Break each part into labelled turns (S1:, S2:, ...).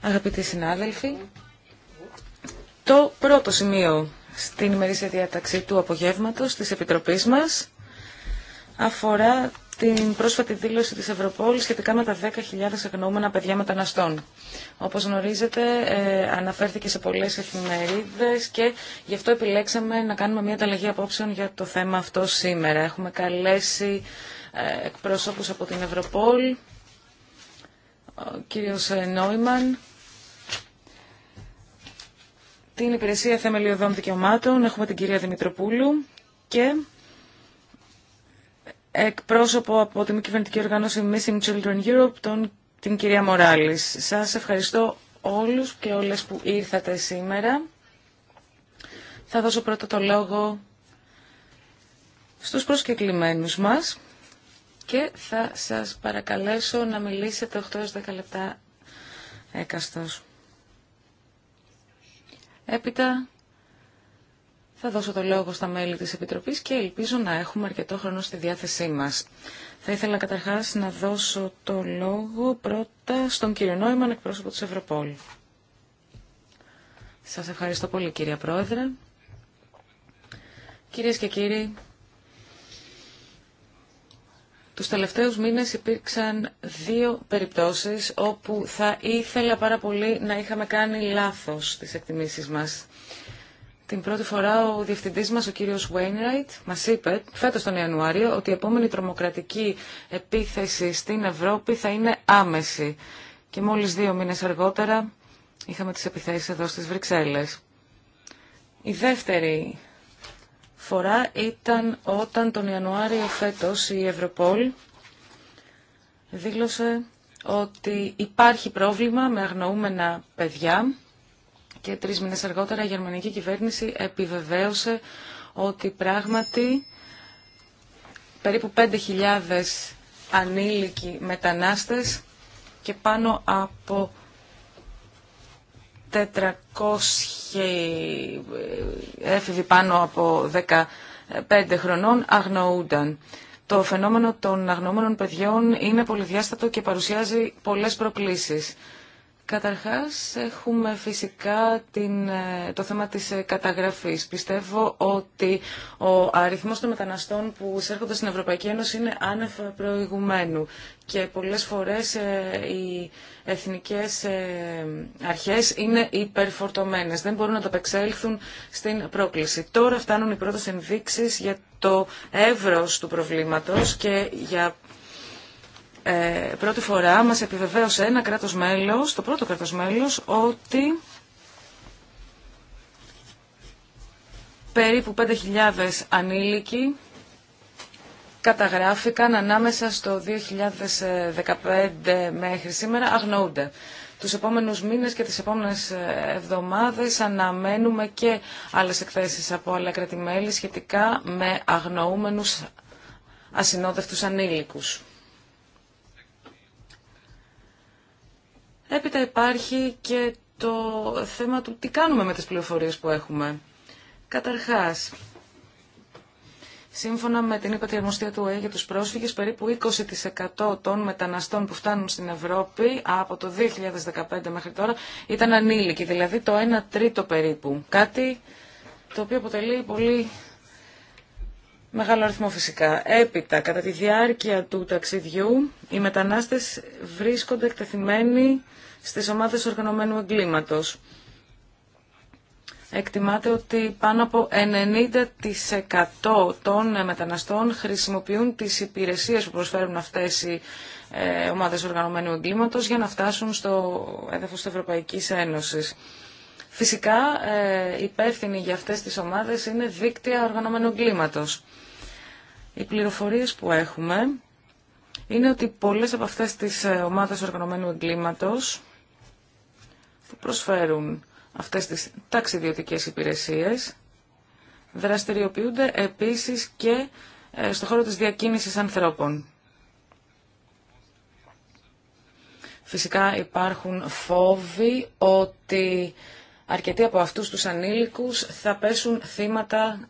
S1: Αγαπητοί συνάδελφοι, το πρώτο σημείο στην ημερήσια διάταξη του απογεύματος της Επιτροπής μας αφορά την πρόσφατη δήλωση της Ευρωπόλη σχετικά με τα 10.000 αγνοούμενα παιδιά μεταναστών. Όπως γνωρίζετε, ε, αναφέρθηκε σε πολλές εφημερίδες και γι' αυτό επιλέξαμε να κάνουμε μια ανταλλαγή απόψεων για το θέμα αυτό σήμερα. Έχουμε καλέσει ε, εκπρόσωπους από την Ευρωπόλη κύριος ε, Νόιμαν την Υπηρεσία Θεμελιωδών Δικαιωμάτων, έχουμε την κυρία Δημητροπούλου και εκπρόσωπο από τη μη κυβερνητική οργάνωση Missing Children Europe, τον, την κυρία Μοράλης. Σας ευχαριστώ όλους και όλες που ήρθατε σήμερα. Θα δώσω πρώτα το λόγο στους προσκεκλημένους μας και θα σας παρακαλέσω να μιλήσετε 8-10 λεπτά έκαστος. Έπειτα θα δώσω το λόγο στα μέλη της Επιτροπής και ελπίζω να έχουμε αρκετό χρόνο στη διάθεσή μας. Θα ήθελα καταρχάς να δώσω το λόγο πρώτα στον κύριο Νόημαν, εκπρόσωπο της Ευρωπόλ. Σας ευχαριστώ πολύ κύριε Πρόεδρε. Κυρίες και κύριοι, τους τελευταίους μήνες υπήρξαν δύο περιπτώσεις όπου θα ήθελα πάρα πολύ να είχαμε κάνει λάθος τις εκτιμήσεις μας. Την πρώτη φορά ο διευθυντής μας, ο κύριος Wainwright, μας είπε φέτος τον Ιανουάριο ότι η επόμενη τρομοκρατική επίθεση στην Ευρώπη θα είναι άμεση. Και μόλις δύο μήνες αργότερα είχαμε τις επιθέσεις εδώ στις Βρυξέλλες. Η δεύτερη φορά ήταν όταν τον Ιανουάριο φέτος η Ευρωπόλ δήλωσε ότι υπάρχει πρόβλημα με αγνοούμενα παιδιά και τρεις μήνες αργότερα η γερμανική κυβέρνηση επιβεβαίωσε ότι πράγματι περίπου 5.000 ανήλικοι μετανάστες και πάνω από 400 ε, έφηβοι πάνω από 15 χρονών αγνοούνταν. Το φαινόμενο των αγνοούμενων παιδιών είναι πολυδιάστατο και παρουσιάζει πολλές προκλήσεις. Καταρχάς έχουμε φυσικά την, ε, το θέμα της ε, καταγραφής. Πιστεύω ότι ο αριθμός των μεταναστών που εισέρχονται στην Ευρωπαϊκή Ένωση είναι άνευ προηγουμένου και πολλές φορές ε, οι εθνικές αρχές είναι υπερφορτωμένες, δεν μπορούν να τα απεξέλθουν στην πρόκληση. Τώρα φτάνουν οι πρώτες ενδείξεις για το εύρος του προβλήματος και για ε, πρώτη φορά μας επιβεβαίωσε ένα κράτος μέλος, το πρώτο κράτος μέλος, ότι περίπου 5.000 ανήλικοι καταγράφηκαν ανάμεσα στο 2015 μέχρι σήμερα, αγνοούνται. Τους επόμενους μήνες και τις επόμενες ε, εβδομάδες αναμένουμε και άλλες εκθέσεις από άλλα κρατημέλη σχετικά με αγνοούμενους ασυνόδευτους ανήλικους. Έπειτα υπάρχει και το θέμα του τι κάνουμε με τις πληροφορίες που έχουμε. Καταρχάς, σύμφωνα με την είπατε αρμοστία του ΟΕΕ για τους πρόσφυγες, περίπου 20% των μεταναστών που φτάνουν στην Ευρώπη από το 2015 μέχρι τώρα ήταν ανήλικοι, δηλαδή το 1 τρίτο περίπου. Κάτι το οποίο αποτελεί πολύ μεγάλο αριθμό φυσικά. Έπειτα, κατά τη διάρκεια του ταξιδιού, οι μετανάστες βρίσκονται εκτεθειμένοι στις ομάδες οργανωμένου εγκλήματος. Εκτιμάται ότι πάνω από 90% των μεταναστών χρησιμοποιούν τις υπηρεσίες που προσφέρουν αυτές οι ε, ομάδες οργανωμένου εγκλήματος για να φτάσουν στο έδαφος της Ευρωπαϊκής Ένωσης. Φυσικά, ε, υπεύθυνοι για αυτές τις ομάδες είναι δίκτυα οργανωμένου εγκλήματος. Οι πληροφορίες που έχουμε είναι ότι πολλές από αυτές τις ε, ομάδες οργανωμένου εγκλήματος που προσφέρουν αυτές τις ταξιδιωτικές υπηρεσίες δραστηριοποιούνται επίσης και ε, στον χώρο της διακίνησης ανθρώπων. Φυσικά υπάρχουν φόβοι ότι αρκετοί από αυτούς τους ανήλικους θα πέσουν θύματα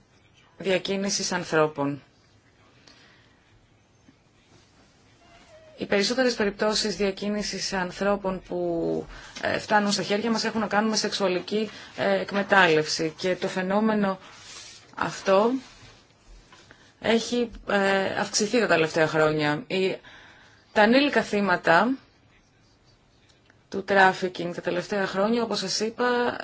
S1: διακίνησης ανθρώπων. Οι περισσότερες περιπτώσεις διακίνησης ανθρώπων που ε, φτάνουν στα χέρια μας έχουν να κάνουν με σεξουαλική ε, εκμετάλλευση και το φαινόμενο αυτό έχει ε, αυξηθεί τα τελευταία χρόνια. Τα ανήλικα θύματα του τράφικινγκ τα τελευταία χρόνια, όπως σας είπα,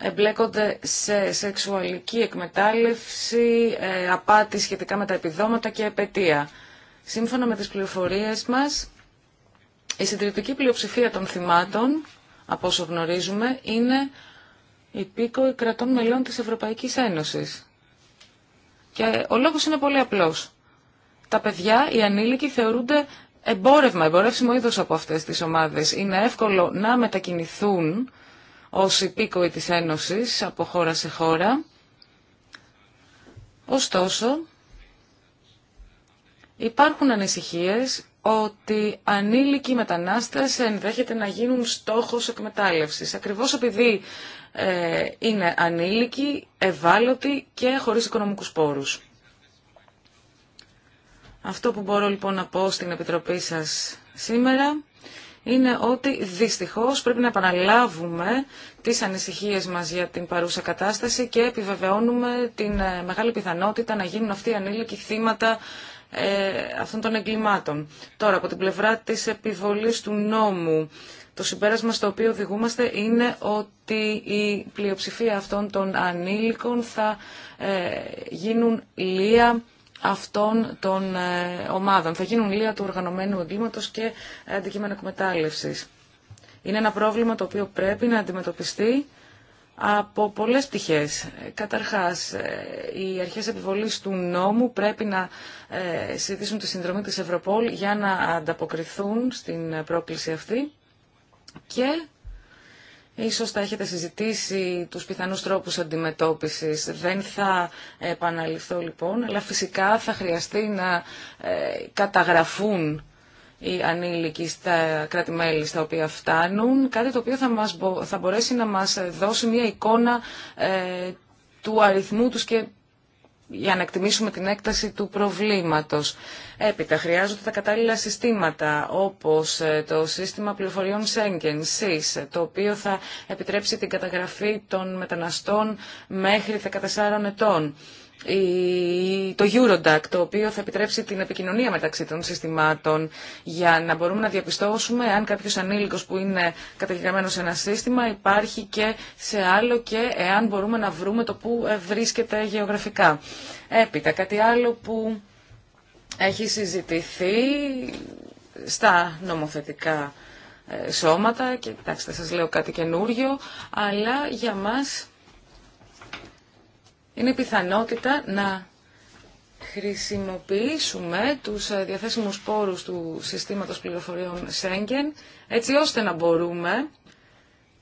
S1: εμπλέκονται σε σεξουαλική εκμετάλλευση, απάτη σχετικά με τα επιδόματα και επαιτία. Σύμφωνα με τις πληροφορίες μας, η συντριπτική πλειοψηφία των θυμάτων, από όσο γνωρίζουμε, είναι υπήκοοι κρατών μελών της Ευρωπαϊκής Ένωσης. Και ο λόγος είναι πολύ απλός. Τα παιδιά, οι ανήλικοι, θεωρούνται εμπόρευμα, εμπορεύσιμο είδος από αυτές τις ομάδες. Είναι εύκολο να μετακινηθούν ως υπήκοοι της Ένωσης από χώρα σε χώρα. Ωστόσο, Υπάρχουν ανησυχίες ότι ανήλικοι μετανάστες ενδέχεται να γίνουν στόχος εκμετάλλευσης. Ακριβώς επειδή ε, είναι ανήλικοι, ευάλωτοι και χωρίς οικονομικούς πόρους. Αυτό που μπορώ λοιπόν να πω στην Επιτροπή σας σήμερα είναι ότι δυστυχώς πρέπει να επαναλάβουμε τις ανησυχίες μας για την παρούσα κατάσταση και επιβεβαιώνουμε την ε, μεγάλη πιθανότητα να γίνουν αυτοί οι ανήλικοι θύματα ε, αυτών των εγκλημάτων. Τώρα, από την πλευρά της επιβολής του νόμου, το συμπέρασμα στο οποίο οδηγούμαστε είναι ότι η πλειοψηφία αυτών των ανήλικων θα ε, γίνουν λία αυτών των ε, ομάδων. Θα γίνουν λία του οργανωμένου εγκλήματος και αντικείμενα εκμετάλλευσης. Είναι ένα πρόβλημα το οποίο πρέπει να αντιμετωπιστεί από πολλές πτυχές. Καταρχάς, ε, οι αρχές επιβολής του νόμου πρέπει να ε, συζητήσουν τη συνδρομή της Ευρωπόλ για να ανταποκριθούν στην πρόκληση αυτή και Ίσως θα έχετε συζητήσει τους πιθανούς τρόπους αντιμετώπισης. Δεν θα επαναληφθώ λοιπόν, αλλά φυσικά θα χρειαστεί να ε, καταγραφούν οι ανήλικοι στα κράτη-μέλη στα οποία φτάνουν, κάτι το οποίο θα, μας, θα μπορέσει να μας δώσει μια εικόνα ε, του αριθμού τους και για να εκτιμήσουμε την έκταση του προβλήματος. Έπειτα χρειάζονται τα κατάλληλα συστήματα όπως ε, το σύστημα πληροφοριών Schengen, SIS, το οποίο θα επιτρέψει την καταγραφή των μεταναστών μέχρι 14 ετών το Eurodac, το οποίο θα επιτρέψει την επικοινωνία μεταξύ των συστημάτων για να μπορούμε να διαπιστώσουμε αν κάποιος ανήλικος που είναι καταγεγραμμένο σε ένα σύστημα υπάρχει και σε άλλο και εάν μπορούμε να βρούμε το που ε, βρίσκεται γεωγραφικά. Έπειτα, κάτι άλλο που έχει συζητηθεί στα νομοθετικά ε, σώματα και θα σας λέω κάτι καινούριο, αλλά για μας είναι η πιθανότητα να χρησιμοποιήσουμε τους ε, διαθέσιμους πόρους του συστήματος πληροφοριών Schengen έτσι ώστε να μπορούμε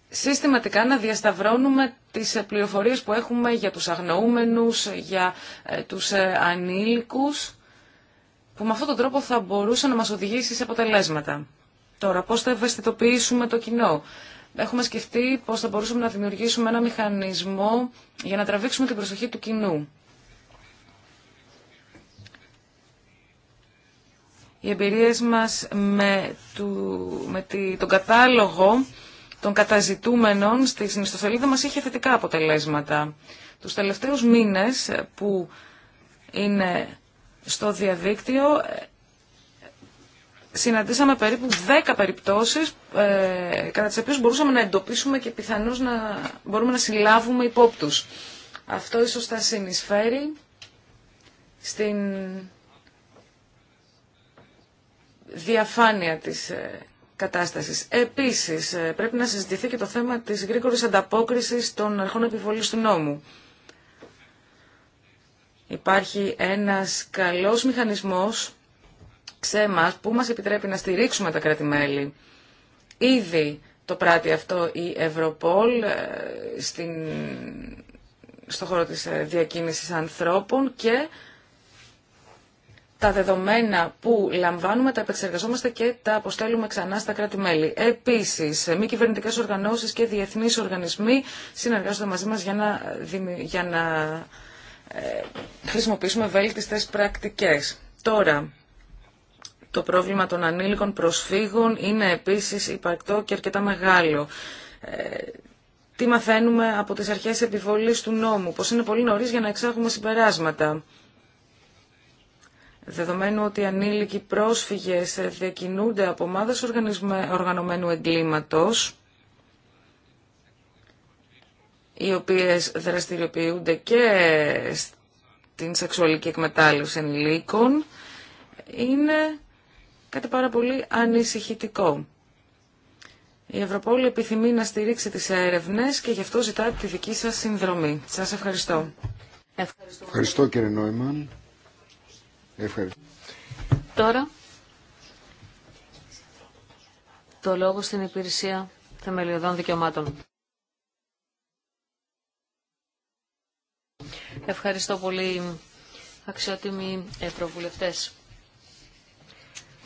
S1: συστηματικά να διασταυρώνουμε τις ε, πληροφορίες που έχουμε για τους αγνοούμενους, για ε, τους ανήλικους, που με αυτόν τον τρόπο θα μπορούσε να μας οδηγήσει σε αποτελέσματα. Τώρα, πώς θα ευαισθητοποιήσουμε το κοινό έχουμε σκεφτεί πώς θα μπορούσαμε να δημιουργήσουμε ένα μηχανισμό για να τραβήξουμε την προσοχή του κοινού. Οι εμπειρίες μας με, του, με τη, τον κατάλογο των καταζητούμενων στη συνιστοσελίδα μας είχε θετικά αποτελέσματα. Τους τελευταίους μήνες που είναι στο διαδίκτυο συναντήσαμε περίπου 10 περιπτώσεις ε, κατά τις οποίες μπορούσαμε να εντοπίσουμε και πιθανώς να μπορούμε να συλλάβουμε υπόπτους. Αυτό ίσως θα συνεισφέρει στην διαφάνεια της ε, κατάστασης. Επίσης, ε, πρέπει να συζητηθεί και το θέμα της γρήγορης ανταπόκρισης των αρχών επιβολής του νόμου. Υπάρχει ένας καλός μηχανισμός εμά που μας επιτρέπει να στηρίξουμε τα κράτη-μέλη. Ήδη το πράττει αυτό η Ευρωπόλ ε, στην... στο χώρο της ε, διακίνησης ανθρώπων και τα δεδομένα που λαμβάνουμε τα επεξεργαζόμαστε και τα αποστέλουμε ξανά στα κράτη-μέλη. Επίση, ε, μη κυβερνητικέ οργανώσει και διεθνεί οργανισμοί συνεργάζονται μαζί μα για να, για να χρησιμοποιήσουμε βέλτιστε πρακτικέ. Τώρα, το πρόβλημα των ανήλικων προσφύγων είναι επίσης υπαρκτό και αρκετά μεγάλο. Ε, τι μαθαίνουμε από τις αρχές επιβολής του νόμου, πως είναι πολύ νωρίς για να εξάγουμε συμπεράσματα. Δεδομένου ότι οι ανήλικοι πρόσφυγες διακινούνται από ομάδες οργανωμένου εγκλήματος, οι οποίες δραστηριοποιούνται και στην σεξουαλική εκμετάλλευση ενηλίκων, είναι κάτι πάρα πολύ ανησυχητικό. Η Ευρωπόλη επιθυμεί να στηρίξει τις έρευνες και γι' αυτό ζητάει τη δική σας συνδρομή. Σας ευχαριστώ. Ευχαριστώ,
S2: ευχαριστώ κύριε Νόημαν. Ευχαριστώ.
S1: Τώρα,
S3: το λόγο στην υπηρεσία θεμελιωδών δικαιωμάτων. Ευχαριστώ πολύ, αξιότιμοι ευρωβουλευτές.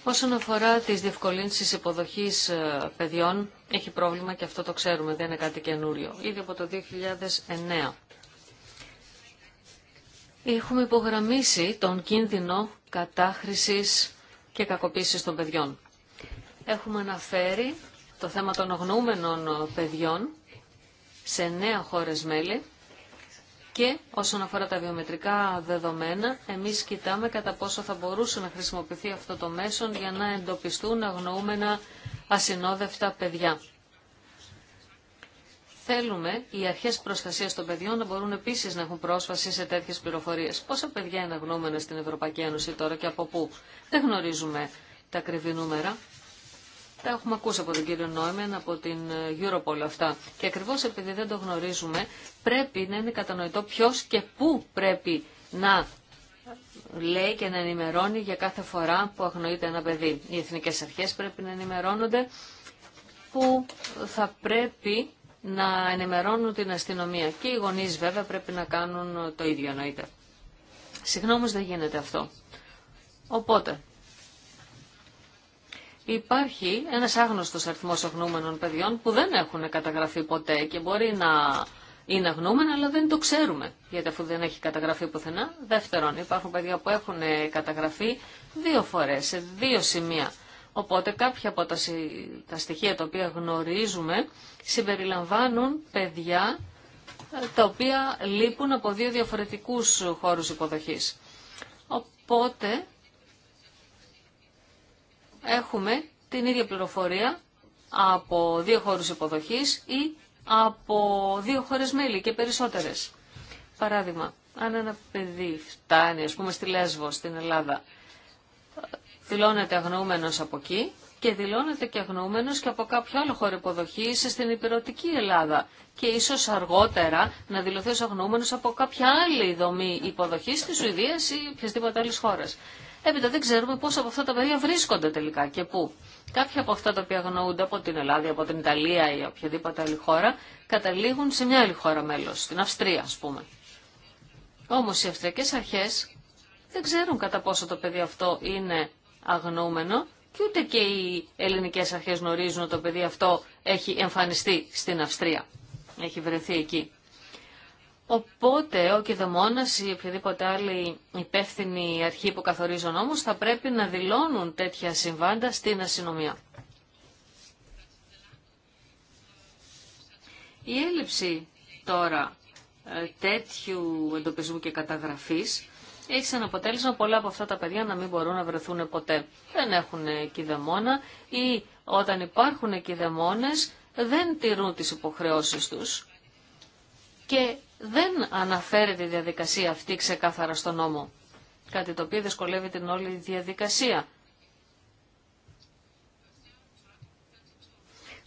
S3: Όσον αφορά τις διευκολύνσει υποδοχή ε, παιδιών, έχει πρόβλημα και αυτό το ξέρουμε, δεν είναι κάτι καινούριο. Ήδη από το 2009. Έχουμε υπογραμμίσει τον κίνδυνο κατάχρησης και κακοποίησης των παιδιών. Έχουμε αναφέρει το θέμα των αγνοούμενων ε, παιδιών σε νέα χώρες μέλη και όσον αφορά τα βιομετρικά δεδομένα, εμείς κοιτάμε κατά πόσο θα μπορούσε να χρησιμοποιηθεί αυτό το μέσο για να εντοπιστούν αγνοούμενα ασυνόδευτα παιδιά. Θέλουμε οι αρχές προστασίας των παιδιών να μπορούν επίσης να έχουν πρόσβαση σε τέτοιες πληροφορίες. Πόσα παιδιά είναι αγνοούμενα στην Ευρωπαϊκή Ένωση τώρα και από πού. Δεν γνωρίζουμε τα ακριβή νούμερα. Τα έχουμε ακούσει από τον κύριο Νόημεν, από την ε, Europol αυτά. Και ακριβώς επειδή δεν το γνωρίζουμε, πρέπει να είναι κατανοητό ποιο και πού πρέπει να λέει και να ενημερώνει για κάθε φορά που αγνοείται ένα παιδί. Οι εθνικές αρχές πρέπει να ενημερώνονται που θα πρέπει να ενημερώνουν την αστυνομία. Και οι γονείς βέβαια πρέπει να κάνουν το ίδιο εννοείται. Συγγνώμη δεν γίνεται αυτό. Οπότε, υπάρχει ένας άγνωστος αριθμός αγνούμενων παιδιών που δεν έχουν καταγραφεί ποτέ και μπορεί να είναι αγνούμενα αλλά δεν το ξέρουμε γιατί αφού δεν έχει καταγραφεί πουθενά. Δεύτερον, υπάρχουν παιδιά που έχουν καταγραφεί δύο φορές, σε δύο σημεία. Οπότε κάποια από τα, τα στοιχεία τα οποία γνωρίζουμε συμπεριλαμβάνουν παιδιά ε, τα οποία λείπουν από δύο διαφορετικούς χώρους υποδοχής. Οπότε έχουμε την ίδια πληροφορία από δύο χώρους υποδοχής ή από δύο χώρες μέλη και περισσότερες. Παράδειγμα, αν ένα παιδί φτάνει, ας πούμε, στη Λέσβο, στην Ελλάδα, δηλώνεται αγνοούμενος από εκεί και δηλώνεται και αγνοούμενος και από κάποιο άλλο χώρο υποδοχής στην υπηρετική Ελλάδα και ίσως αργότερα να δηλωθεί ως αγνοούμενος από κάποια άλλη δομή υποδοχής στη Σουηδία ή οποιασδήποτε άλλη χώρας έπειτα δεν ξέρουμε πόσα από αυτά τα παιδιά βρίσκονται τελικά και πού. Κάποια από αυτά τα οποία αγνοούνται από την Ελλάδα, από την Ιταλία ή οποιαδήποτε άλλη χώρα, καταλήγουν σε μια άλλη χώρα μέλος, στην Αυστρία ας πούμε. Όμως οι αυστριακές αρχές δεν ξέρουν κατά πόσο το παιδί αυτό είναι αγνοούμενο και ούτε και οι ελληνικέ αρχέ γνωρίζουν ότι το παιδί αυτό έχει εμφανιστεί στην Αυστρία, έχει βρεθεί εκεί. Οπότε ο κηδεμόνας ή οποιαδήποτε άλλη υπεύθυνη αρχή που καθορίζουν όμως θα πρέπει να δηλώνουν τέτοια συμβάντα στην αστυνομία. Η έλλειψη ο θα πρεπει να τέτοιου εντοπισμού και καταγραφής έχει σαν αποτέλεσμα πολλά από αυτά τα παιδιά να μην μπορούν να βρεθούν ποτέ. Δεν έχουν κυδεμόνα ή όταν υπάρχουν κηδεμόνες δεν τηρούν τις υποχρεώσεις τους και δεν αναφέρεται η διαδικασία αυτή ξεκάθαρα στον νόμο. Κάτι το οποίο δυσκολεύει την όλη διαδικασία.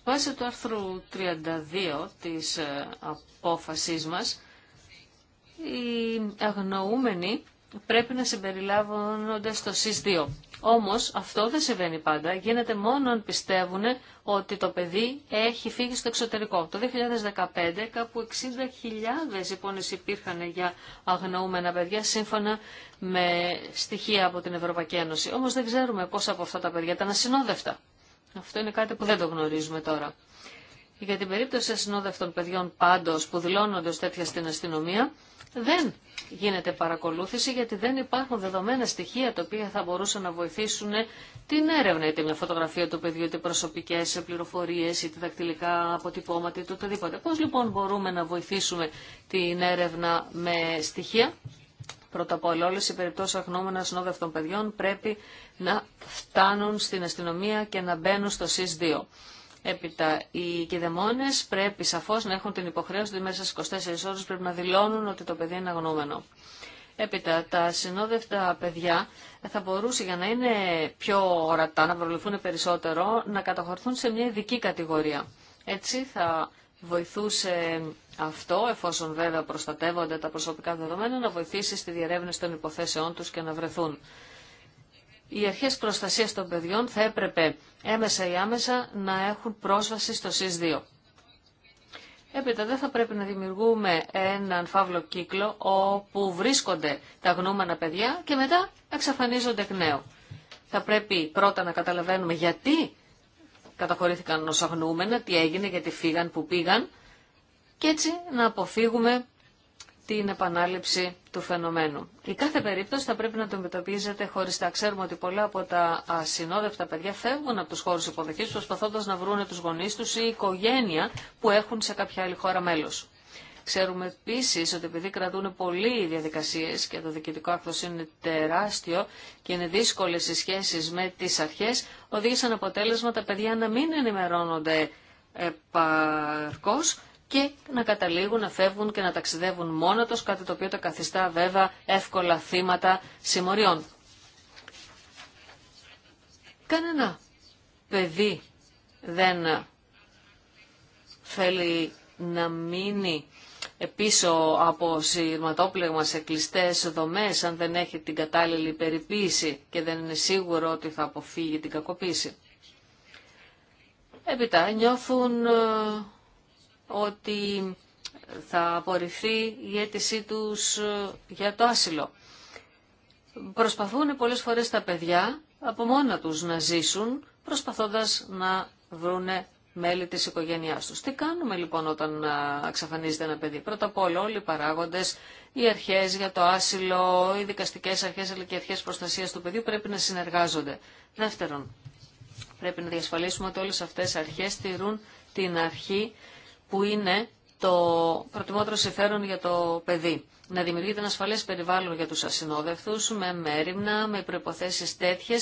S3: Βάσει του άρθρου 32 της ε, απόφασής μας, οι αγνοούμενοι πρέπει να συμπεριλάβονται στο ΣΥΣ 2. Όμως αυτό δεν συμβαίνει πάντα. Γίνεται μόνο αν πιστεύουν ότι το παιδί έχει φύγει στο εξωτερικό. Το 2015 κάπου 60.000 υπόνες υπήρχαν για αγνοούμενα παιδιά σύμφωνα με στοιχεία από την Ευρωπαϊκή Ένωση. Όμως δεν ξέρουμε πόσα από αυτά τα παιδιά ήταν ασυνόδευτα. Αυτό είναι κάτι που δεν το γνωρίζουμε τώρα. Για την περίπτωση ασυνόδευτων παιδιών πάντως που δηλώνονται ως τέτοια στην αστυνομία, δεν γίνεται παρακολούθηση γιατί δεν υπάρχουν δεδομένα στοιχεία τα οποία θα μπορούσαν να βοηθήσουν την έρευνα είτε μια φωτογραφία του παιδιού, είτε προσωπικές πληροφορίες, είτε δακτυλικά αποτυπώματα, είτε οτιδήποτε. Πώς λοιπόν μπορούμε να βοηθήσουμε την έρευνα με στοιχεία. Πρώτα απ' όλα όλες οι περιπτώσεις αγνώμενα ασυνόδευτων παιδιών πρέπει να φτάνουν στην αστυνομία και να μπαίνουν στο ΣΥΣ 2. Έπειτα, οι κηδεμόνες πρέπει σαφώ να έχουν την υποχρέωση ότι μέσα στι 24 ώρες πρέπει να δηλώνουν ότι το παιδί είναι αγνώμενο. Έπειτα, τα συνόδευτα παιδιά θα μπορούσε για να είναι πιο ορατά, να προβληθούν περισσότερο, να καταχωρηθούν σε μια ειδική κατηγορία. Έτσι θα βοηθούσε αυτό, εφόσον βέβαια προστατεύονται τα προσωπικά δεδομένα, να βοηθήσει στη διερεύνηση των υποθέσεών τους και να βρεθούν οι αρχέ προστασία των παιδιών θα έπρεπε έμεσα ή άμεσα να έχουν πρόσβαση στο ΣΥΣ2. Έπειτα δεν θα πρέπει να δημιουργούμε έναν φαύλο κύκλο όπου βρίσκονται τα γνώμενα παιδιά και μετά εξαφανίζονται εκ νέου. Θα πρέπει πρώτα να καταλαβαίνουμε γιατί καταχωρήθηκαν ως αγνούμενα, τι έγινε, γιατί φύγαν, που πήγαν και έτσι να αποφύγουμε την επανάληψη του φαινομένου. Η κάθε περίπτωση θα πρέπει να το χωρί χωριστά. Ξέρουμε ότι πολλά από τα ασυνόδευτα παιδιά φεύγουν από του χώρου υποδοχή προσπαθώντα να βρουν του γονεί του ή οικογένεια που έχουν σε κάποια άλλη χώρα μέλο. Ξέρουμε επίση ότι επειδή κρατούν πολλοί οι διαδικασίε και το διοικητικό άκρο είναι τεράστιο και είναι δύσκολε οι σχέσει με τι αρχέ, οδήγησαν αποτέλεσμα τα παιδιά να μην ενημερώνονται επαρκώ και να καταλήγουν να φεύγουν και να ταξιδεύουν μόνο τους, κάτι το οποίο τα καθιστά βέβαια εύκολα θύματα συμμοριών. Κανένα παιδί δεν θέλει να μείνει πίσω από σειρματόπλεγμα σε κλειστές δομές αν δεν έχει την κατάλληλη περιποίηση και δεν είναι σίγουρο ότι θα αποφύγει την κακοποίηση. Έπειτα νιώθουν ε, ότι θα απορριφθεί η αίτησή τους ε, για το άσυλο. Προσπαθούν πολλές φορές τα παιδιά από μόνα τους να ζήσουν, προσπαθώντας να βρούνε μέλη της οικογένειάς τους. Τι κάνουμε λοιπόν όταν ε, εξαφανίζεται ένα παιδί. Πρώτα απ' όλα όλοι οι παράγοντες, οι αρχές για το άσυλο, οι δικαστικές αρχές αλλά και οι αρχές προστασίας του παιδιού πρέπει να συνεργάζονται. Δεύτερον, πρέπει να διασφαλίσουμε ότι όλες αυτές οι αρχές τηρούν την αρχή που είναι το προτιμότερο συμφέρον για το παιδί. Να δημιουργείται ένα ασφαλές περιβάλλον για τους ασυνόδευτους, με μέρημνα, με προποθέσει τέτοιε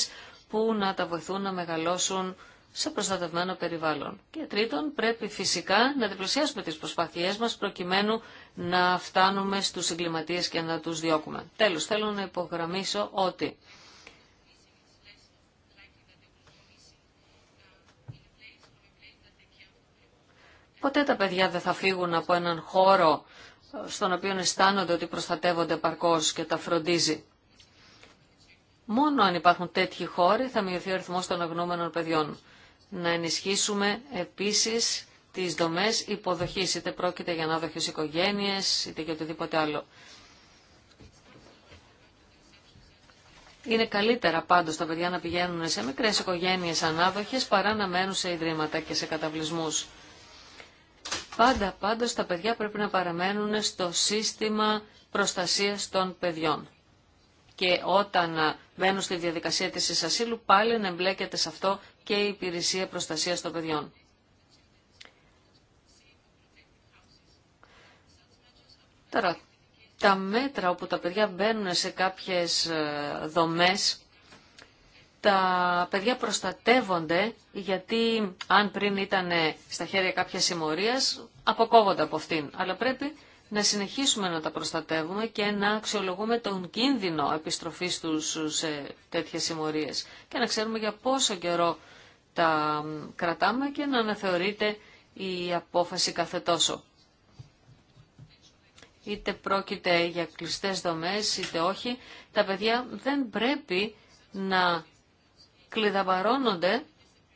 S3: που να τα βοηθούν να μεγαλώσουν σε προστατευμένο περιβάλλον. Και τρίτον, πρέπει φυσικά να διπλασιάσουμε τις προσπάθειές μας προκειμένου να φτάνουμε στους εγκληματίες και να τους διώκουμε. Τέλος, θέλω να υπογραμμίσω ότι Ποτέ τα παιδιά δεν θα φύγουν από έναν χώρο στον οποίο αισθάνονται ότι προστατεύονται παρκώς και τα φροντίζει. Μόνο αν υπάρχουν τέτοιοι χώροι θα μειωθεί ο αριθμός των αγνούμενων παιδιών. Να ενισχύσουμε επίσης τις δομές υποδοχής, είτε πρόκειται για ανάδοχες οικογένειες, είτε για οτιδήποτε άλλο. Είναι καλύτερα πάντως τα παιδιά να πηγαίνουν σε μικρές οικογένειες ανάδοχες παρά να μένουν σε ιδρύματα και σε καταβλισμούς. Πάντα, πάντως, τα παιδιά πρέπει να παραμένουν στο σύστημα προστασίας των παιδιών. Και όταν μπαίνουν στη διαδικασία της εισασύλου, πάλι να εμπλέκεται σε αυτό και η υπηρεσία προστασίας των παιδιών. Τώρα, τα μέτρα όπου τα παιδιά μπαίνουν σε κάποιες ε, δομές τα παιδιά προστατεύονται γιατί αν πριν ήταν στα χέρια κάποια συμμορίας αποκόβονται από αυτήν. Αλλά πρέπει να συνεχίσουμε να τα προστατεύουμε και να αξιολογούμε τον κίνδυνο επιστροφής τους σε τέτοιες συμμορίες και να ξέρουμε για πόσο καιρό τα κρατάμε και να αναθεωρείται η απόφαση κάθε τόσο. Είτε πρόκειται για κλειστές δομές είτε όχι, τα παιδιά δεν πρέπει να κλειδαμπαρώνονται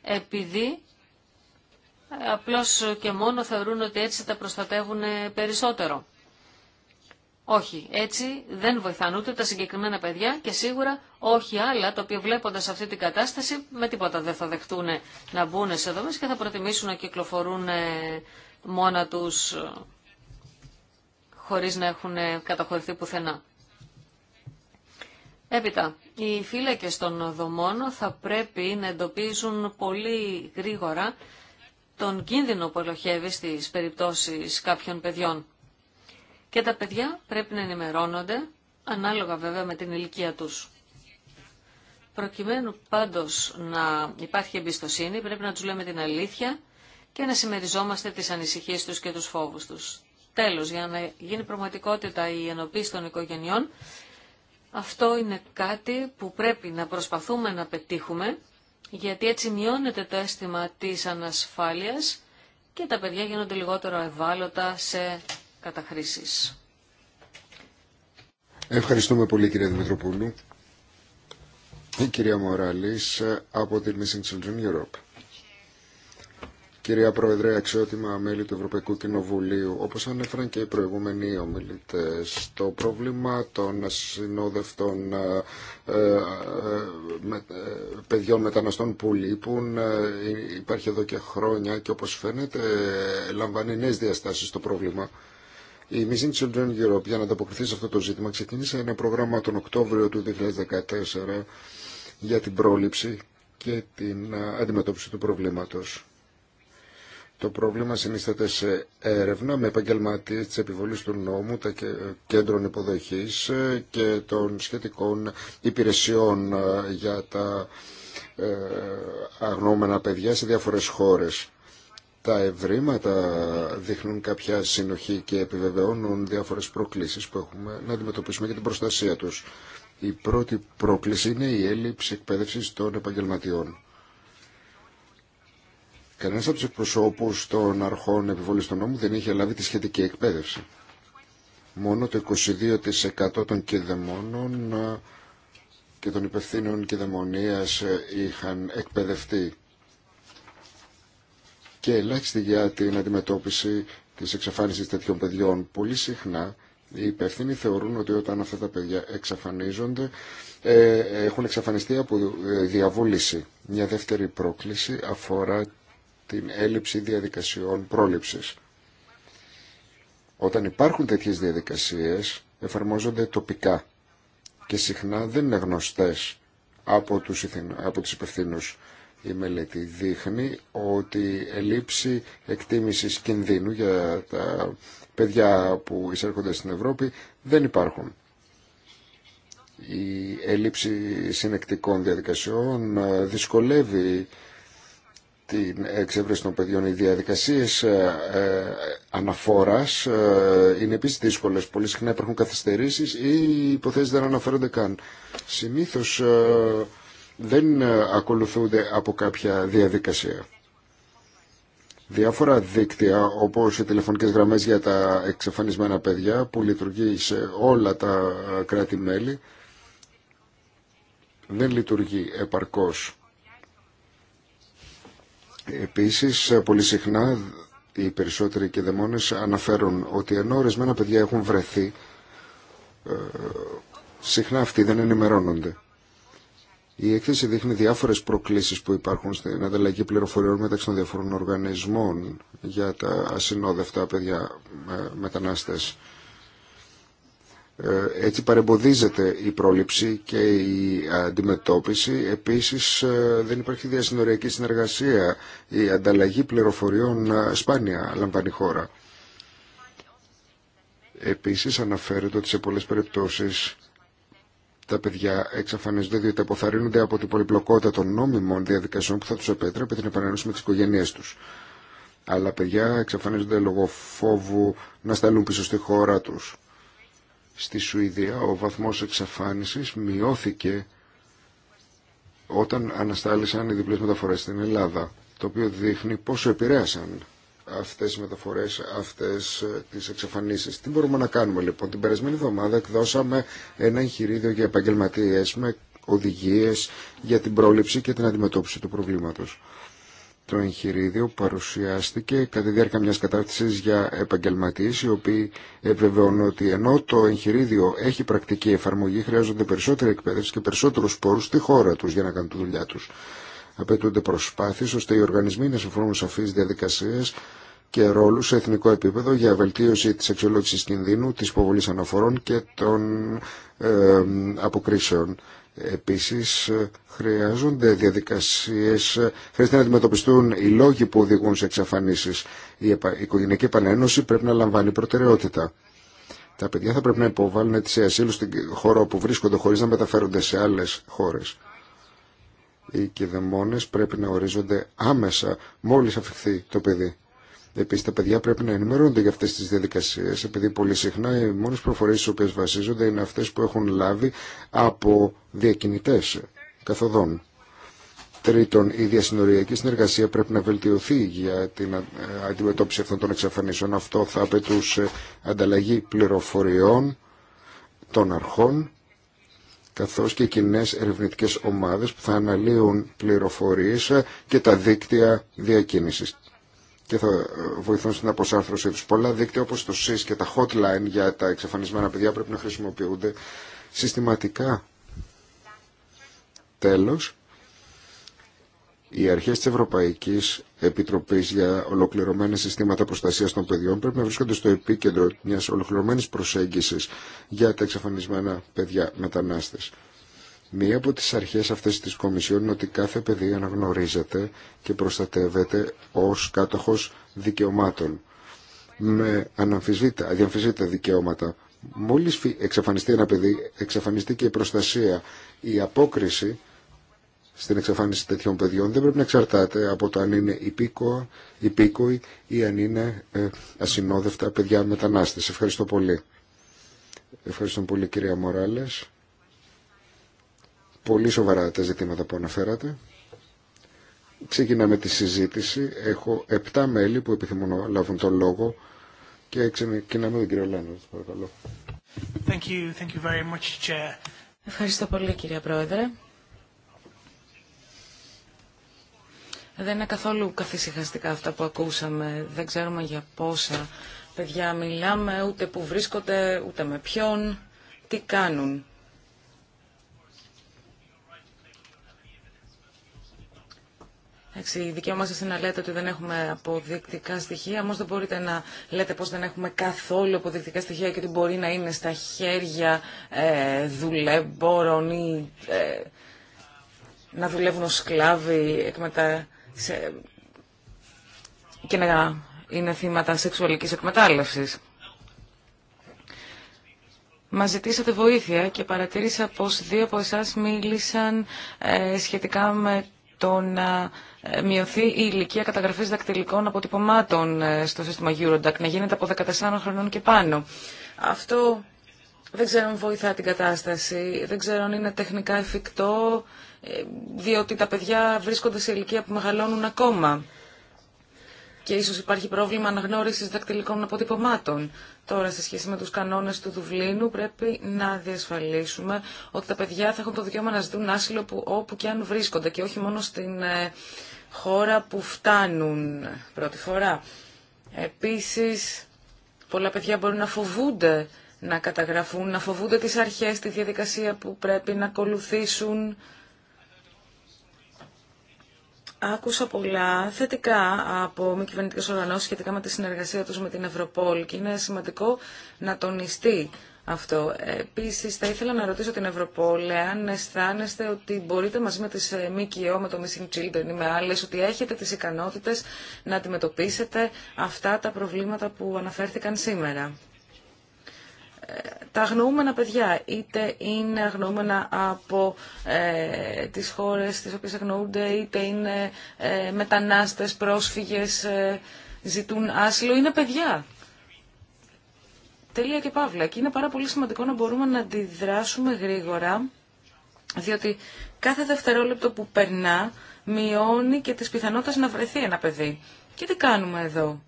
S3: επειδή απλώς και μόνο θεωρούν ότι έτσι τα προστατεύουν περισσότερο. Όχι, έτσι δεν βοηθάνε ούτε τα συγκεκριμένα παιδιά και σίγουρα όχι άλλα τα οποία βλέποντα αυτή την κατάσταση με τίποτα δεν θα δεχτούν να μπουν σε δομέ και θα προτιμήσουν να κυκλοφορούν ε, μόνα τους ε, χωρίς να έχουν ε, καταχωρηθεί πουθενά. Έπειτα, οι φύλακες των δομών θα πρέπει να εντοπίζουν πολύ γρήγορα τον κίνδυνο που ελοχεύει στις περιπτώσεις κάποιων παιδιών. Και τα παιδιά πρέπει να ενημερώνονται, ανάλογα βέβαια με την ηλικία τους. Προκειμένου πάντως να υπάρχει εμπιστοσύνη, πρέπει να τους λέμε την αλήθεια και να συμμεριζόμαστε τις ανησυχίες τους και τους φόβους τους. Τέλος, για να γίνει πραγματικότητα η ενοποίηση των οικογενειών, αυτό είναι κάτι που πρέπει να προσπαθούμε να πετύχουμε, γιατί έτσι μειώνεται το αίσθημα της ανασφάλειας και τα παιδιά γίνονται λιγότερο ευάλωτα σε καταχρήσεις.
S2: Ευχαριστούμε πολύ κυρία Δημητροπούλου. Η κυρία Μοράλης ε, από τη Missing Children Europe. Κυρία Πρόεδρε, αξιότιμα μέλη του Ευρωπαϊκού Κοινοβουλίου, όπως ανέφεραν και οι προηγούμενοι ομιλητές, το πρόβλημα των συνόδευτων ε, ε με, ε, παιδιών μεταναστών που λείπουν ε, υπάρχει εδώ και χρόνια και όπως φαίνεται λαμβάνει νέες διαστάσεις το πρόβλημα. Η Missing Children Europe για να ανταποκριθεί σε αυτό το ζήτημα ξεκίνησε ένα πρόγραμμα τον Οκτώβριο του 2014 για την πρόληψη και την ε, αντιμετώπιση του προβλήματος. Το πρόβλημα συνίσταται σε έρευνα με επαγγελματίε τη επιβολή του νόμου, τα κέντρων υποδοχή ε, και των σχετικών υπηρεσιών ε, για τα ε, αγνώμενα παιδιά σε διάφορε χώρε. Τα ευρήματα δείχνουν κάποια συνοχή και επιβεβαιώνουν διάφορε προκλήσεις που έχουμε να αντιμετωπίσουμε για την προστασία τους. Η πρώτη πρόκληση είναι η έλλειψη εκπαίδευση των επαγγελματιών. Κανένας από τους εκπροσώπους των αρχών επιβολής των νόμου δεν είχε λάβει τη σχετική εκπαίδευση. Μόνο το 22% των κυδεμόνων ε, και των υπευθύνων κηδεμονίας ε, είχαν εκπαιδευτεί και ελάχιστη για την αντιμετώπιση της εξαφάνισης τέτοιων παιδιών. Πολύ συχνά οι υπευθύνοι θεωρούν ότι όταν αυτά τα παιδιά εξαφανίζονται ε, έχουν εξαφανιστεί από διαβούληση. Μια δεύτερη πρόκληση αφορά την έλλειψη διαδικασιών πρόληψης. Όταν υπάρχουν τέτοιες διαδικασίες εφαρμόζονται τοπικά και συχνά δεν είναι γνωστές από τους, από υπευθύνους. Η μελέτη δείχνει ότι έλλειψη εκτίμησης κινδύνου για τα παιδιά που εισέρχονται στην Ευρώπη δεν υπάρχουν. Η έλλειψη συνεκτικών διαδικασιών ε, δυσκολεύει την εξέβρεση των παιδιών. Οι διαδικασίες ε, ε αναφόρας ε, είναι επίσης δύσκολες. Πολύ συχνά υπάρχουν καθυστερήσεις ή οι υποθέσεις δεν αναφέρονται καν. Συνήθως ε, δεν ακολουθούνται από κάποια διαδικασία. Διάφορα δίκτυα, όπως οι τηλεφωνικές γραμμές για τα εξαφανισμένα παιδιά, που λειτουργεί σε όλα τα κράτη-μέλη, δεν λειτουργεί επαρκώς Επίσης, πολύ συχνά οι περισσότεροι και δαιμόνες αναφέρουν ότι ενώ ορισμένα παιδιά έχουν βρεθεί, ε, συχνά αυτοί δεν ενημερώνονται. Η έκθεση δείχνει διάφορες προκλήσεις που υπάρχουν στην ανταλλαγή πληροφοριών μεταξύ των διαφορών οργανισμών για τα ασυνόδευτα παιδιά ε, μετανάστες. Ε, έτσι παρεμποδίζεται η πρόληψη και η αντιμετώπιση. Επίσης ε, δεν υπάρχει διασυνοριακή συνεργασία. Η ανταλλαγή πληροφοριών ε, σπάνια λαμβάνει χώρα. Επίσης αναφέρεται ότι σε πολλές περιπτώσεις τα παιδιά εξαφανίζονται διότι αποθαρρύνονται από την πολυπλοκότητα των νόμιμων διαδικασιών που θα τους επέτρεπε την επανένωση με τις οικογένειές τους. Αλλά παιδιά εξαφανίζονται λόγω φόβου να σταλούν πίσω στη χώρα τους Στη Σουηδία ο βαθμός εξαφάνισης μειώθηκε όταν αναστάλησαν οι διπλές μεταφορές στην Ελλάδα, το οποίο δείχνει πόσο επηρέασαν αυτές οι μεταφορές, αυτές ε, τις εξαφανίσεις. Τι μπορούμε να κάνουμε λοιπόν. Την περασμένη εβδομάδα εκδώσαμε ένα εγχειρίδιο για επαγγελματίες με οδηγίες για την πρόληψη και την αντιμετώπιση του προβλήματος το εγχειρίδιο παρουσιάστηκε κατά τη διάρκεια μιας κατάρτισης για επαγγελματίες οι οποίοι επιβεβαιώνουν ότι ενώ το εγχειρίδιο έχει πρακτική εφαρμογή χρειάζονται περισσότερη εκπαίδευση και περισσότερους πόρους στη χώρα τους για να κάνουν τη δουλειά τους. Απαιτούνται προσπάθειες ώστε οι οργανισμοί να συμφωνούν σαφείς διαδικασίες και ρόλους σε εθνικό επίπεδο για βελτίωση της αξιολόγησης κινδύνου, της υποβολής αναφορών και των ε, αποκρίσεων. Επίσης χρειάζονται διαδικασίες, χρειάζεται να αντιμετωπιστούν οι λόγοι που οδηγούν σε εξαφανίσεις. Η οικογενειακή επανένωση πρέπει να λαμβάνει προτεραιότητα. Τα παιδιά θα πρέπει να υποβάλουν τις ασύλου στην χώρα όπου βρίσκονται χωρίς να μεταφέρονται σε άλλες χώρες. Οι κηδεμόνες πρέπει να ορίζονται άμεσα μόλις αφηχθεί το παιδί. Επίση, τα παιδιά πρέπει να ενημερώνονται για αυτέ τι διαδικασίε, επειδή πολύ συχνά οι μόνε προφορέ στι οποίε βασίζονται είναι αυτέ που έχουν λάβει από διακινητέ καθοδών. Τρίτον, η διασυνοριακή συνεργασία πρέπει να βελτιωθεί για την αντιμετώπιση αυτών των εξαφανίσεων. Αυτό θα απαιτούσε ανταλλαγή πληροφοριών των αρχών, καθώς και κοινέ ερευνητικές ομάδες που θα αναλύουν πληροφορίες και τα δίκτυα διακίνησης και θα ε, βοηθούν στην αποσάρθρωσή του. Πολλά δίκτυα όπως το ΣΥΣ και τα hotline για τα εξαφανισμένα παιδιά πρέπει να χρησιμοποιούνται συστηματικά. Τέλος, οι αρχέ τη Ευρωπαϊκής Επιτροπής για ολοκληρωμένα συστήματα προστασία των παιδιών πρέπει να βρίσκονται στο επίκεντρο μια ολοκληρωμένης προσέγγιση για τα εξαφανισμένα παιδιά μετανάστες. Μία από τις αρχές αυτές της Κομισιόν είναι ότι κάθε παιδί αναγνωρίζεται και προστατεύεται ως κάτοχος δικαιωμάτων με αναμφισβήτα, αδιαμφισβήτα δικαιώματα. Μόλις εξαφανιστεί ένα παιδί, εξαφανιστεί και η προστασία. Η απόκριση στην εξαφάνιση τέτοιων παιδιών δεν πρέπει να εξαρτάται από το αν είναι υπήκοοι ή αν είναι ε, ασυνόδευτα παιδιά μετανάστες. Ευχαριστώ πολύ. Ευχαριστώ πολύ κυρία Μοράλες πολύ σοβαρά τα ζητήματα που αναφέρατε. Ξεκινάμε τη συζήτηση. Έχω επτά μέλη που επιθυμούν να λάβουν τον λόγο και ξεκινάμε τον κύριο Λένερ. Παρακαλώ.
S1: Thank you. Thank you very much, Chair. Ευχαριστώ πολύ κύριε Πρόεδρε. Δεν είναι καθόλου καθησυχαστικά αυτά που ακούσαμε. Δεν ξέρουμε για πόσα παιδιά μιλάμε, ούτε που βρίσκονται, ούτε με ποιον, τι κάνουν. Εντάξει, είναι να λέτε ότι δεν έχουμε αποδεικτικά στοιχεία, όμω δεν μπορείτε να λέτε πως δεν έχουμε καθόλου αποδεικτικά στοιχεία και ότι μπορεί να είναι στα χέρια ε, δουλεμπόρων ή ε, να δουλεύουν ως σκλάβοι εκμετα... σε... και να είναι θύματα σεξουαλικής εκμετάλλευσης. Μα ζητήσατε βοήθεια και παρατήρησα πως δύο από εσάς μίλησαν ε, σχετικά με το να ε, μειωθεί η ηλικία καταγραφής δακτυλικών αποτυπωμάτων ε, στο σύστημα Eurodac, να γίνεται από 14 χρονών και πάνω. Αυτό δεν ξέρω αν βοηθά την κατάσταση, δεν ξέρω αν είναι τεχνικά εφικτό, ε, διότι τα παιδιά βρίσκονται σε ηλικία που μεγαλώνουν ακόμα και ίσως υπάρχει πρόβλημα αναγνώρισης δακτυλικών αποτυπωμάτων. Τώρα, σε σχέση με τους κανόνες του Δουβλίνου, πρέπει να διασφαλίσουμε ότι τα παιδιά θα έχουν το δικαίωμα να ζητούν άσυλο που, όπου και αν βρίσκονται και όχι μόνο στην ε, χώρα που φτάνουν πρώτη φορά. Επίσης, πολλά παιδιά μπορούν να φοβούνται να καταγραφούν, να φοβούνται τις αρχές, τη διαδικασία που πρέπει να ακολουθήσουν άκουσα πολλά θετικά από μη κυβερνητικέ οργανώσει σχετικά με τη συνεργασία του με την Ευρωπόλ και είναι σημαντικό να τονιστεί αυτό. Επίση, θα ήθελα να ρωτήσω την Ευρωπόλ αν αισθάνεστε ότι μπορείτε μαζί με τι ε, ΜΚΟ, με το Missing Children ή με άλλε, ότι έχετε τι ικανότητε να αντιμετωπίσετε αυτά τα προβλήματα που αναφέρθηκαν σήμερα τα αγνοούμενα παιδιά, είτε είναι αγνοούμενα από ε, τις χώρες τις οποίες αγνοούνται, είτε είναι ε, μετανάστες, πρόσφυγες, ε, ζητούν άσυλο, είναι παιδιά. Τελεία και παύλα. Και είναι πάρα πολύ σημαντικό να μπορούμε να αντιδράσουμε γρήγορα, διότι κάθε δευτερόλεπτο που περνά μειώνει και τις πιθανότητες να βρεθεί ένα παιδί. Και τι κάνουμε εδώ.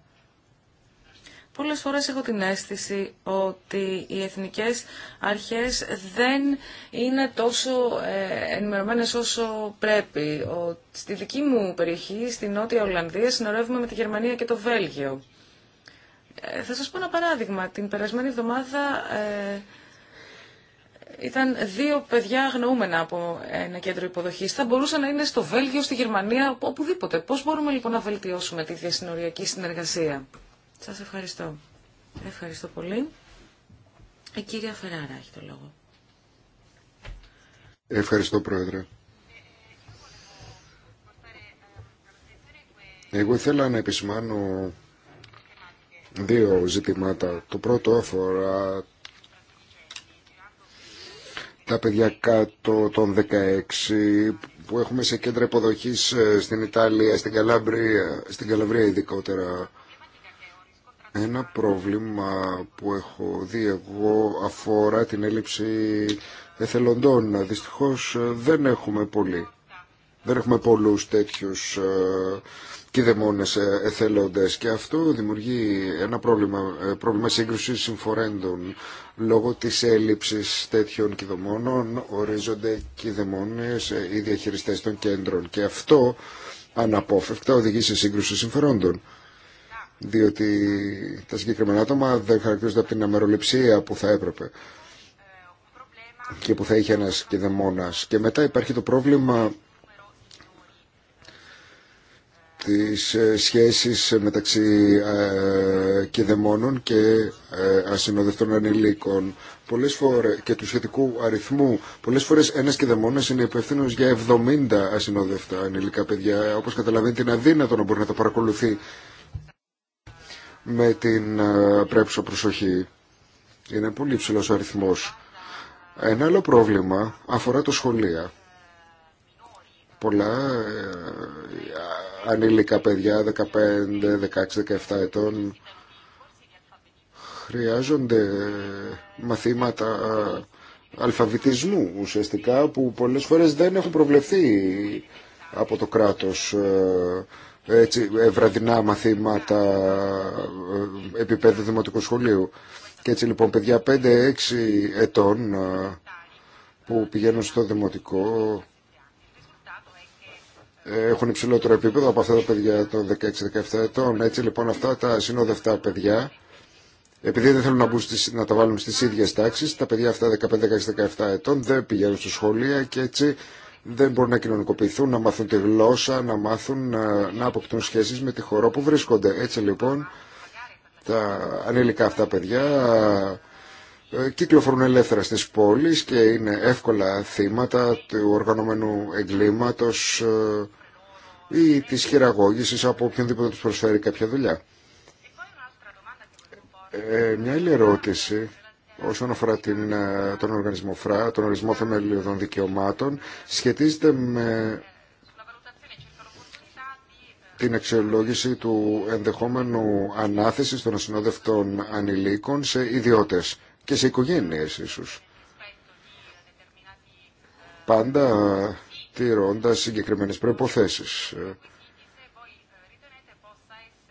S1: Πολλές φορές έχω την αίσθηση ότι οι εθνικές αρχές δεν είναι τόσο ε, ενημερωμένες όσο πρέπει. Στη δική μου περιοχή, στη Νότια Ολλανδία, συνορεύουμε με τη Γερμανία και το Βέλγιο. Ε, θα σας πω ένα παράδειγμα. Την περασμένη εβδομάδα ε, ήταν δύο παιδιά αγνοούμενα από ένα κέντρο υποδοχής. Θα μπορούσαν να είναι στο Βέλγιο, στη Γερμανία, οπουδήποτε. Πώς μπορούμε λοιπόν να βελτιώσουμε τη διασυνοριακή συνεργασία. Σας ευχαριστώ. Ευχαριστώ πολύ. Η κυρία Φεράρα έχει το λόγο.
S2: Ευχαριστώ, Πρόεδρε. Εγώ ήθελα να επισημάνω δύο ζητημάτα. Το πρώτο αφορά τα παιδιά κάτω των 16 που έχουμε σε κέντρα υποδοχής ε, στην Ιταλία, στην Καλαβρία, στην Καλαβρία ειδικότερα ένα πρόβλημα που έχω δει εγώ αφορά την έλλειψη εθελοντών. Δυστυχώς ε, δεν έχουμε πολύ. Δεν έχουμε πολλούς τέτοιους ε, κηδεμόνες ε, εθελοντές και αυτό δημιουργεί ένα πρόβλημα, πρόβλημα σύγκρουσης συμφορέντων. Λόγω της έλλειψης τέτοιων κηδεμόνων ορίζονται κηδεμόνες ή διαχειριστές των κέντρων και αυτό αναπόφευκτα οδηγεί σε σύγκρουση συμφορέντων διότι τα συγκεκριμένα άτομα δεν χαρακτηρίζονται από την αμεροληψία που θα έπρεπε και που θα είχε ένας και Και μετά υπάρχει το πρόβλημα της ε, σχέσης μεταξύ κηδεμόνων και ε, ασυνοδευτών ανηλίκων πολλές φορές, και του σχετικού αριθμού. Πολλές φορές ένας κηδεμόνας είναι υπεύθυνο για 70 ασυνοδευτά ανηλικά παιδιά. Όπως καταλαβαίνετε είναι αδύνατο να μπορεί να τα παρακολουθεί με την ε, πρέπουσα προσοχή. Είναι πολύ ψηλό ο αριθμό. Ένα άλλο πρόβλημα αφορά το σχολεία. Πολλά ε, ανήλικα παιδιά, 15, 16, 17 ετών, χρειάζονται μαθήματα ε, αλφαβητισμού ουσιαστικά που πολλές φορές δεν έχουν προβλεφθεί από το κράτος έτσι, βραδινά μαθήματα ε, επίπεδου δημοτικού σχολείου. Και έτσι λοιπόν παιδιά 5-6 ετών ε, που πηγαίνουν στο δημοτικό έχουν υψηλότερο επίπεδο από αυτά τα παιδιά των 16-17 ετών. Έτσι λοιπόν αυτά τα συνόδευτα παιδιά, επειδή δεν θέλουν να, να τα βάλουν στις ίδιες τάξεις, τα παιδιά αυτά 15-17 ετών δεν πηγαίνουν στο σχολείο και έτσι δεν μπορούν να κοινωνικοποιηθούν, να μάθουν τη γλώσσα, να μάθουν να, αποκτούν σχέσεις με τη χώρα που βρίσκονται. Έτσι λοιπόν τα ανήλικα αυτά παιδιά ε, κυκλοφορούν ελεύθερα στις πόλεις και είναι εύκολα θύματα του οργανωμένου εγκλήματος ε, ή της χειραγώγησης από οποιονδήποτε τους προσφέρει κάποια δουλειά. Ε, μια άλλη ερώτηση όσον αφορά την, ε, τον οργανισμό ΦΡΑ, τον ορισμό θεμελιωδών δικαιωμάτων, σχετίζεται με την αξιολόγηση του ενδεχόμενου ανάθεσης των ασυνόδευτων ανηλίκων σε ιδιώτες και σε οικογένειες ίσως. Πάντα τηρώντας συγκεκριμένες προϋποθέσεις.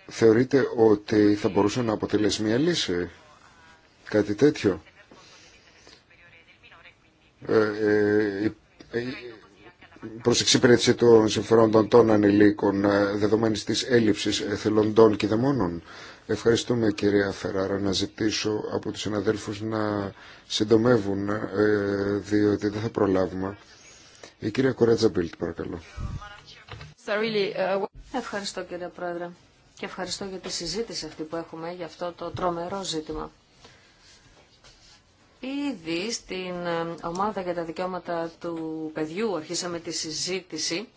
S2: Θεωρείτε ότι θα μπορούσε να αποτελέσει μια λύση κάτι τέτοιο. Ε, ε, ε προς εξυπηρέτηση των συμφερόντων των ανηλίκων ε, δεδομένης της έλλειψης εθελοντών και δαιμόνων. Ευχαριστούμε κυρία Φεράρα να ζητήσω από τους συναδέλφους να συντομεύουν διότι δεν θα προλάβουμε. Η κυρία Κορέτζα Μπίλτ παρακαλώ.
S3: Uh, ευχαριστώ κύριε Πρόεδρε και ευχαριστώ για τη συζήτηση αυτή που έχουμε για αυτό το τρομερό ζήτημα. Ήδη στην ε, ομάδα για τα δικαιώματα του παιδιού αρχίσαμε τη συζήτηση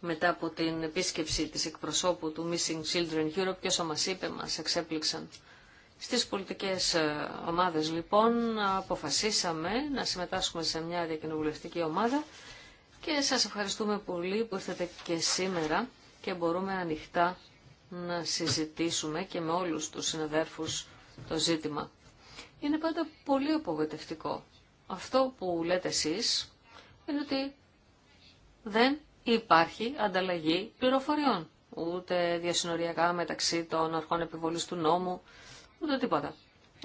S3: μετά από την επίσκεψη της εκπροσώπου του Missing Children Europe και μα μας είπε μας εξέπληξαν. Στις πολιτικές ε, ομάδες λοιπόν αποφασίσαμε να συμμετάσχουμε σε μια διακοινοβουλευτική ομάδα και σας ευχαριστούμε πολύ που ήρθατε και σήμερα και μπορούμε ανοιχτά να συζητήσουμε και με όλους τους συναδέρφους το ζήτημα είναι πάντα πολύ απογοητευτικό. Αυτό που λέτε εσείς είναι ότι δεν υπάρχει ανταλλαγή πληροφοριών, ούτε διασυνοριακά μεταξύ των αρχών επιβολής του νόμου, ούτε τίποτα.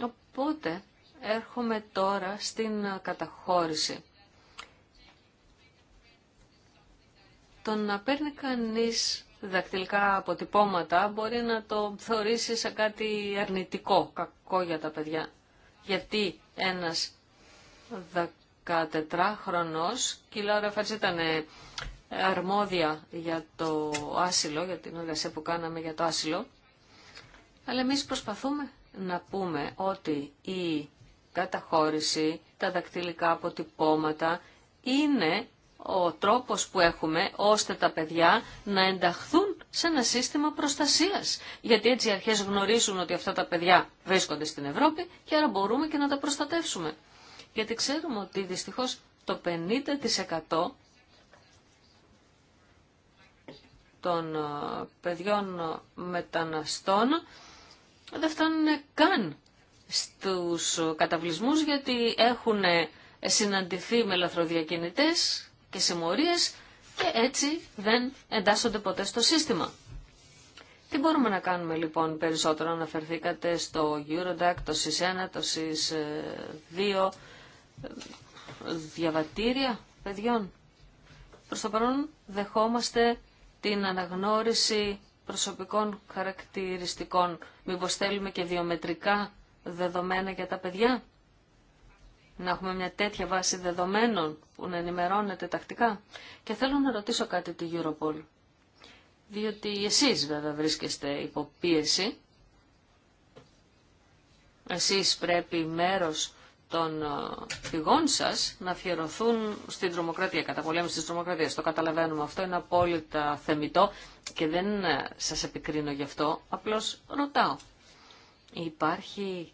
S3: Οπότε έρχομαι τώρα στην καταχώρηση. Το να παίρνει κανείς δακτυλικά αποτυπώματα μπορεί να το θεωρήσει σαν κάτι αρνητικό, κακό για τα παιδιά γιατί ένας 14χρονος, και η Λάρα ήταν ε, αρμόδια για το άσυλο, για την εργασία που κάναμε για το άσυλο, αλλά εμείς προσπαθούμε να πούμε ότι η καταχώρηση, τα δακτυλικά αποτυπώματα είναι ο τρόπος που έχουμε ώστε τα παιδιά να ενταχθούν σε ένα σύστημα προστασίας. Γιατί έτσι οι αρχές γνωρίζουν ότι αυτά τα παιδιά βρίσκονται στην Ευρώπη και άρα μπορούμε και να τα προστατεύσουμε. Γιατί ξέρουμε ότι δυστυχώς το 50% των ε, παιδιών μεταναστών δεν φτάνουν καν στους καταβλισμούς γιατί έχουν συναντηθεί με λαθροδιακινητές και συμμορίες και έτσι δεν εντάσσονται ποτέ στο σύστημα. Τι μπορούμε να κάνουμε λοιπόν περισσότερο, αναφερθήκατε στο Eurodac, το SIS1, το SIS2, διαβατήρια παιδιών. Προς το παρόν δεχόμαστε την αναγνώριση προσωπικών χαρακτηριστικών. Μήπως θέλουμε και βιομετρικά δεδομένα για τα παιδιά να έχουμε μια τέτοια βάση δεδομένων που να ενημερώνεται τακτικά. Και θέλω να ρωτήσω κάτι τη Europol. Διότι εσείς βέβαια βρίσκεστε υπό πίεση. Εσείς πρέπει μέρος των ε, πηγών σας να αφιερωθούν στην τρομοκρατία, κατά πολέμηση της τρομοκρατίας. Το καταλαβαίνουμε αυτό, είναι απόλυτα θεμητό και δεν ε, σας επικρίνω γι' αυτό, απλώς ρωτάω. Υπάρχει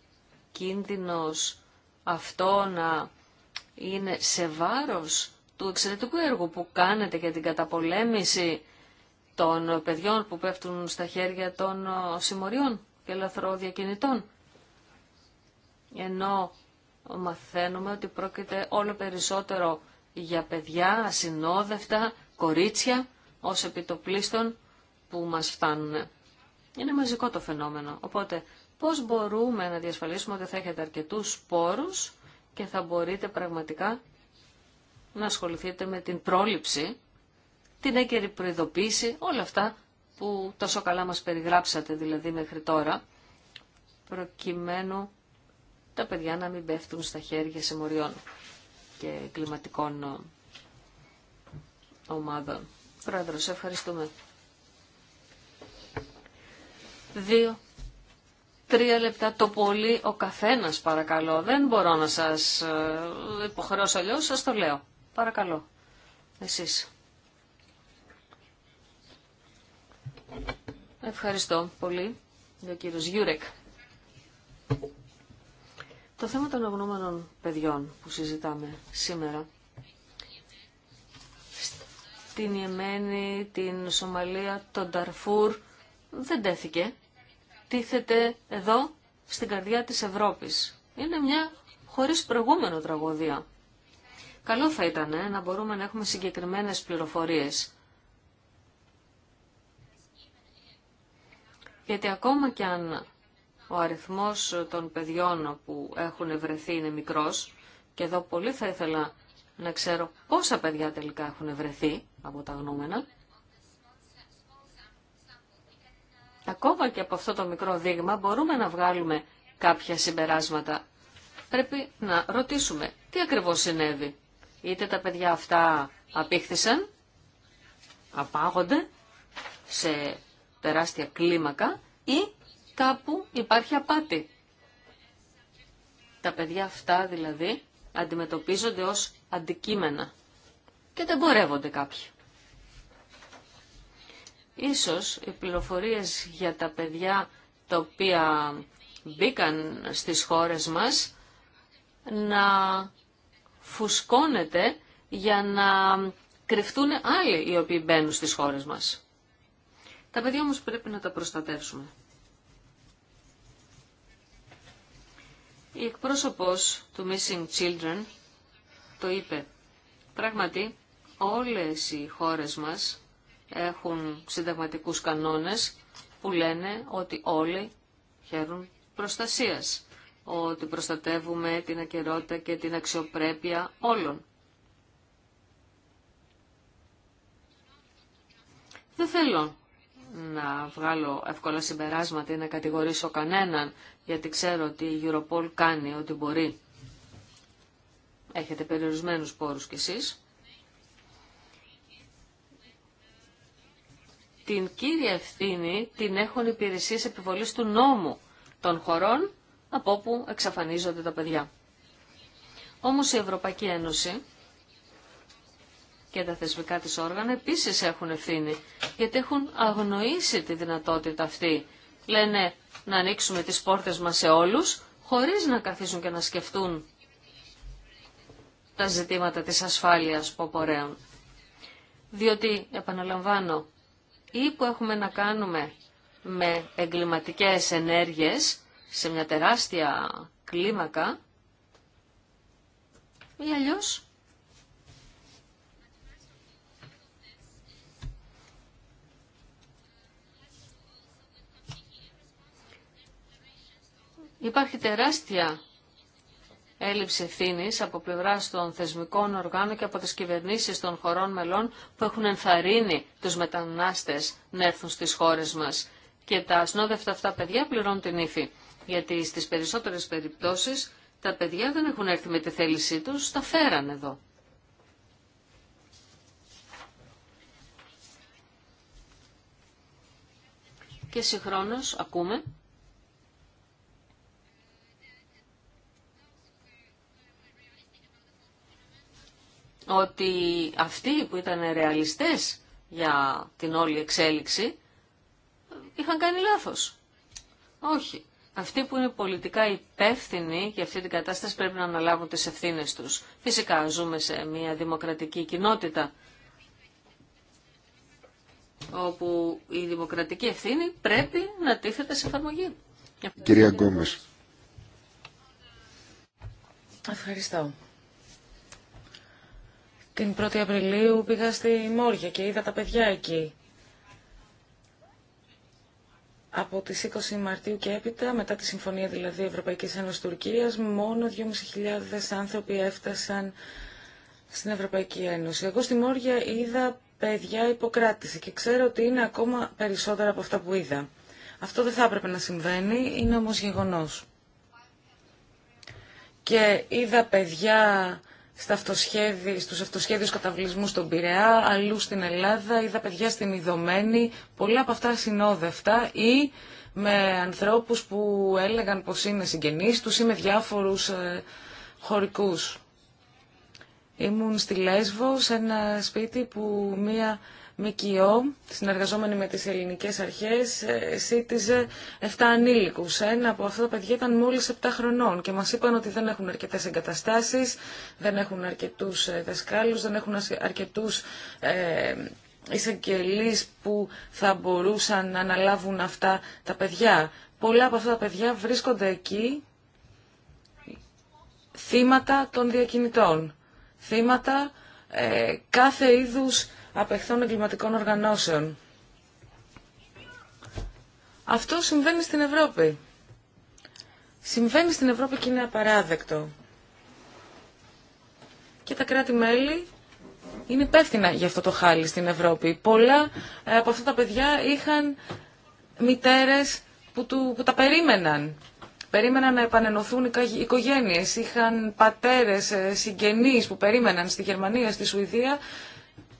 S3: κίνδυνος αυτό να είναι σε βάρος του εξαιρετικού έργου που κάνετε για την καταπολέμηση των παιδιών που πέφτουν στα χέρια των ε, συμμοριών και λαθροδιακινητών. Ενώ μαθαίνουμε ότι πρόκειται όλο περισσότερο για παιδιά ασυνόδευτα, κορίτσια, ως επιτοπλίστων που μας φτάνουν. Είναι μαζικό το φαινόμενο. Οπότε πώς μπορούμε να διασφαλίσουμε ότι θα έχετε αρκετούς πόρους και θα μπορείτε πραγματικά να ασχοληθείτε με την πρόληψη, την έγκαιρη προειδοποίηση, όλα αυτά που τόσο καλά μας περιγράψατε δηλαδή μέχρι τώρα, προκειμένου τα παιδιά να μην πέφτουν στα χέρια συμμοριών και κλιματικών ε, ομάδων. Πρόεδρος, ευχαριστούμε. Δύο τρία λεπτά το πολύ ο καθένας παρακαλώ. Δεν μπορώ να σας ε, υποχρεώσω αλλιώς, σας το λέω. Παρακαλώ. Εσείς. Ευχαριστώ πολύ, ο κύριος Γιούρεκ. Το θέμα των αγνώμενων παιδιών που συζητάμε σήμερα την Ιεμένη, την Σομαλία, τον Ταρφούρ δεν τέθηκε τίθεται εδώ στην καρδιά της Ευρώπης. Είναι μια χωρίς προηγούμενο τραγωδία. Καλό θα ήταν να μπορούμε να έχουμε συγκεκριμένες πληροφορίες. Γιατί ακόμα και αν ο αριθμός των παιδιών που έχουν βρεθεί είναι μικρός, και εδώ πολύ θα ήθελα να ξέρω πόσα παιδιά τελικά έχουν βρεθεί από τα γνώμενα, Ακόμα και από αυτό το μικρό δείγμα μπορούμε να βγάλουμε κάποια συμπεράσματα. Πρέπει να ρωτήσουμε τι ακριβώς συνέβη. Είτε τα παιδιά αυτά απήχθησαν, απάγονται σε τεράστια κλίμακα ή κάπου υπάρχει απάτη. Τα παιδιά αυτά δηλαδή αντιμετωπίζονται ως αντικείμενα και δεν μπορεύονται κάποιοι. Ίσως οι πληροφορίες για τα παιδιά τα οποία μπήκαν στις χώρες μας να φουσκώνεται για να κρυφτούν άλλοι οι οποίοι μπαίνουν στις χώρες μας. Τα παιδιά όμως πρέπει να τα προστατεύσουμε. Η εκπρόσωπος του Missing Children το είπε. Πράγματι, όλες οι χώρες μας έχουν συνταγματικούς κανόνες που λένε ότι όλοι χαίρουν προστασίας, ότι προστατεύουμε την ακερότητα και την αξιοπρέπεια όλων. Δεν θέλω να βγάλω εύκολα συμπεράσματα ή να κατηγορήσω κανέναν, γιατί ξέρω ότι η Europol κάνει ό,τι μπορεί. Έχετε περιορισμένους πόρους κι εσείς. την κύρια ευθύνη την έχουν υπηρεσίε επιβολής του νόμου των χωρών από όπου εξαφανίζονται τα παιδιά. Όμως η Ευρωπαϊκή Ένωση και τα θεσμικά της όργανα επίσης έχουν ευθύνη, γιατί έχουν αγνοήσει τη δυνατότητα αυτή. Λένε να ανοίξουμε τις πόρτες μας σε όλους, χωρίς να καθίσουν και να σκεφτούν τα ζητήματα της ασφάλειας που απορρέουν. Διότι, επαναλαμβάνω, ή που έχουμε να κάνουμε με εγκληματικές ενέργειες σε μια τεράστια κλίμακα ή αλλιώς υπάρχει τεράστια έλλειψη ευθύνη από πλευρά των θεσμικών οργάνων και από τι κυβερνήσει των χωρών μελών που έχουν ενθαρρύνει του μετανάστε να έρθουν στι χώρε μα. Και τα ασνόδευτα αυτά παιδιά πληρώνουν την ύφη. Γιατί στι περισσότερε περιπτώσει τα παιδιά δεν έχουν έρθει με τη θέλησή του, τα φέραν εδώ. Και συγχρόνως ακούμε ότι αυτοί που ήταν ρεαλιστές για την όλη εξέλιξη είχαν κάνει λάθος. Όχι. Αυτοί που είναι πολιτικά υπεύθυνοι για αυτή την κατάσταση πρέπει να αναλάβουν τις ευθύνες τους. Φυσικά ζούμε σε μια δημοκρατική κοινότητα όπου η δημοκρατική ευθύνη πρέπει να τίθεται σε εφαρμογή.
S2: Κυρία Γκόμες.
S1: Ευχαριστώ. Την 1η Απριλίου πήγα στη Μόρια και είδα τα παιδιά εκεί. Από τις 20 Μαρτίου και έπειτα, μετά τη συμφωνία δηλαδή Ευρωπαϊκής Ένωσης Τουρκίας, μόνο 2.500 άνθρωποι έφτασαν στην Ευρωπαϊκή Ένωση. Εγώ στη Μόρια είδα παιδιά υποκράτηση και ξέρω ότι είναι ακόμα περισσότερα από αυτά που είδα. Αυτό δεν θα έπρεπε να συμβαίνει, είναι όμως γεγονός. Και είδα παιδιά στα αυτοσχέδι, στους αυτοσχέδιους καταβλισμούς στον Πειραιά, αλλού στην Ελλάδα, είδα παιδιά στην Ιδωμένη, πολλά από αυτά συνόδευτα ή με ανθρώπους που έλεγαν πως είναι συγγενείς τους ή με διάφορους ε, χωρικούς. Ήμουν στη Λέσβο, σε ένα σπίτι που μία ΜΚΟ, συνεργαζόμενη με τις ελληνικές αρχές, ε, σύτιζε 7 ανήλικους. Ένα από αυτά τα παιδιά ήταν μόλις 7 χρονών και μας είπαν ότι δεν έχουν αρκετές εγκαταστάσεις, δεν έχουν αρκετούς ε, δασκάλους, δεν έχουν αρκετούς ε, που θα μπορούσαν να αναλάβουν αυτά τα παιδιά. Πολλά από αυτά τα παιδιά βρίσκονται εκεί θύματα των διακινητών θύματα ε, κάθε είδους απεχθών εγκληματικών οργανώσεων. Αυτό συμβαίνει στην Ευρώπη. Συμβαίνει στην Ευρώπη και είναι απαράδεκτο. Και τα κράτη-μέλη είναι υπεύθυνα για αυτό το χάλι στην Ευρώπη. Πολλά ε, από αυτά τα παιδιά είχαν μητέρες που, που τα περίμεναν περίμεναν να επανενωθούν οι οικογένειες, είχαν πατέρες, ε, συγγενείς που περίμεναν στη Γερμανία, στη Σουηδία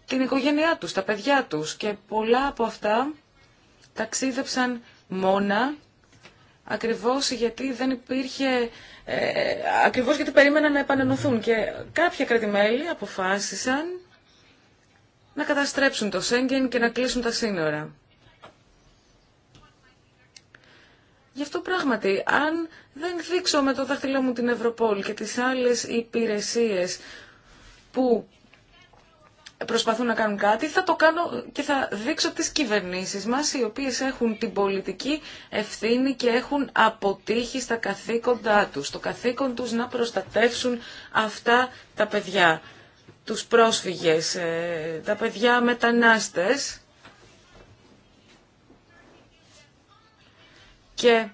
S1: την οικογένειά τους, τα παιδιά τους και πολλά από αυτά ταξίδεψαν μόνα ακριβώς γιατί δεν υπήρχε, ε, ακριβώς γιατί περίμεναν να επανενωθούν και κάποια κρατημέλη αποφάσισαν να καταστρέψουν το Σέγγεν και να κλείσουν τα σύνορα. Γι' αυτό πράγματι, αν δεν δείξω με το δάχτυλό μου την Ευρωπόλ και τις άλλες υπηρεσίες που προσπαθούν να κάνουν κάτι, θα το κάνω και θα δείξω τις κυβερνήσεις μας, οι οποίες έχουν την πολιτική ευθύνη και έχουν αποτύχει στα καθήκοντά τους, το καθήκον τους να προστατεύσουν αυτά τα παιδιά, τους πρόσφυγες, ε, τα παιδιά μετανάστες, Και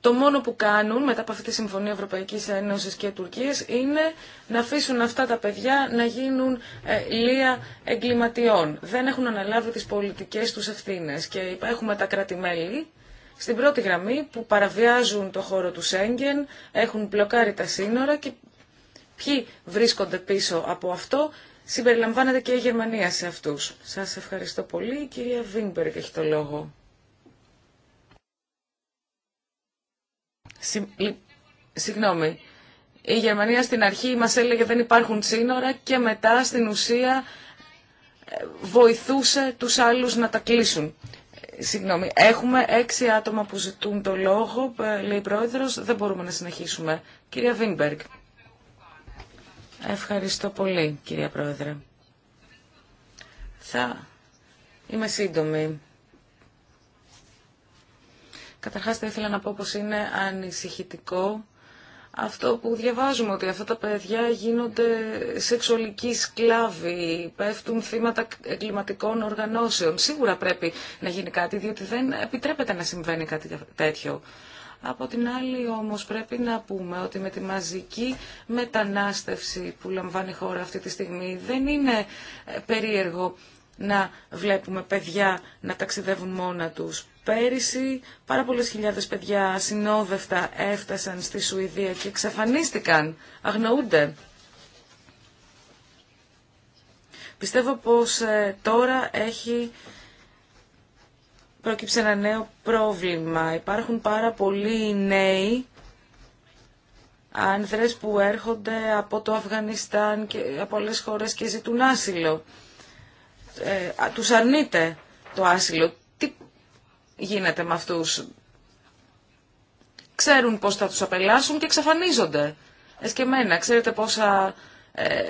S1: το μόνο που κάνουν μετά από αυτή τη Συμφωνία Ευρωπαϊκής Ένωση και Τουρκία είναι να αφήσουν αυτά τα παιδιά να γίνουν ε, λία εγκληματιών. Δεν έχουν αναλάβει τι πολιτικές τους ευθύνε. και έχουμε τα κράτη-μέλη στην πρώτη γραμμή που παραβιάζουν το χώρο του Σέγγεν, έχουν μπλοκάρει τα σύνορα και ποιοι βρίσκονται πίσω από αυτό. Συμπεριλαμβάνεται και η Γερμανία σε αυτούς. Σας ευχαριστώ πολύ. Η κυρία Βίνμπεργκ έχει το λόγο. Συγγνώμη. Η Γερμανία στην αρχή μας έλεγε δεν υπάρχουν σύνορα και μετά στην ουσία βοηθούσε τους άλλους να τα κλείσουν. Συγγνώμη, έχουμε έξι άτομα που ζητούν το λόγο, λέει η Πρόεδρος, δεν μπορούμε να συνεχίσουμε. Κυρία Βίνμπεργκ. Ευχαριστώ πολύ, κυρία Πρόεδρε. Θα είμαι σύντομη. Καταρχάς θα ήθελα να πω πως είναι ανησυχητικό αυτό που διαβάζουμε, ότι αυτά τα παιδιά γίνονται σεξουαλικοί σκλάβοι, πέφτουν θύματα εγκληματικών οργανώσεων. Σίγουρα πρέπει να γίνει κάτι, διότι δεν επιτρέπεται να συμβαίνει κάτι τέτοιο. Από την άλλη όμως πρέπει να πούμε ότι με τη μαζική μετανάστευση που λαμβάνει η χώρα αυτή τη στιγμή δεν είναι περίεργο να βλέπουμε παιδιά να ταξιδεύουν μόνα τους. Πέρυσι πάρα πολλές χιλιάδες παιδιά συνόδευτα έφτασαν στη Σουηδία και εξαφανίστηκαν, αγνοούνται. Πιστεύω πως ε, τώρα έχει προκύψει ένα νέο πρόβλημα. Υπάρχουν πάρα πολλοί νέοι άνδρες που έρχονται από το Αφγανιστάν και από άλλες χώρες και ζητούν άσυλο ε, τους αρνείται το άσυλο. Τι γίνεται με αυτούς. Ξέρουν πώς θα τους απελάσουν και εξαφανίζονται. εμένα, ξέρετε πόσα ε,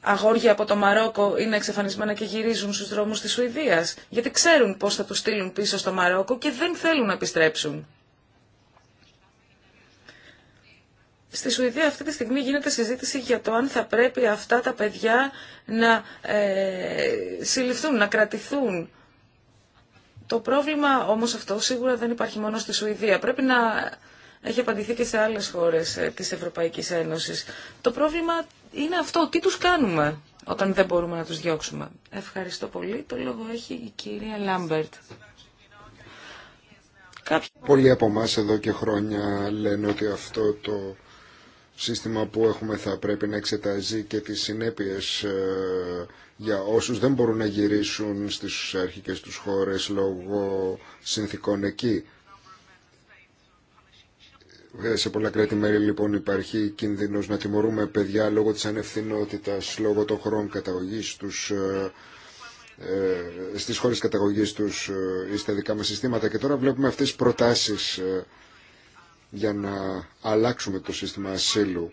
S1: αγόρια από το Μαρόκο είναι εξαφανισμένα και γυρίζουν στους δρόμους της Σουηδίας. Γιατί ξέρουν πώς θα τους στείλουν πίσω στο Μαρόκο και δεν θέλουν να επιστρέψουν. Στη Σουηδία αυτή τη στιγμή γίνεται συζήτηση για το αν θα πρέπει αυτά τα παιδιά να ε, συλληφθούν, να κρατηθούν. Το πρόβλημα όμως αυτό σίγουρα δεν υπάρχει μόνο στη Σουηδία. Πρέπει να έχει απαντηθεί και σε άλλες χώρες ε, της Ευρωπαϊκής Ένωσης. Το πρόβλημα είναι αυτό. Τι τους κάνουμε όταν δεν μπορούμε να τους διώξουμε. Ευχαριστώ πολύ. Το λόγο έχει η κυρία Λάμπερτ. Κάποιοι...
S2: Πολλοί από εμά εδώ και χρόνια λένε ότι αυτό το σύστημα που έχουμε θα πρέπει να εξετάζει και τις συνέπειες ε, για όσους δεν μπορούν να γυρίσουν στις αρχικές τους χώρες λόγω συνθήκων εκεί. Ε, σε πολλά κράτη-μέρη λοιπόν υπάρχει κίνδυνος να τιμωρούμε παιδιά λόγω της ανευθυνότητας, λόγω των χρόνων καταγωγής τους, ε, στις χώρες καταγωγής τους ή στα δικά μας συστήματα. Και τώρα βλέπουμε αυτές τις προτάσεις για να αλλάξουμε το σύστημα ασύλου.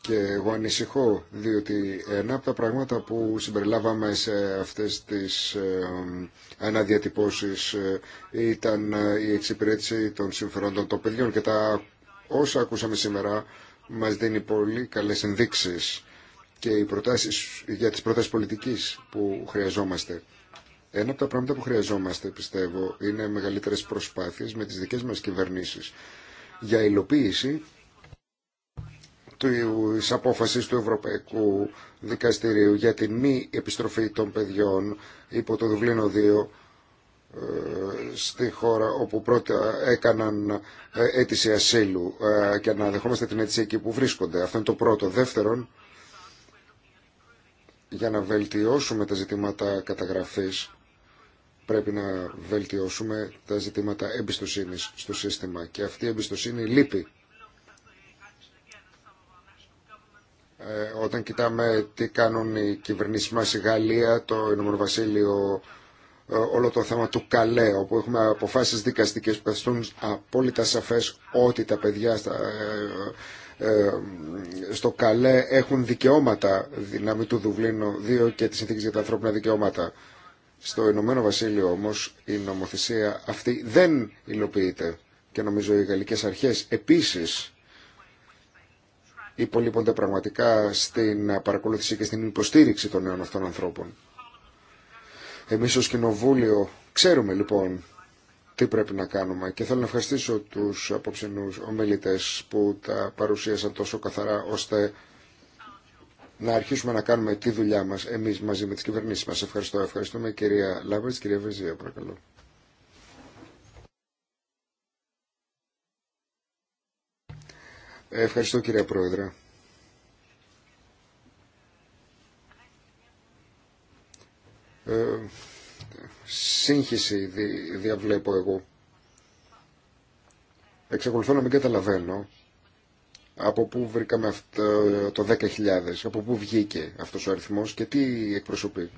S2: Και εγώ ανησυχώ, διότι ένα από τα πράγματα που συμπεριλάβαμε σε αυτές τις ε, αναδιατυπώσεις ε, ήταν ε, η εξυπηρέτηση των συμφερόντων των παιδιών και τα όσα ακούσαμε σήμερα μας δίνει πολύ καλές ενδείξεις και οι προτάσεις, για τις προτάσεις πολιτικής που χρειαζόμαστε. Ένα από τα πράγματα που χρειαζόμαστε, πιστεύω, είναι μεγαλύτερες προσπάθειες με τις δικές μας κυβερνήσει, για υλοποίηση τη απόφαση του Ευρωπαϊκού Δικαστηρίου για τη μη επιστροφή των παιδιών υπό το Δουβλίνο 2 ε, στη χώρα όπου πρώτα έκαναν ε, αίτηση ασύλου ε, και να δεχόμαστε την αίτηση εκεί που βρίσκονται. Αυτό είναι το πρώτο. Δεύτερον, για να βελτιώσουμε τα ζητήματα καταγραφής πρέπει να βελτιώσουμε τα ζητήματα εμπιστοσύνης στο σύστημα και αυτή η εμπιστοσύνη λείπει. Ε, όταν κοιτάμε τι κάνουν οι κυβερνήσεις μας, η Γαλλία, το Ηνωμένο Βασίλειο, ε, όλο το θέμα του Καλέ, όπου έχουμε αποφάσεις δικαστικές που καθιστούν απόλυτα σαφέ ότι τα παιδιά στα, ε, ε, στο Καλέ έχουν δικαιώματα δυνάμει του Δουβλίνου 2 και τη συνθήκες για τα ανθρώπινα δικαιώματα. Στο Ηνωμένο Βασίλειο όμως η νομοθεσία αυτή δεν υλοποιείται και νομίζω οι γαλλικές αρχές επίσης υπολείπονται πραγματικά στην παρακολούθηση και στην υποστήριξη των νέων αυτών ανθρώπων. Εμείς ως Κοινοβούλιο ξέρουμε λοιπόν τι πρέπει να κάνουμε και θέλω να ευχαριστήσω τους απόψινούς ομιλητές που τα παρουσίασαν τόσο καθαρά ώστε να αρχίσουμε να κάνουμε τη δουλειά μας εμείς μαζί με τις κυβερνήσεις μας. Ευχαριστώ. Ευχαριστούμε κυρία Λάμπερτς, κυρία Βεζία παρακαλώ. Ευχαριστώ κυρία Πρόεδρε. Ε, σύγχυση δι, διαβλέπω εγώ. Εξακολουθώ να μην καταλαβαίνω από πού βρήκαμε αυτό, το 10.000, από πού βγήκε αυτός ο αριθμός και τι εκπροσωπεί.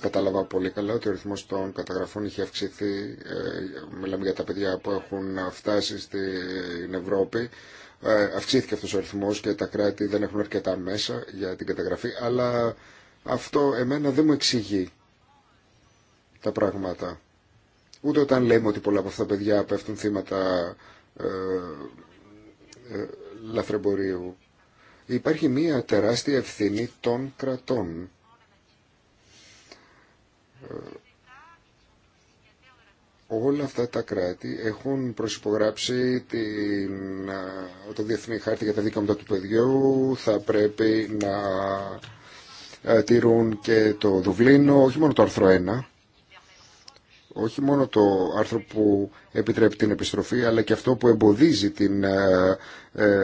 S2: Κατάλαβα πολύ καλά ότι ο αριθμός των καταγραφών είχε αυξηθεί, ε, μιλάμε για τα παιδιά που έχουν φτάσει στην Ευρώπη, ε, αυξήθηκε αυτός ο αριθμός και τα κράτη δεν έχουν αρκετά μέσα για την καταγραφή, αλλά αυτό εμένα δεν μου εξηγεί τα πράγματα. Ούτε όταν λέμε ότι πολλά από αυτά τα παιδιά πέφτουν θύματα ε, ε, λαθρεμπορίου. Υπάρχει μία τεράστια ευθύνη των κρατών. Ε, όλα αυτά τα κράτη έχουν προσυπογράψει την, το Διεθνή Χάρτη για τα Δικαιώματα του Παιδιού. Θα πρέπει να τηρούν και το Δουβλίνο, όχι μόνο το άρθρο 1 όχι μόνο το άρθρο που επιτρέπει την επιστροφή, αλλά και αυτό που εμποδίζει την ε, ε,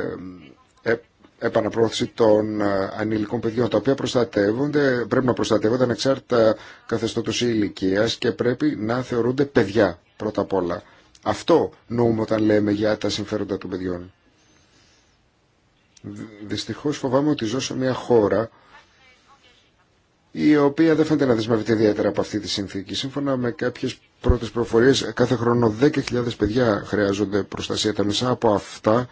S2: ε, επαναπρόθεση των ανηλικών παιδιών, τα οποία προστατεύονται, πρέπει να προστατεύονται ανεξάρτητα καθεστώτος ή ηλικίας και πρέπει να θεωρούνται παιδιά πρώτα απ' όλα. Αυτό νοούμε όταν λέμε για τα συμφέροντα των παιδιών. Δυστυχώς φοβάμαι ότι ζω σε μια χώρα η οποία δεν φαίνεται να δεσμεύεται ιδιαίτερα από αυτή τη συνθήκη. Σύμφωνα με κάποιε πρώτε προφορίε, κάθε χρόνο 10.000 παιδιά χρειάζονται προστασία. Τα μισά από αυτά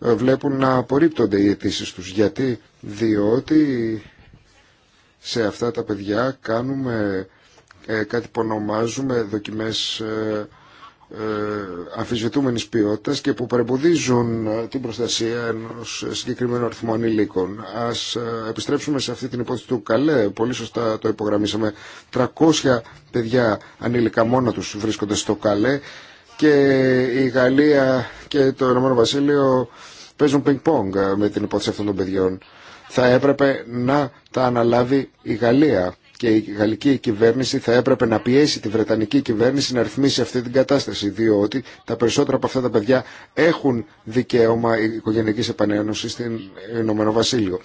S2: ε, βλέπουν να απορρίπτονται οι αιτήσει του. Γιατί, διότι σε αυτά τα παιδιά κάνουμε ε, κάτι που ονομάζουμε δοκιμές ε, ε, αμφισβητούμενη ποιότητα και που παρεμποδίζουν ε, την προστασία ενό συγκεκριμένου αριθμού ανηλίκων. Ας ε, επιστρέψουμε σε αυτή την υπόθεση του Καλέ, πολύ σωστά το υπογραμμίσαμε. 300 παιδιά ανήλικα μόνο τους βρίσκονται στο Καλέ και η Γαλλία και το Ηνωμένο Βασίλειο παίζουν πινκ-πονγκ με την υπόθεση αυτών των παιδιών. Θα έπρεπε να τα αναλάβει η Γαλλία και η γαλλική κυβέρνηση θα έπρεπε να πιέσει τη βρετανική κυβέρνηση να ρυθμίσει αυτή την κατάσταση, διότι τα περισσότερα από αυτά τα παιδιά έχουν δικαίωμα οικογενειακή επανένωση στην Ηνωμένο Βασίλειο.